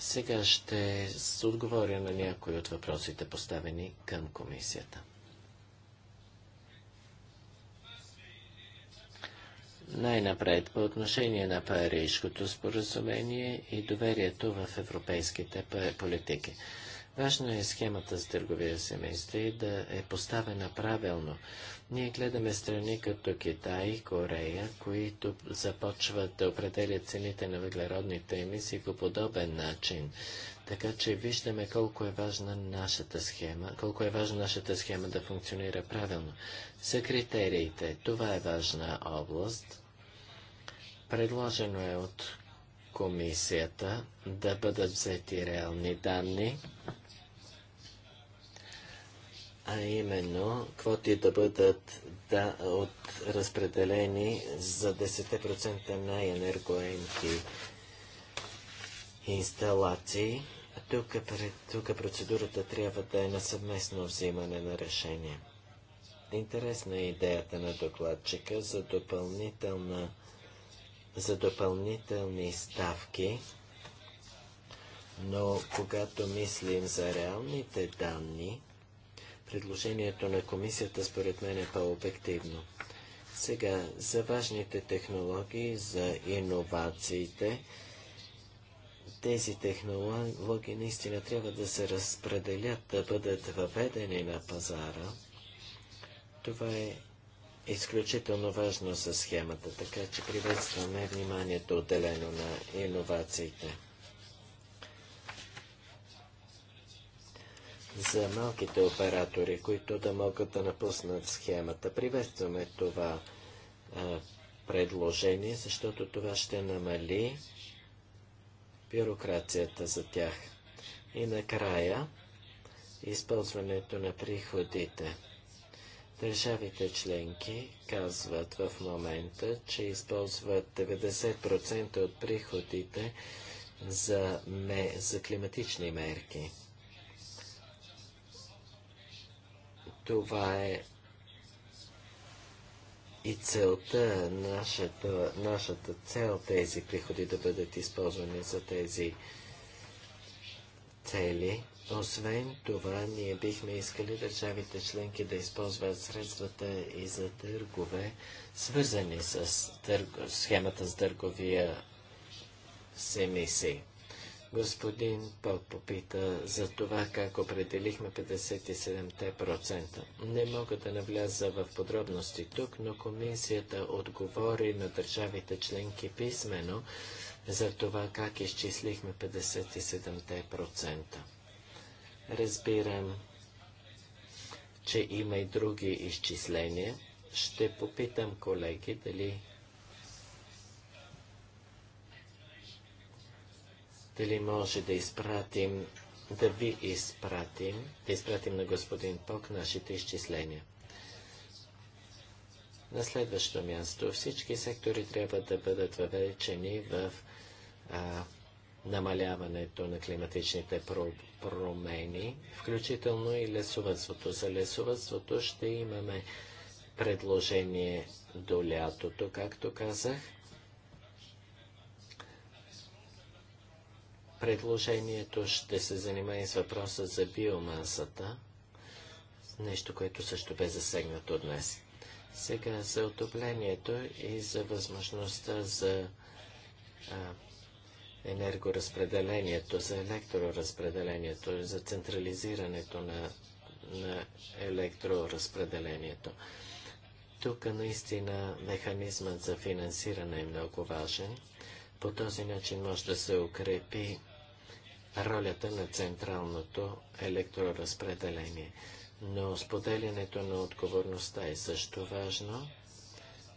Сега ще отговоря на някои от въпросите, поставени към комисията. Най-напред по отношение на Парижското споразумение и доверието в европейските политики. Важно е схемата с търговия семейства да е поставена правилно. Ние гледаме страни като Китай Корея, които започват да определят цените на въглеродните емисии по подобен начин. Така че виждаме колко е важна нашата схема, колко е важна нашата схема да функционира правилно. За критериите, това е важна област. Предложено е от комисията да бъдат взети реални данни а именно квоти да бъдат да, от разпределени за 10% на енергоемки инсталации. Тук, тук процедурата трябва да е на съвместно взимане на решение. Интересна е идеята на докладчика за, допълнителна, за допълнителни ставки, но когато мислим за реалните данни, Предложението на комисията според мен е по-обективно. Сега за важните технологии, за иновациите. Тези технологии наистина трябва да се разпределят, да бъдат въведени на пазара. Това е изключително важно за схемата, така че приветстваме вниманието отделено на иновациите. за малките оператори, които да могат да напуснат схемата. Приветстваме това а, предложение, защото това ще намали бюрокрацията за тях. И накрая, използването на приходите. Държавите членки казват в момента, че използват 90% от приходите за, ме, за климатични мерки. Това е и целта, нашата, нашата цел, тези приходи да бъдат използвани за тези цели. Освен това, ние бихме искали държавите членки да използват средствата и за търгове, свързани с търг... схемата с търговия с емисии. Господин Пот попита за това как определихме 57%. Не мога да навляза в подробности тук, но комисията отговори на държавите членки писменно за това как изчислихме 57%. Разбирам, че има и други изчисления. Ще попитам колеги дали дали може да изпратим, да ви изпратим, да изпратим на господин Пок нашите изчисления. На следващо място всички сектори трябва да бъдат въвлечени в а, намаляването на климатичните промени, включително и лесовътството. За лесовътството ще имаме предложение до лятото, както казах. Предложението ще се занимае с въпроса за биомасата, нещо, което също бе засегнато днес. Сега за отоплението и за възможността за а, енергоразпределението, за електроразпределението, за централизирането на, на електроразпределението. Тук наистина механизмът за финансиране е много важен. По този начин може да се укрепи ролята на централното електроразпределение. Но споделянето на отговорността е също важно,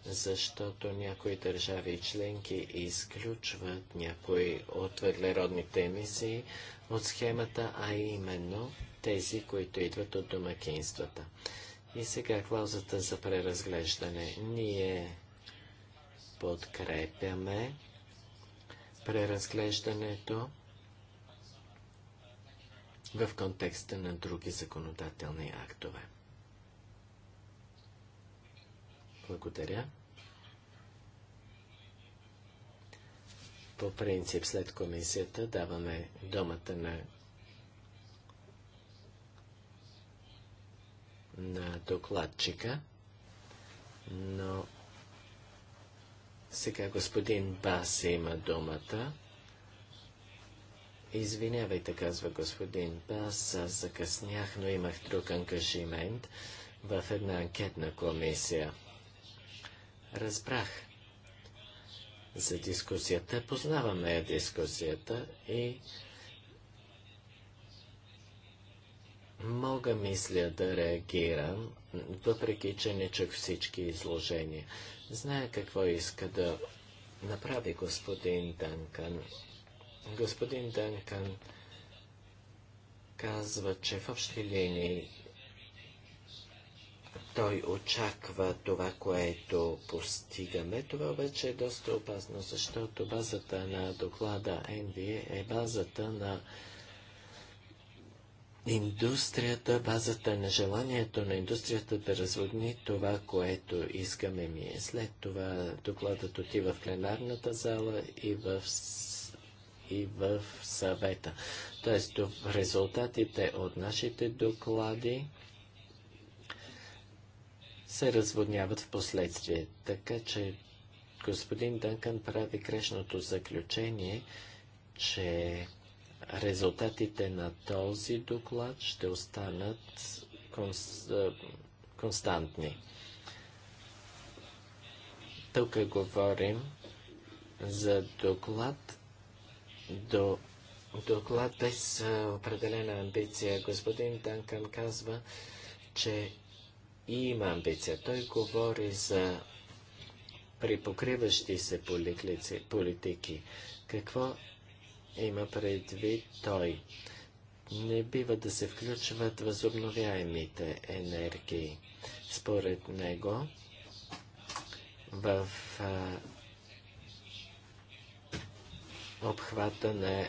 защото някои държави и членки изключват някои от въглеродните емисии от схемата, а именно тези, които идват от домакинствата. И сега клаузата за преразглеждане. Ние подкрепяме преразглеждането в контекста на други законодателни актове. Благодаря. По принцип след комисията даваме думата на на докладчика, но сега господин Бас има думата. Извинявайте, казва господин аз закъснях, но имах друг ангажимент в една анкетна комисия. Разбрах за дискусията, познаваме дискусията и мога мисля да реагирам, въпреки че не чух всички изложения. Зная какво иска да направи господин Данкан Господин Данкан казва, че в общи линии той очаква това, което постигаме. Това обаче е доста опасно, защото базата на доклада NVA е базата на индустрията, базата на желанието на индустрията да разводни това, което искаме ние. След това докладът отива в пленарната зала и в и в съвета. Тоест, резултатите от нашите доклади се разводняват в последствие. Така че господин Дънкън прави грешното заключение, че резултатите на този доклад ще останат конс... константни. Тук говорим за доклад, до доклад без определена амбиция. Господин Данкан казва, че има амбиция. Той говори за припокриващи се политики. Какво има предвид той? Не бива да се включват възобновяемите енергии. Според него, в а, обхвата на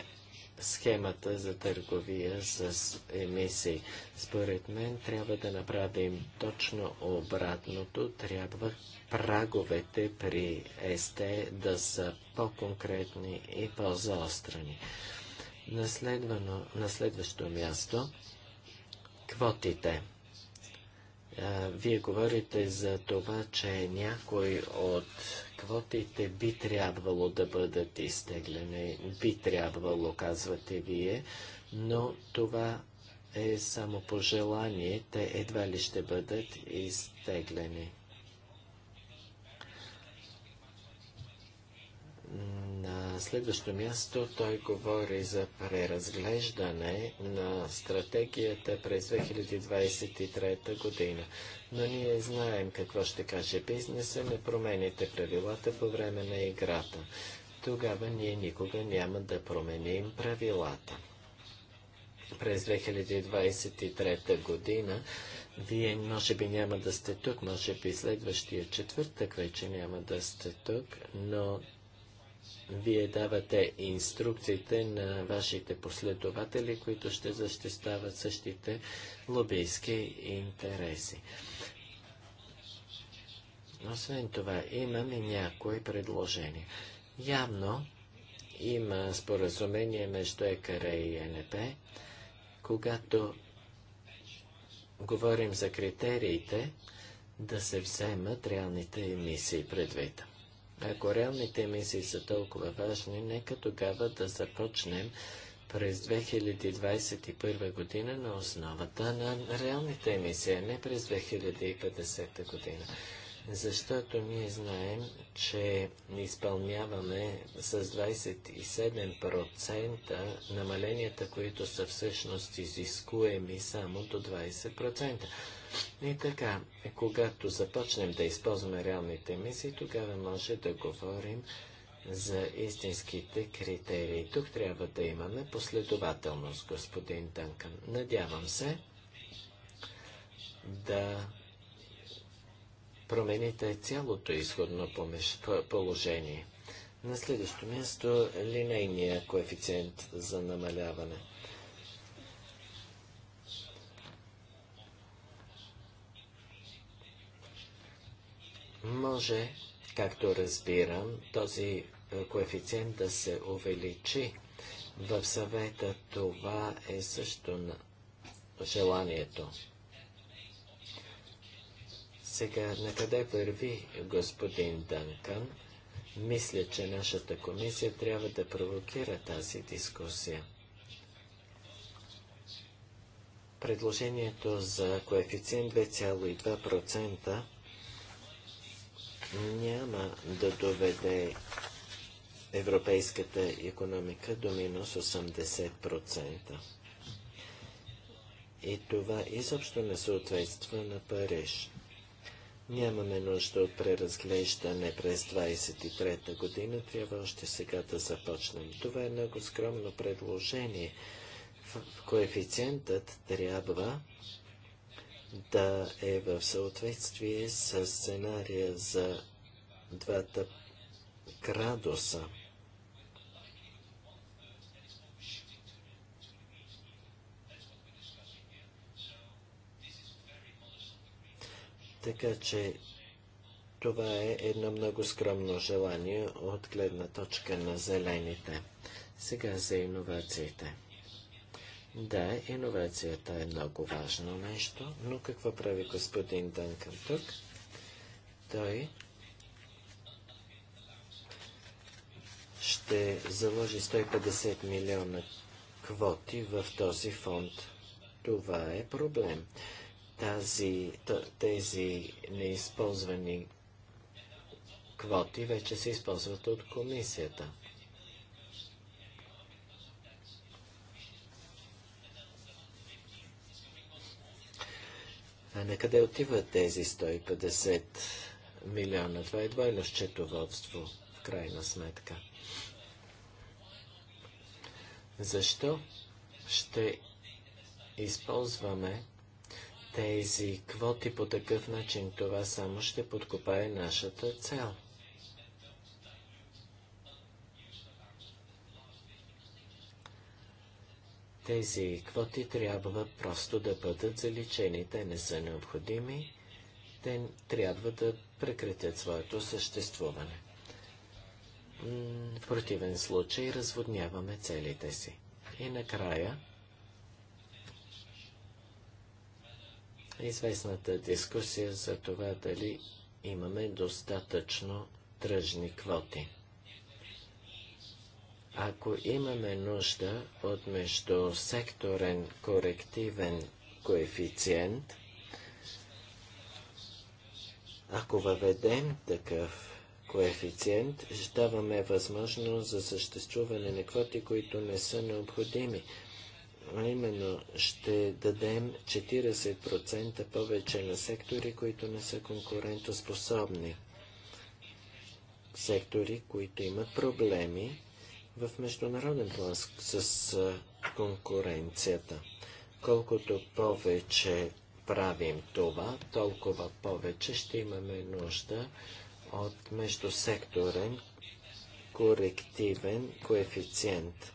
схемата за търговия с емисии. Според мен трябва да направим точно обратното. Трябва праговете при СТ да са по-конкретни и по-заострени. На следващо място квотите. вие говорите за това, че някой от квотите би трябвало да бъдат изтеглени, би трябвало, казвате вие, но това е само пожелание, те едва ли ще бъдат изтеглени. На следващо място той говори за преразглеждане на стратегията през 2023 година. Но ние знаем какво ще каже бизнеса, не промените правилата по време на играта. Тогава ние никога няма да променим правилата. През 2023 година вие може би няма да сте тук, може би следващия четвъртък вече няма да сте тук, но вие давате инструкциите на вашите последователи, които ще защитават същите лобийски интереси. Освен това, имам и някои предложения. Явно има споразумение между ЕКР и НП, когато говорим за критериите, да се вземат реалните емисии предвид. Ако реалните емисии са толкова важни, нека тогава да започнем през 2021 година на основата на реалните емисии, не през 2050 година. Защото ние знаем, че изпълняваме с 27% намаленията, които са всъщност изискуеми само до 20%. И така, когато започнем да използваме реалните емисии, тогава може да говорим за истинските критерии. Тук трябва да имаме последователност, господин Дънкан. Надявам се да промените цялото изходно положение. На следващо място линейния коефициент за намаляване – Може, както разбирам, този е, коефициент да се увеличи. В съвета това е също на желанието. Сега, на къде върви господин Дънкан, Мисля, че нашата комисия трябва да провокира тази дискусия. Предложението за коефициент 2,2% няма да доведе европейската економика до минус 80%. И това изобщо не съответства на Париж. Нямаме нужда от преразглеждане през 23-та година, трябва още сега да започнем. Това е много скромно предложение. Коефициентът трябва да е в съответствие с сценария за двата градуса. Така че това е едно много скромно желание от гледна точка на зелените. Сега за иновациите. Да, иновацията е много важно нещо, но какво прави господин Дънкън тук? Той ще заложи 150 милиона квоти в този фонд. Това е проблем. Тази, тези неизползвани квоти вече се използват от комисията. А на къде отиват тези 150 милиона? Това е двойно счетоводство, в крайна сметка. Защо ще използваме тези квоти по такъв начин? Това само ще подкопае нашата цел. Тези квоти трябва просто да бъдат заличени. Те не са необходими. Те трябва да прекратят своето съществуване. В противен случай разводняваме целите си. И накрая, известната дискусия за това дали имаме достатъчно тръжни квоти. Ако имаме нужда от междусекторен корективен коефициент, ако въведем такъв коефициент, даваме възможност за съществуване на квоти, които не са необходими. А именно ще дадем 40% повече на сектори, които не са конкурентоспособни. Сектори, които имат проблеми в международен план с, с конкуренцията. Колкото повече правим това, толкова повече ще имаме нужда от междусекторен корективен коефициент.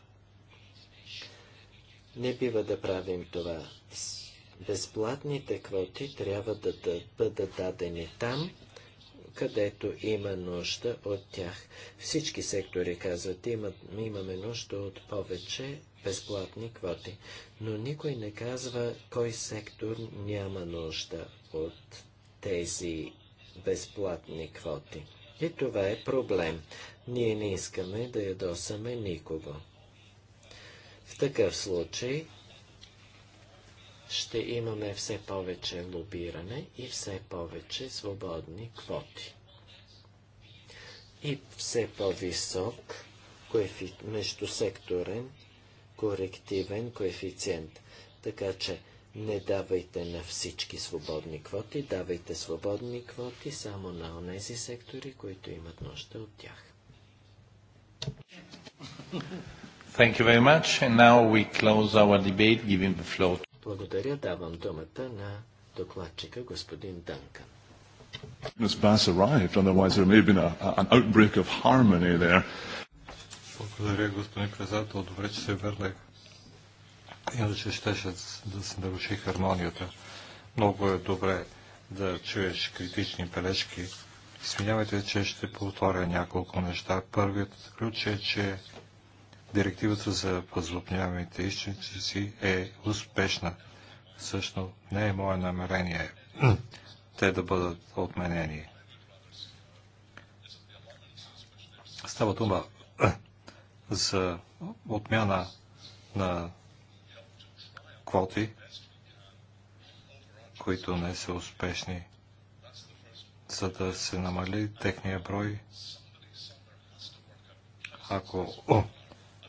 Не бива да правим това. Безплатните квоти трябва да, да бъдат дадени там, където има нужда от тях. Всички сектори, казват, имат, имаме нужда от повече безплатни квоти, но никой не казва кой сектор няма нужда от тези безплатни квоти. И това е проблем. Ние не искаме да ядосаме никого. В такъв случай ще имаме все повече лобиране и все повече свободни квоти. И все по-висок коефи... междусекторен корективен коефициент. Така че не давайте на всички свободни квоти, давайте свободни квоти само на онези сектори, които имат нужда от тях. Thank you very much. And now we close our debate, giving the floor to... Благодаря. Давам думата на докладчика господин Данкан. Miss Bass arrived, otherwise there may have been a, an outbreak of harmony there. Благодаря, господин Казател. Добре, че се върнах. Иначе щеше да се наруши хармонията. Много е добре да чуеш критични бележки. Извинявайте, че ще повторя няколко неща. Първият ключ е, че Директивата за възобновяемите източници е успешна. Всъщност не е мое намерение те да бъдат отменени. Става дума за отмяна на квоти, които не са успешни, за да се намали техния брой. Ако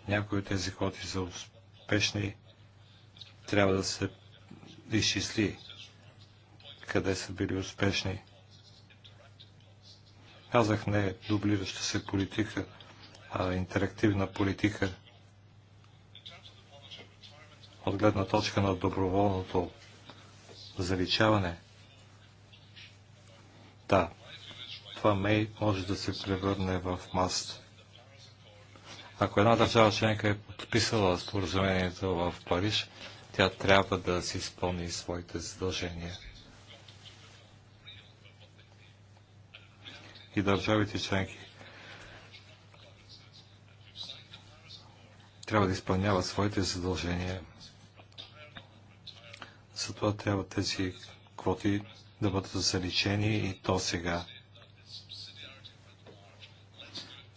Някои от тези хоти са успешни. Трябва да се изчисли къде са били успешни. Казах не дублираща се политика, а интерактивна политика. От гледна точка на доброволното заличаване. Да, това мей може да се превърне в маст. Ако една държава членка е подписала споразумението в Париж, тя трябва да си изпълни своите задължения. И държавите членки трябва да изпълняват своите задължения. Затова трябва тези квоти да бъдат заличени и то сега.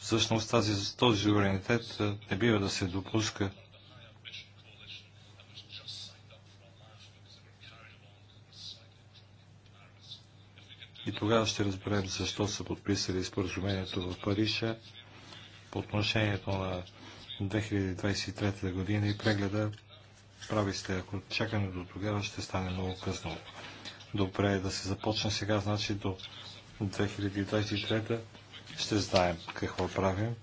Всъщност тази, този суверенитет не бива да се допуска. И тогава ще разберем защо са подписали споразумението в Париша по отношението на 2023 година и прегледа. Прави сте, ако чакаме до тогава, ще стане много късно. Добре е да се започне сега, значи до 2023 ще знаем какво правим.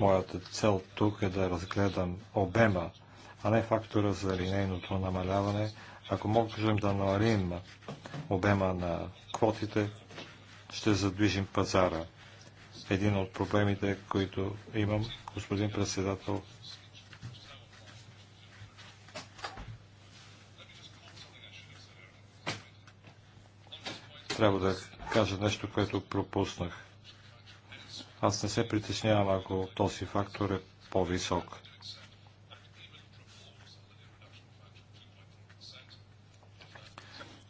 Моята цел тук е да разгледам обема, а не фактора за линейното намаляване. Ако можем да намалим обема на квотите, ще задвижим пазара. Един от проблемите, които имам, господин председател, трябва да кажа нещо, което пропуснах. Аз не се притеснявам, ако този фактор е по-висок.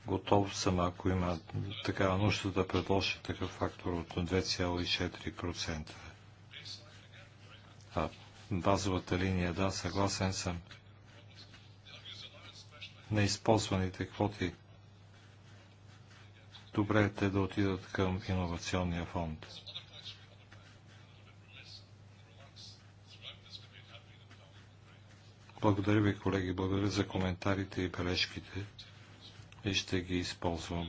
Готов съм, ако има такава нужда да предложи такъв фактор от 2,4%. А базовата линия, да, съгласен съм. Неизползваните квоти – добре е те да отидат към иновационния фонд. Благодаря ви, колеги. Благодаря за коментарите и бележките. И ще ги използвам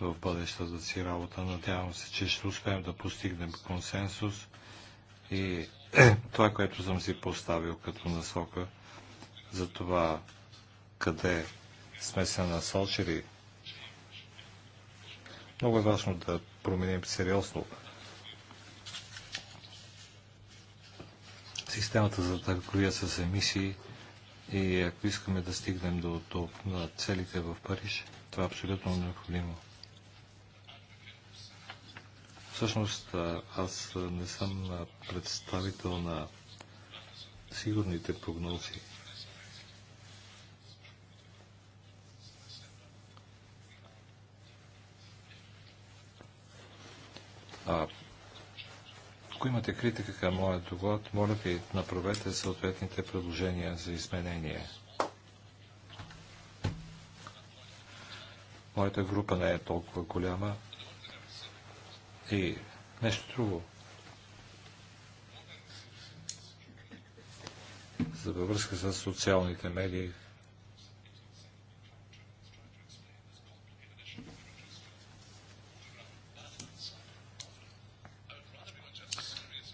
в бъдещата си работа. Надявам се, че ще успеем да постигнем консенсус и това, което съм си поставил като насока за това къде сме се насочили много е важно да променим сериозно системата за търговия с емисии и ако искаме да стигнем до, до, на целите в Париж, това е абсолютно необходимо. Всъщност аз не съм представител на сигурните прогнози. А, ако имате критика към моят доклад, моля ви, направете съответните предложения за изменение. Моята група не е толкова голяма. И нещо друго. За във връзка с социалните медии,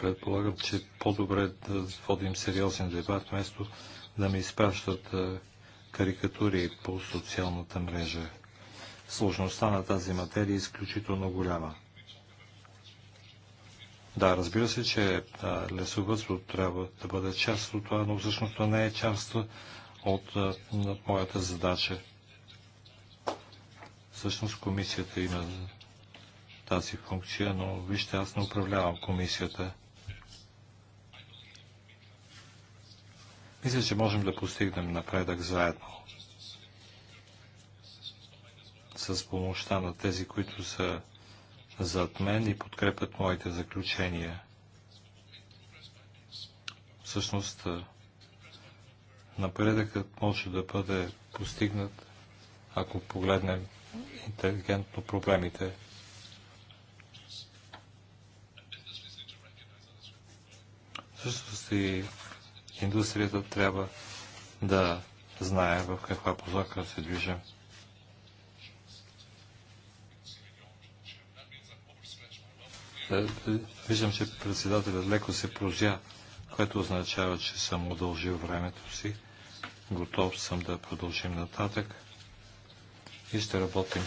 Предполагам, че по-добре да водим сериозен дебат, вместо да ми изпращат карикатури по социалната мрежа. Сложността на тази материя е изключително голяма. Да, разбира се, че лесовътството трябва да бъде част от това, но всъщност не е част от моята задача. Всъщност комисията има тази функция, но вижте, аз не управлявам комисията. Мисля, че можем да постигнем напредък заедно с помощта на тези, които са зад мен и подкрепят моите заключения. Всъщност, напредъкът може да бъде постигнат, ако погледнем интелигентно проблемите. Всъщност и индустрията трябва да знае в каква посока се движим. Е, виждам, че председателят леко се прозя, което означава, че съм удължил времето си. Готов съм да продължим нататък и ще работим.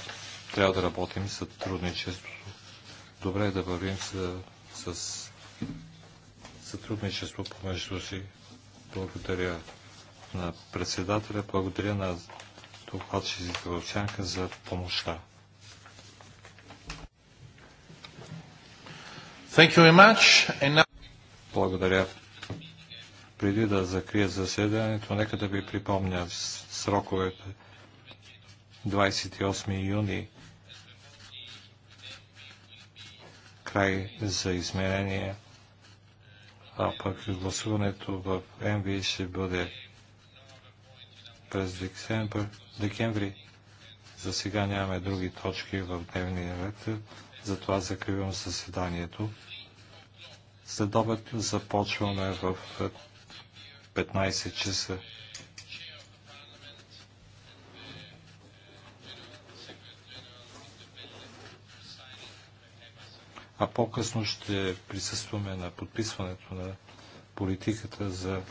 Трябва да работим сътрудничеството. Добре е да вървим с, с сътрудничество помежду си. Благодаря на председателя, благодаря на докладчиците в за помощта. Now... Благодаря. Преди да закрия заседането, нека да ви припомня сроковете 28 юни край за изменение а пък гласуването в МВ ще бъде през декември. За сега нямаме други точки в дневния ред, затова закривам заседанието. След обед започваме в 15 часа. а по-късно ще присъстваме на подписването на политиката за